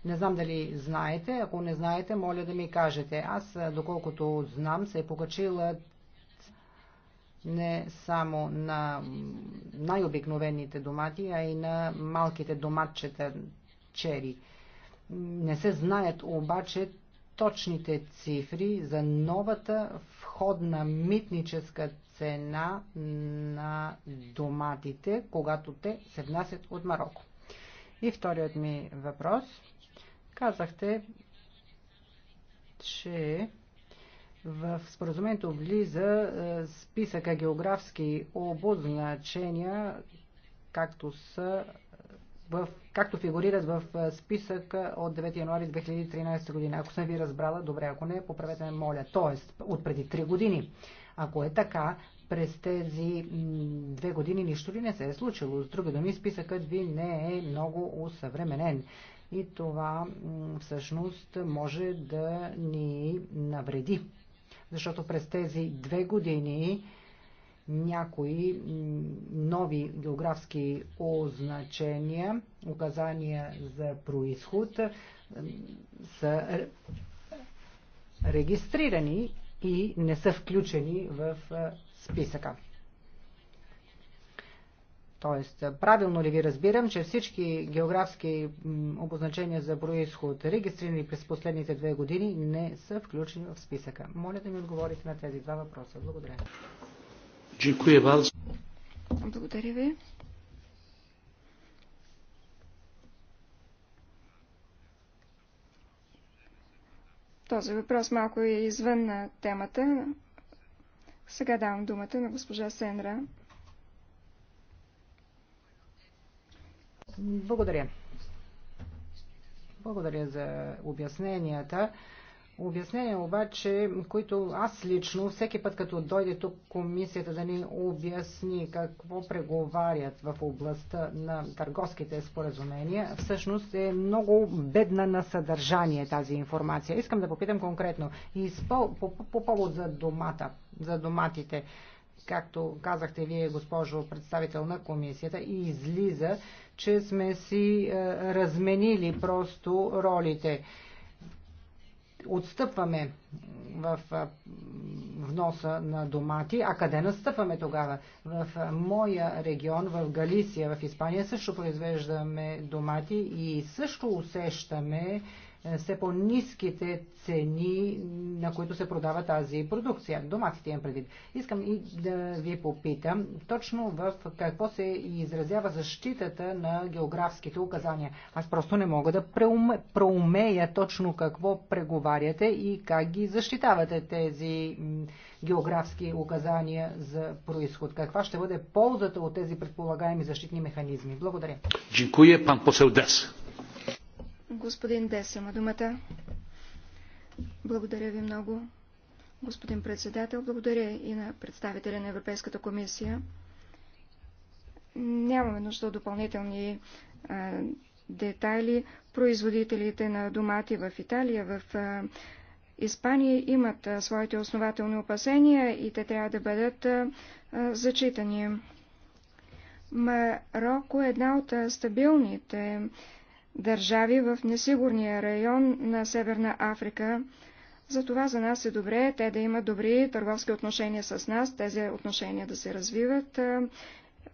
Не знам дали знаете. Ако не знаете, моля да ми кажете. Аз, доколкото знам, се е покачила не само на най-обикновените домати, а и на малките доматчета чери. Не се знаят обаче точните цифри за новата входна митническа цена на доматите, когато те се внасят от Марокко. И вторият ми въпрос. Казахте, че в споразумението влиза е, списъка географски обозначения, както са е, в, както фигурират в е, списък от 9 януари 2013 година. Ако съм ви разбрала, добре, ако не, поправете ме, моля. Тоест, от преди 3 години. Ако е така, през тези две години нищо ли не се е случило. С други думи, списъкът ви не е много усъвременен. И това всъщност може да ни навреди защото през тези две години някои нови географски означения, указания за происход са регистрирани и не са включени в списъка. Тоест, правилно ли ви разбирам, че всички географски обозначения за происход, регистрирани през последните две години, не са включени в списъка? Моля да ми отговорите на тези два въпроса. Благодаря. Благодаря ви. Този въпрос малко е извън на темата. Сега давам думата на госпожа Сенра. Благодаря. Благодаря за обясненията. Обяснения обаче, които аз лично, всеки път като дойде тук комисията да ни обясни какво преговарят в областта на търговските споразумения, всъщност е много бедна на съдържание тази информация. Искам да попитам конкретно и по, по, по повод за домата, за доматите, както казахте вие, госпожо представител на комисията, и излиза, че сме си е, разменили просто ролите. Отстъпваме в е, вноса на домати. А къде настъпваме тогава? В е, моя регион, в Галисия, в Испания също произвеждаме домати и също усещаме е, все по-низките цени, на които се продава тази продукция. Доматите имам предвид. Искам и да ви попитам точно в какво се изразява защитата на географските указания. Аз просто не мога да преуме, проумея точно какво преговаряте и как ги защитавате тези географски указания за происход. Каква ще бъде ползата от тези предполагаеми защитни механизми? Благодаря. Дякую, пан посел Дес. Господин Дес има думата. Благодаря ви много, господин председател. Благодаря и на представителя на Европейската комисия. Нямаме нужда от допълнителни а, детайли. Производителите на домати в Италия, в а, Испания имат а, своите основателни опасения и те трябва да бъдат а, а, зачитани. Марокко е една от стабилните а, държави в несигурния район на Северна Африка. Затова за нас е добре те да имат добри търговски отношения с нас, тези отношения да се развиват,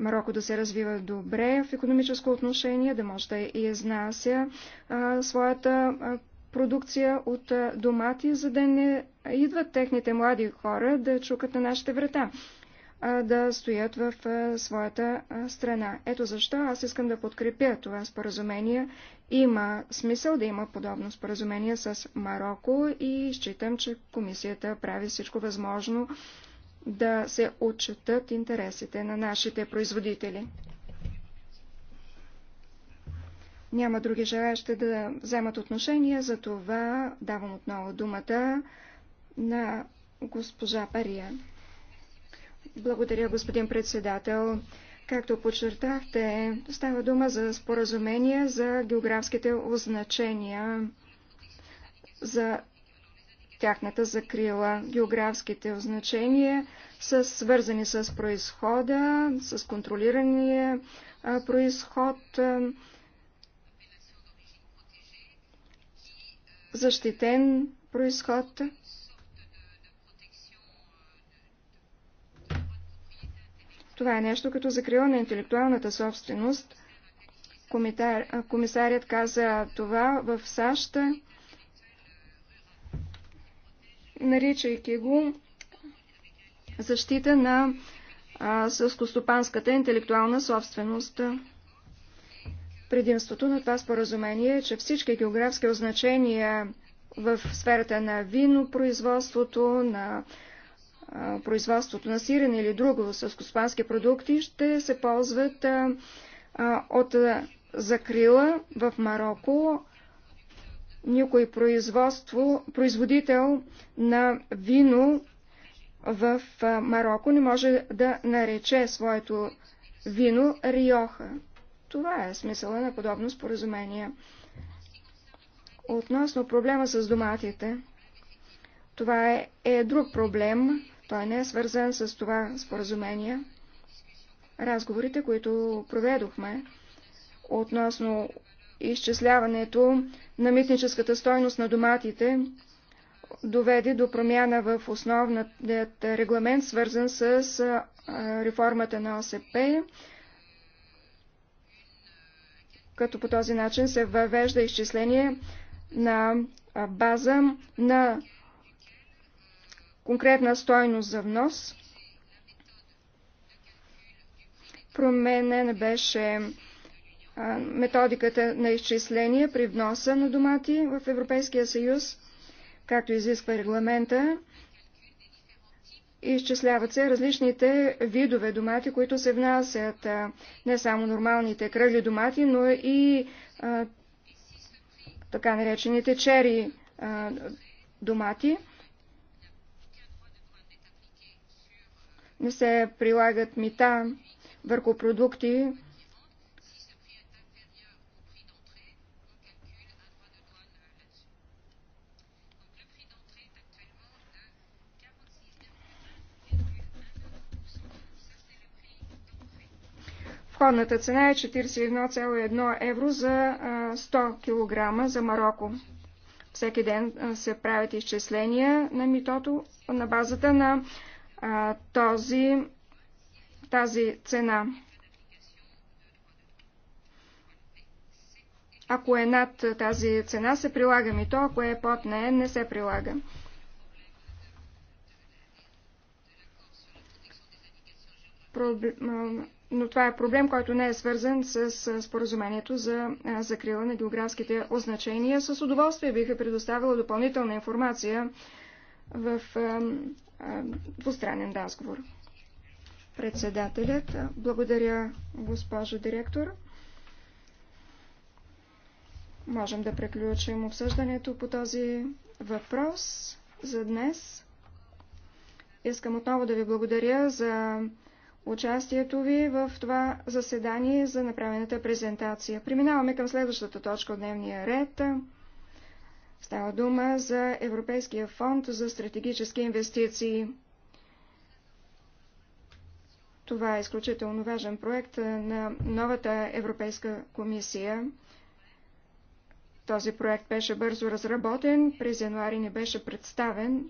Марокко да се развива добре в економическо отношение, да може да изнася а, своята а, продукция от а, домати, за да не идват техните млади хора да чукат на нашите врата да стоят в своята страна. Ето защо аз искам да подкрепя това споразумение. Има смисъл да има подобно споразумение с Марокко и считам, че комисията прави всичко възможно да се отчетат интересите на нашите производители. Няма други желаящи да вземат отношение, за това давам отново думата на госпожа Пария. Благодаря, господин председател. Както подчертахте, става дума за споразумение за географските означения за тяхната закрила. Географските означения са свързани с происхода, с контролирания происход, защитен происход, Това е нещо като закрила на интелектуалната собственост. Комитар, комисарят каза това в САЩ, наричайки го защита на сълскостопанската интелектуална собственост. Предимството на това споразумение е, че всички географски означения в сферата на винопроизводството, на производството на сирене или друго сълскоспански продукти, ще се ползват от закрила в Марокко. Никой производство, производител на вино в Марокко не може да нарече своето вино Риоха. Това е смисъла на подобно споразумение. Относно проблема с доматите, това е, е друг проблем, той не е свързан с това споразумение. Разговорите, които проведохме относно изчисляването на митническата стойност на доматите, доведе до промяна в основният регламент, свързан с реформата на ОСП, като по този начин се въвежда изчисление на база на конкретна стойност за внос. Променена беше методиката на изчисление при вноса на домати в Европейския съюз, както изисква регламента. Изчисляват се различните видове домати, които се внасят. Не само нормалните кръгли домати, но и а, така наречените чери а, домати. не се прилагат мита върху продукти, Входната цена е 41,1 евро за 100 кг за Марокко. Всеки ден се правят изчисления на митото на базата на а, този, тази цена. Ако е над тази цена, се прилага ми то, ако е под нея, не се прилага. Но това е проблем, който не е свързан с споразумението за закрила на географските означения. С удоволствие биха предоставила допълнителна информация в двустранен разговор. Председателят, благодаря госпожо директор. Можем да приключим обсъждането по този въпрос за днес. Искам отново да ви благодаря за участието ви в това заседание за направената презентация. Преминаваме към следващата точка от дневния ред. Става дума за Европейския фонд за стратегически инвестиции. Това е изключително важен проект на новата Европейска комисия. Този проект беше бързо разработен, през януари не беше представен.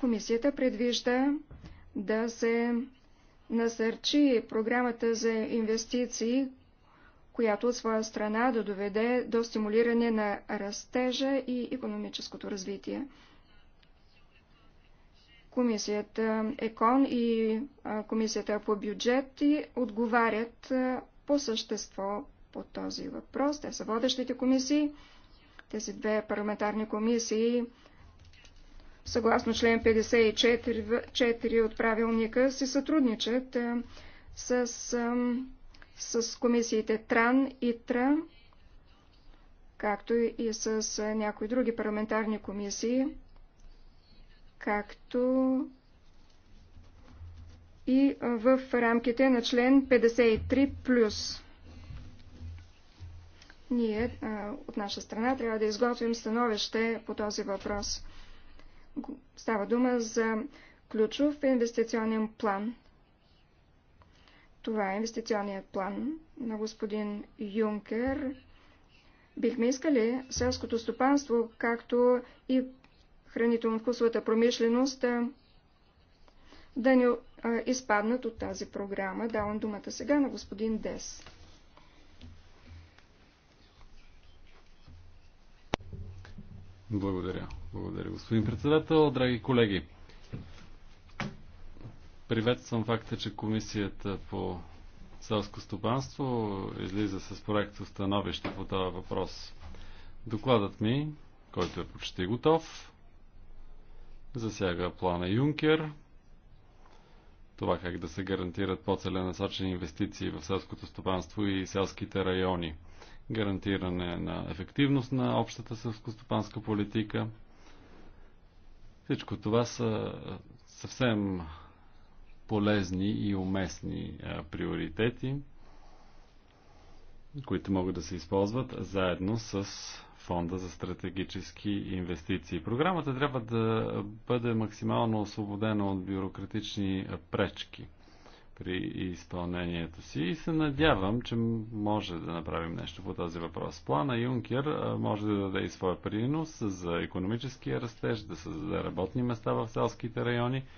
Комисията предвижда да се насърчи програмата за инвестиции, която от своя страна да доведе до стимулиране на растежа и економическото развитие. Комисията е, ЕКОН и Комисията по бюджети отговарят по същество по този въпрос. Те са водещите комисии. Тези две парламентарни комисии, съгласно член 54 от правилника, си сътрудничат с с комисиите ТРАН и ТРА, както и с някои други парламентарни комисии, както и в рамките на член 53+. Ние от наша страна трябва да изготвим становище по този въпрос. Става дума за ключов инвестиционен план – това е инвестиционният план на господин Юнкер. Бихме искали селското стопанство, както и хранително-вкусовата промишленост, да ни изпаднат от тази програма. Давам думата сега на господин Дес. Благодаря. Благодаря, господин председател. Драги колеги, Приветствам факта, че комисията по селско стопанство излиза с проект становище по това въпрос. Докладът ми, който е почти готов, засяга плана Юнкер, това как да се гарантират по-целенасочени инвестиции в селското стопанство и селските райони, гарантиране на ефективност на общата селскостопанска политика. Всичко това са съвсем полезни и уместни приоритети, които могат да се използват заедно с Фонда за стратегически инвестиции. Програмата трябва да бъде максимално освободена от бюрократични пречки при изпълнението си и се надявам, че може да направим нещо по този въпрос. Плана Юнкер може да даде и своя принос за економическия растеж, да създаде работни места в селските райони –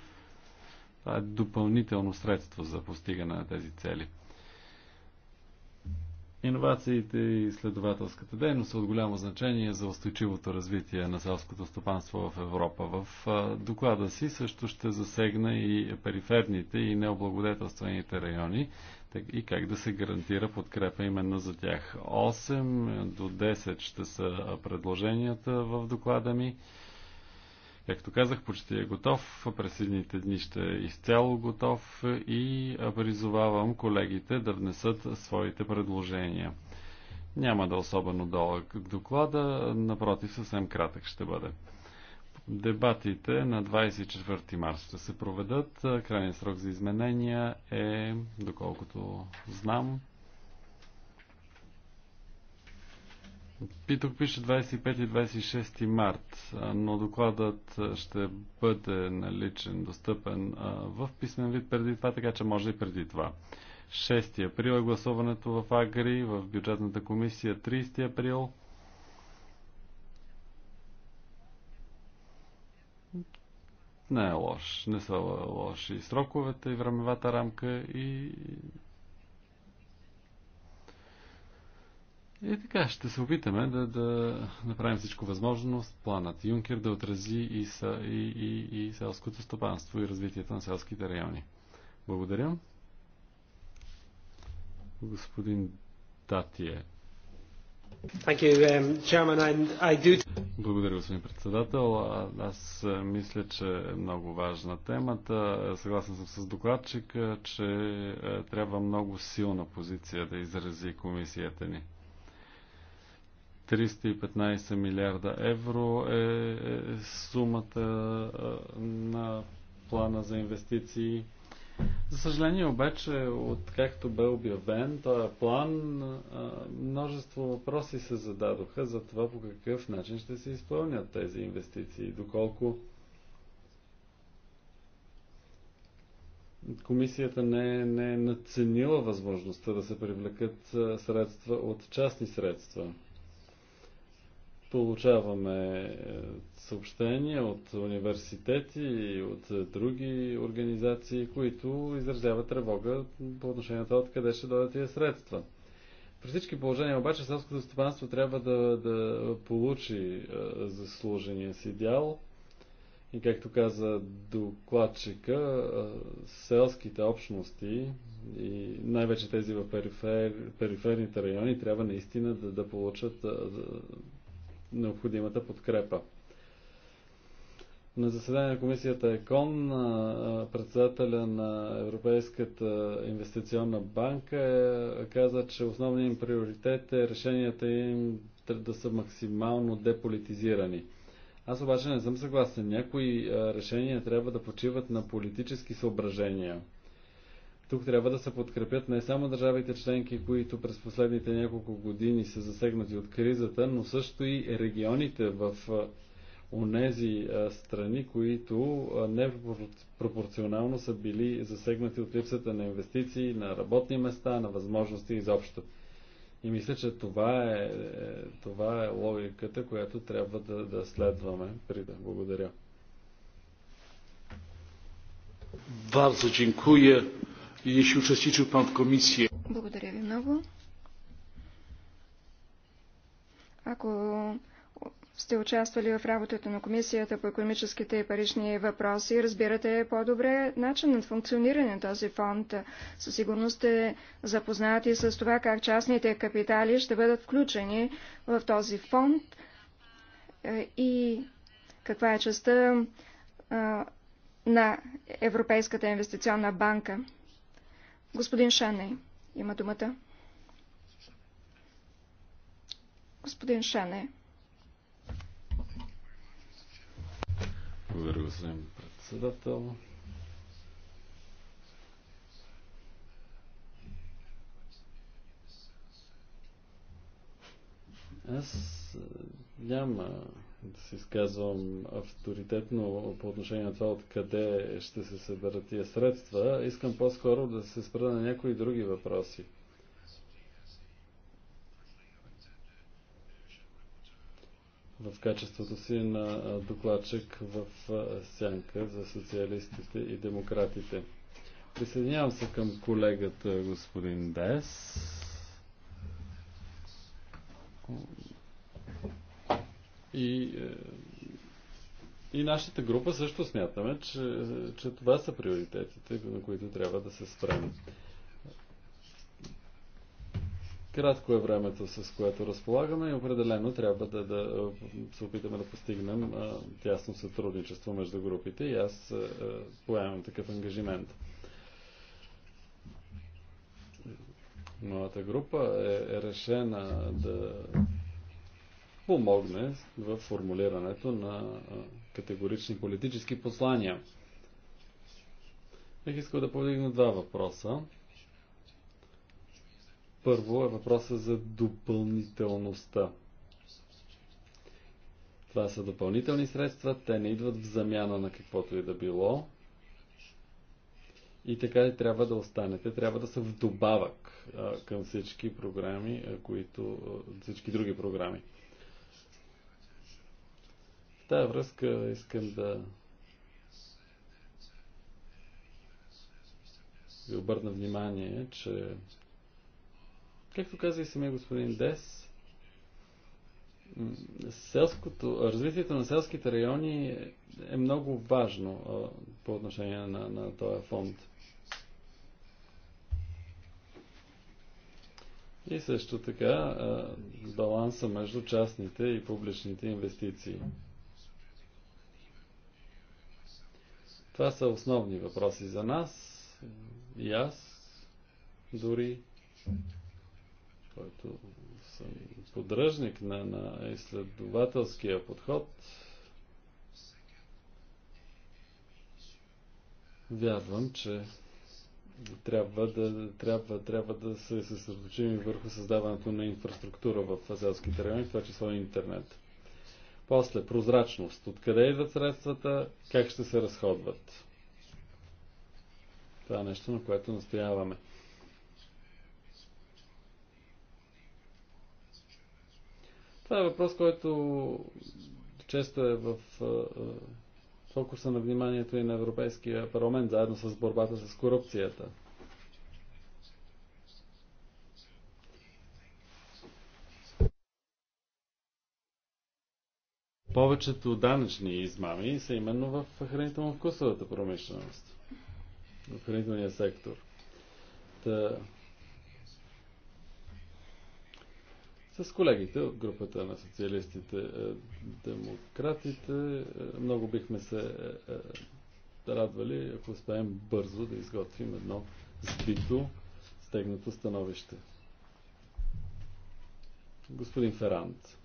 това е допълнително средство за постигане на тези цели. Иновациите и изследователската дейност са от голямо значение за устойчивото развитие на селското стопанство в Европа. В доклада си също ще засегна и периферните и необлагодетелствените райони и как да се гарантира подкрепа именно за тях. 8 до 10 ще са предложенията в доклада ми. Както казах, почти е готов. През едните дни ще е изцяло готов и призовавам колегите да внесат своите предложения. Няма да е особено дълъг доклада, напротив съвсем кратък ще бъде. Дебатите на 24 марта ще се проведат. Крайният срок за изменения е, доколкото знам, Тук пише 25 и 26 март, но докладът ще бъде наличен, достъпен в писмен вид преди това, така че може и преди това. 6 април е гласуването в Агри, в бюджетната комисия 30 април. Не е лош, не са лоши и сроковете и времевата рамка и И така, ще се опитаме да, да направим всичко възможно с планът Юнкер да отрази и, са, и, и, и селското стопанство и развитието на селските райони. Благодаря. Господин Датие. Um, Благодаря, господин председател. Аз мисля, че е много важна темата. Съгласен съм с докладчика, че трябва много силна позиция да изрази комисията ни. 315 милиарда евро е, е, е сумата на плана за инвестиции. За съжаление обаче, откакто бе обявен този план, множество въпроси се зададоха за това по какъв начин ще се изпълнят тези инвестиции, доколко комисията не е, не е наценила възможността да се привлекат средства от частни средства. Получаваме е, съобщения от университети и от е, други организации, които изразяват тревога по отношение на това откъде ще дойдат тия средства. При всички положения обаче селското стопанство трябва да, да получи е, заслужения си дял. И както каза докладчика, селските общности и най-вече тези в перифер, периферните райони трябва наистина да, да получат необходимата подкрепа. На заседание на комисията ЕКОН председателя на Европейската инвестиционна банка е, каза, че основният им приоритет е решенията им да са максимално деполитизирани. Аз обаче не съм съгласен. Някои решения трябва да почиват на политически съображения – тук трябва да се подкрепят не само държавите членки, които през последните няколко години са засегнати от кризата, но също и регионите в онези страни, които непропорционално са били засегнати от липсата на инвестиции, на работни места, на възможности изобщо. И мисля, че това е, е това е логиката, която трябва да, да следваме. Прида, благодаря. Bardzo dziękuję jeśli uczestniczył Pan w komisji. Благодаря ви много. Ако сте участвали в работата на Комисията по економическите и парични въпроси, разбирате по-добре начинът на функциониране на този фонд. Със сигурност сте запознати с това как частните капитали ще бъдат включени в този фонд е, и каква е частта на Европейската инвестиционна банка. Господин Шаней има думата. Господин Шаней. Благодаря, господин председател. Аз няма да се изказвам авторитетно по отношение на това откъде ще се съберат тия средства. Искам по-скоро да се спра на някои други въпроси. в качеството си на докладчик в сянка за социалистите и демократите. Присъединявам се към колегата господин Дес и, е, и нашата група също смятаме, че, че това са приоритетите, на които трябва да се спрем. Кратко е времето, с което разполагаме и определено трябва да, да е, се опитаме да постигнем е, тясно сътрудничество между групите и аз поемам такъв ангажимент. Моята група е, е решена да помогне в формулирането на категорични политически послания. Бих искал да повдигна два въпроса. Първо е въпроса за допълнителността. Това са допълнителни средства, те не идват в замяна на каквото и да било. И така и трябва да останете. Трябва да са в добавък а, към всички програми, а, които, а, всички други програми тази връзка искам да ви обърна внимание, че както каза и самия господин Дес, селското, развитието на селските райони е много важно по отношение на, на този фонд. И също така баланса между частните и публичните инвестиции. Това са основни въпроси за нас и аз дори, който съм поддръжник на, на изследователския подход, вярвам, че трябва да, трябва, трябва да се съсредоточим върху създаването на инфраструктура в азиатските райони, в това число интернет. После прозрачност. Откъде идват средствата, как ще се разходват. Това е нещо, на което настояваме. Това е въпрос, който често е в фокуса на вниманието и на Европейския парламент, заедно с борбата с корупцията – Повечето данъчни измами са именно в хранително-вкусовата промишленост, в хранителния сектор. Та... С колегите от групата на социалистите е, демократите е, много бихме се е, радвали, ако успеем бързо да изготвим едно сбито, стегнато становище. Господин Ферант.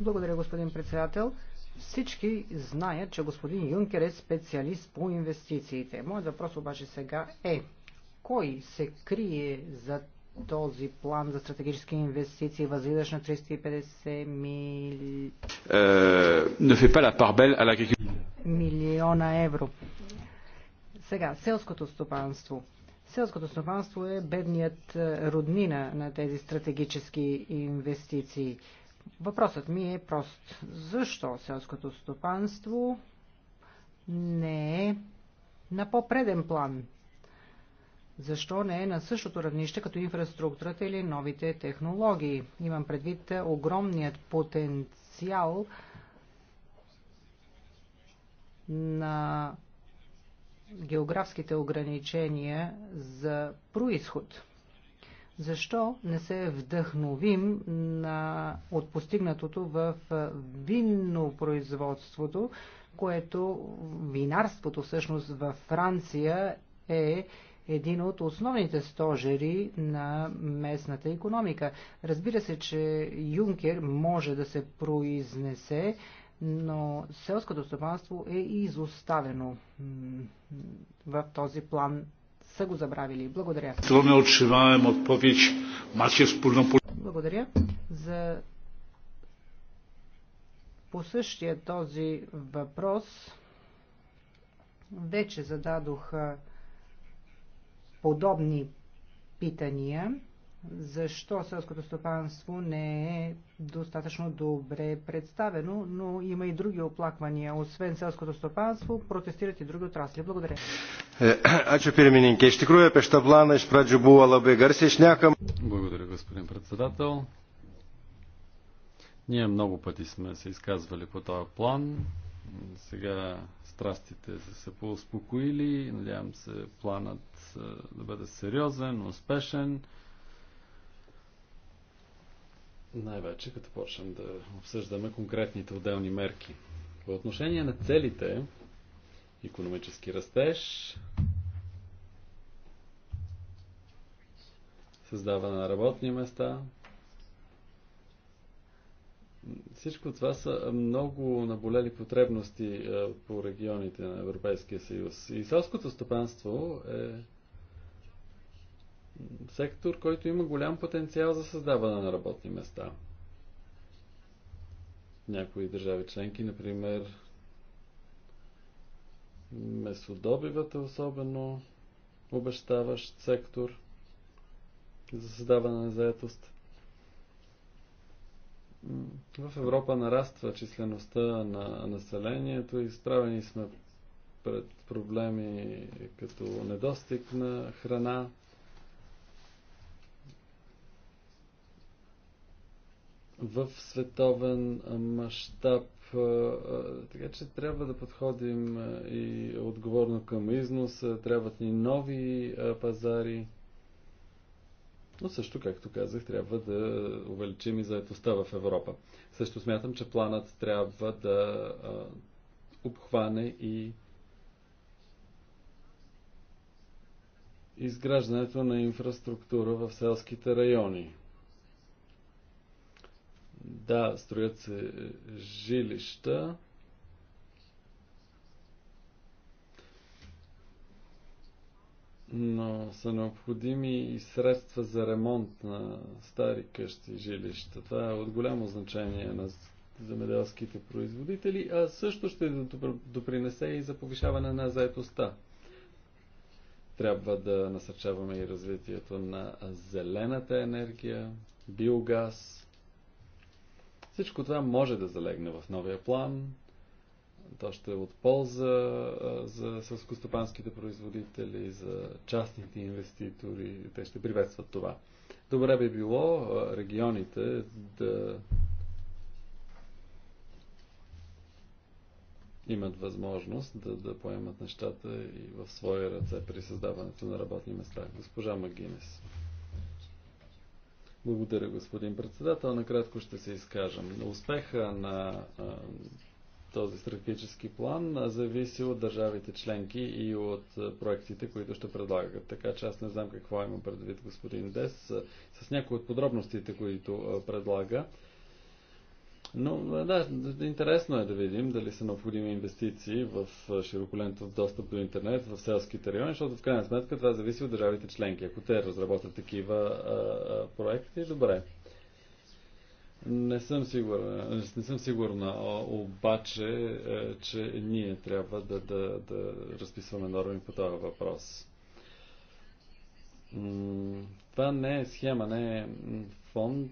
Благодаря, господин председател. Всички знаят, че господин Юнкер е специалист по инвестициите. Моят въпрос обаче сега е, кой се крие за този план за стратегически инвестиции, възлизаш на 350 мили... Uh, милиона евро. Сега, селското стопанство. Селското стопанство е бедният е, роднина на тези стратегически инвестиции. Въпросът ми е прост. Защо селското стопанство не е на по-преден план? Защо не е на същото равнище като инфраструктурата или новите технологии? Имам предвид огромният потенциал на географските ограничения за происход – защо не се вдъхновим на, от постигнатото в винно производството, което винарството всъщност във Франция е един от основните стожери на местната економика. Разбира се, че Юнкер може да се произнесе, но селското стопанство е изоставено в този план са го забравили. Благодаря. Благодаря за по същия този въпрос вече зададох подобни питания защо селското стопанство не е достатъчно добре представено, но има и други оплаквания. Освен селското стопанство, протестират и други отрасли. Благодаря. Ačiū pirmininkė. Iš tikrųjų apie šitą planą iš pradžių buvo labai garsiai Благодаря, господин председател. Ние много пъти сме се изказвали по този план. Сега страстите са се поуспокоили. Надявам се планът е, да бъде сериозен, успешен. Най-вече, като почнем да обсъждаме конкретните отделни мерки. По отношение на целите, економически растеж, създаване на работни места, всичко това са много наболели потребности по регионите на Европейския съюз. И селското стопанство е сектор, който има голям потенциал за създаване на работни места. Някои държави членки, например, месодобивът е особено обещаващ сектор за създаване на заетост. В Европа нараства числеността на населението и справени сме пред проблеми като недостиг на храна, в световен мащаб. Така че трябва да подходим и отговорно към износ, трябват ни нови пазари. Но също, както казах, трябва да увеличим и заедостта в Европа. Също смятам, че планът трябва да обхване и изграждането на инфраструктура в селските райони. Да, строят се жилища. но са необходими и средства за ремонт на стари къщи и жилища. Това е от голямо значение на земеделските производители, а също ще допринесе и за повишаване на заетостта. Трябва да насърчаваме и развитието на зелената енергия, биогаз, всичко това може да залегне в новия план. То ще е от полза за сълскостопанските производители, за частните инвеститори. Те ще приветстват това. Добре би било регионите да имат възможност да, да поемат нещата и в своя ръце при създаването на работни места. Госпожа Магинес. Благодаря, господин председател. Накратко ще се изкажем. Успеха на този стратегически план зависи от държавите членки и от проектите, които ще предлагат. Така че аз не знам какво има предвид господин Дес с някои от подробностите, които предлага но да, интересно е да видим дали са необходими инвестиции в широколентов достъп до интернет в селските райони, защото в крайна сметка това зависи от държавите членки. Ако те разработят такива а, а, проекти, добре. Не съм сигурна, не съм сигурна обаче, е, че ние трябва да, да, да разписваме норми по този въпрос. Това не е схема, не е фонд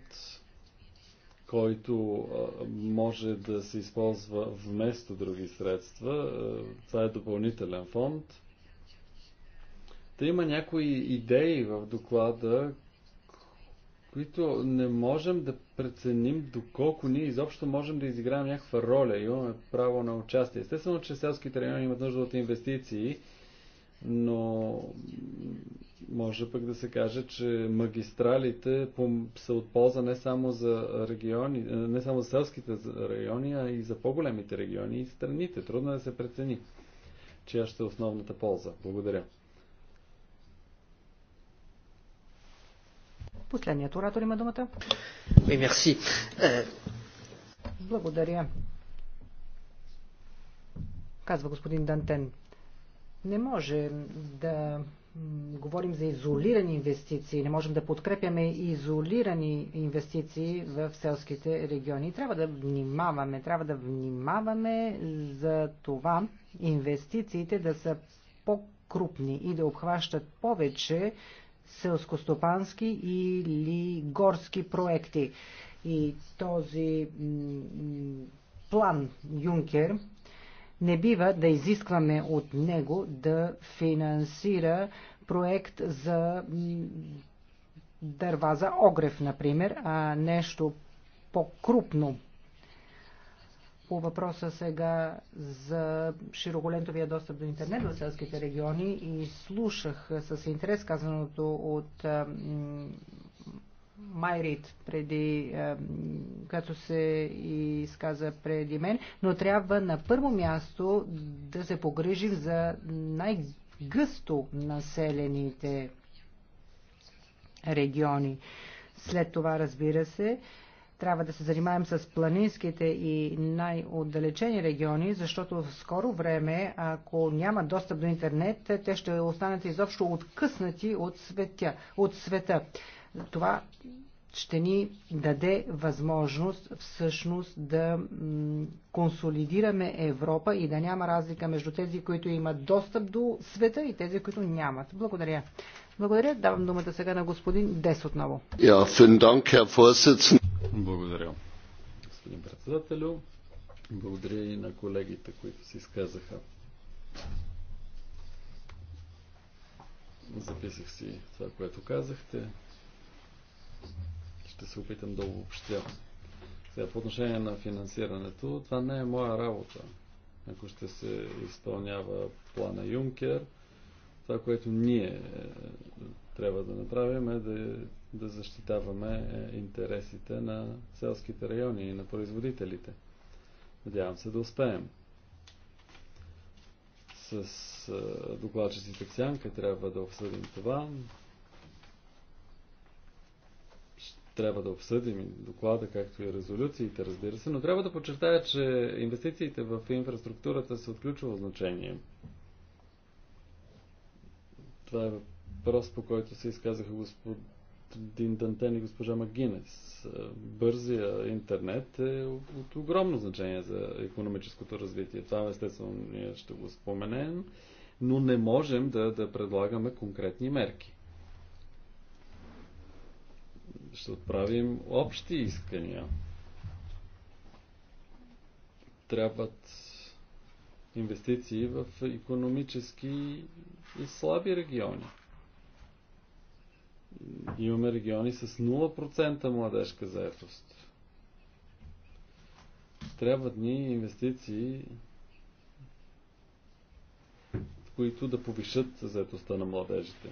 който може да се използва вместо други средства. Това е допълнителен фонд. Та има някои идеи в доклада, които не можем да преценим доколко ние изобщо можем да изиграем някаква роля. Имаме право на участие. Естествено, че селските райони имат нужда от инвестиции но може пък да се каже, че магистралите са от полза не само за региони, е, не само за селските райони, а и за по-големите региони и страните. Трудно е да се прецени чия ще е основната полза. Благодаря. Последният оратор има думата. Oui, merci. Е, Благодаря. Казва господин Дантен. Не може да говорим за изолирани инвестиции, не можем да подкрепяме изолирани инвестиции в селските региони. Трябва да внимаваме, трябва да внимаваме за това инвестициите да са по-крупни и да обхващат повече селскостопански или горски проекти. И този план Юнкер – не бива да изискваме от него да финансира проект за дърва за огрев, например, а нещо по-крупно. По въпроса сега за широколентовия достъп до интернет в селските региони и слушах с интерес казаното от Майрит, преди, като се изказа преди мен, но трябва на първо място да се погрижим за най-гъсто населените региони. След това, разбира се, трябва да се занимаем с планинските и най-отдалечени региони, защото в скоро време, ако няма достъп до интернет, те ще останат изобщо откъснати от света. От света това ще ни даде възможност всъщност да консолидираме Европа и да няма разлика между тези, които имат достъп до света и тези, които нямат. Благодаря. Благодаря. Давам думата сега на господин Дес отново. Благодаря, господин председателю. Благодаря и на колегите, които се изказаха. Записах си това, което казахте. Ще се опитам да обобщя. Сега, по отношение на финансирането, това не е моя работа. Ако ще се изпълнява плана Юнкер, това, което ние е, трябва да направим е да, да защитаваме е, интересите на селските райони и на производителите. Надявам се да успеем. С е, докладчиците в Сянка трябва да обсъдим това. трябва да обсъдим и доклада, както и резолюциите, разбира се, но трябва да подчертая, че инвестициите в инфраструктурата са от ключово значение. Това е въпрос, по който се изказаха господин Дантен и госпожа Магинес. Бързия интернет е от огромно значение за економическото развитие. Това естествено ние ще го споменем, но не можем да, да предлагаме конкретни мерки ще отправим общи искания. Трябват инвестиции в економически и слаби региони. Имаме региони с 0% младежка заетост. Трябват ни инвестиции, които да повишат заетостта на младежите.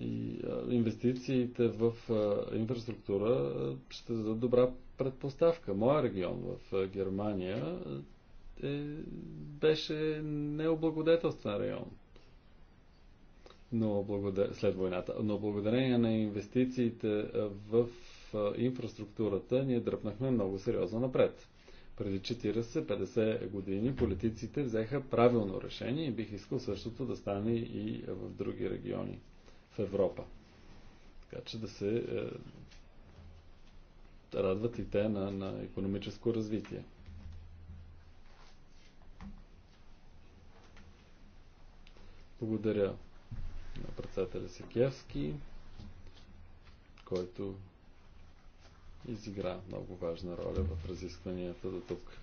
и инвестициите в инфраструктура ще дадат добра предпоставка. Моя регион в Германия е, беше необлагодетелствен район. Но благодар... след войната. Но благодарение на инвестициите в инфраструктурата ние дръпнахме много сериозно напред. Преди 40-50 години политиците взеха правилно решение и бих искал същото да стане и в други региони в Европа. Така че да се е, радват и те на, на економическо развитие. Благодаря на председателя Секевски, който изигра много важна роля в разискванията до тук.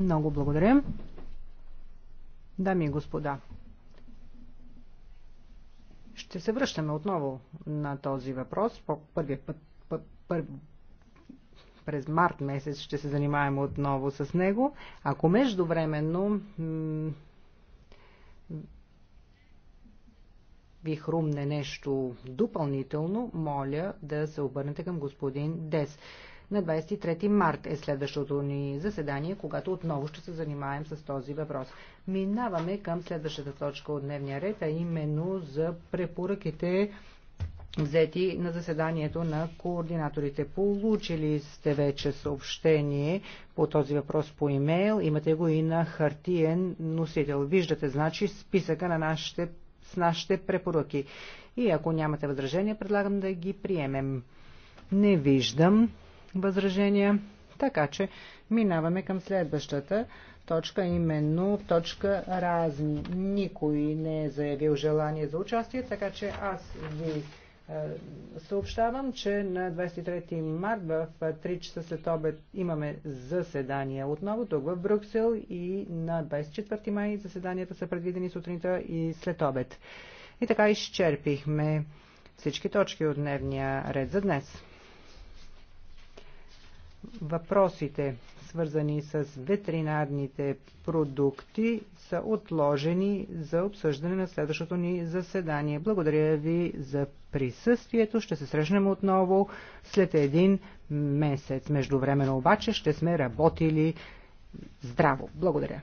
Много благодаря. Дами и господа, ще се връщаме отново на този въпрос. По първия път, път, път, през март месец ще се занимаваме отново с него. Ако междувременно ви хрумне нещо допълнително, моля да се обърнете към господин Дес. На 23 март е следващото ни заседание, когато отново ще се занимаем с този въпрос. Минаваме към следващата точка от дневния ред, а именно за препоръките взети на заседанието на координаторите. Получили сте вече съобщение по този въпрос по имейл. Имате го и на хартиен носител. Виждате, значи, списъка на нашите, с нашите препоръки. И ако нямате възражения, предлагам да ги приемем. Не виждам възражения. Така че минаваме към следващата точка, именно точка разни. Никой не е заявил желание за участие, така че аз ви е, съобщавам, че на 23 март в 3 е, часа след обед имаме заседание отново тук в Брюксел и на 24 май заседанията са предвидени сутринта и след обед. И така изчерпихме всички точки от дневния ред за днес. Въпросите, свързани с ветеринарните продукти, са отложени за обсъждане на следващото ни заседание. Благодаря ви за присъствието. Ще се срещнем отново след един месец. Междувременно обаче ще сме работили здраво. Благодаря.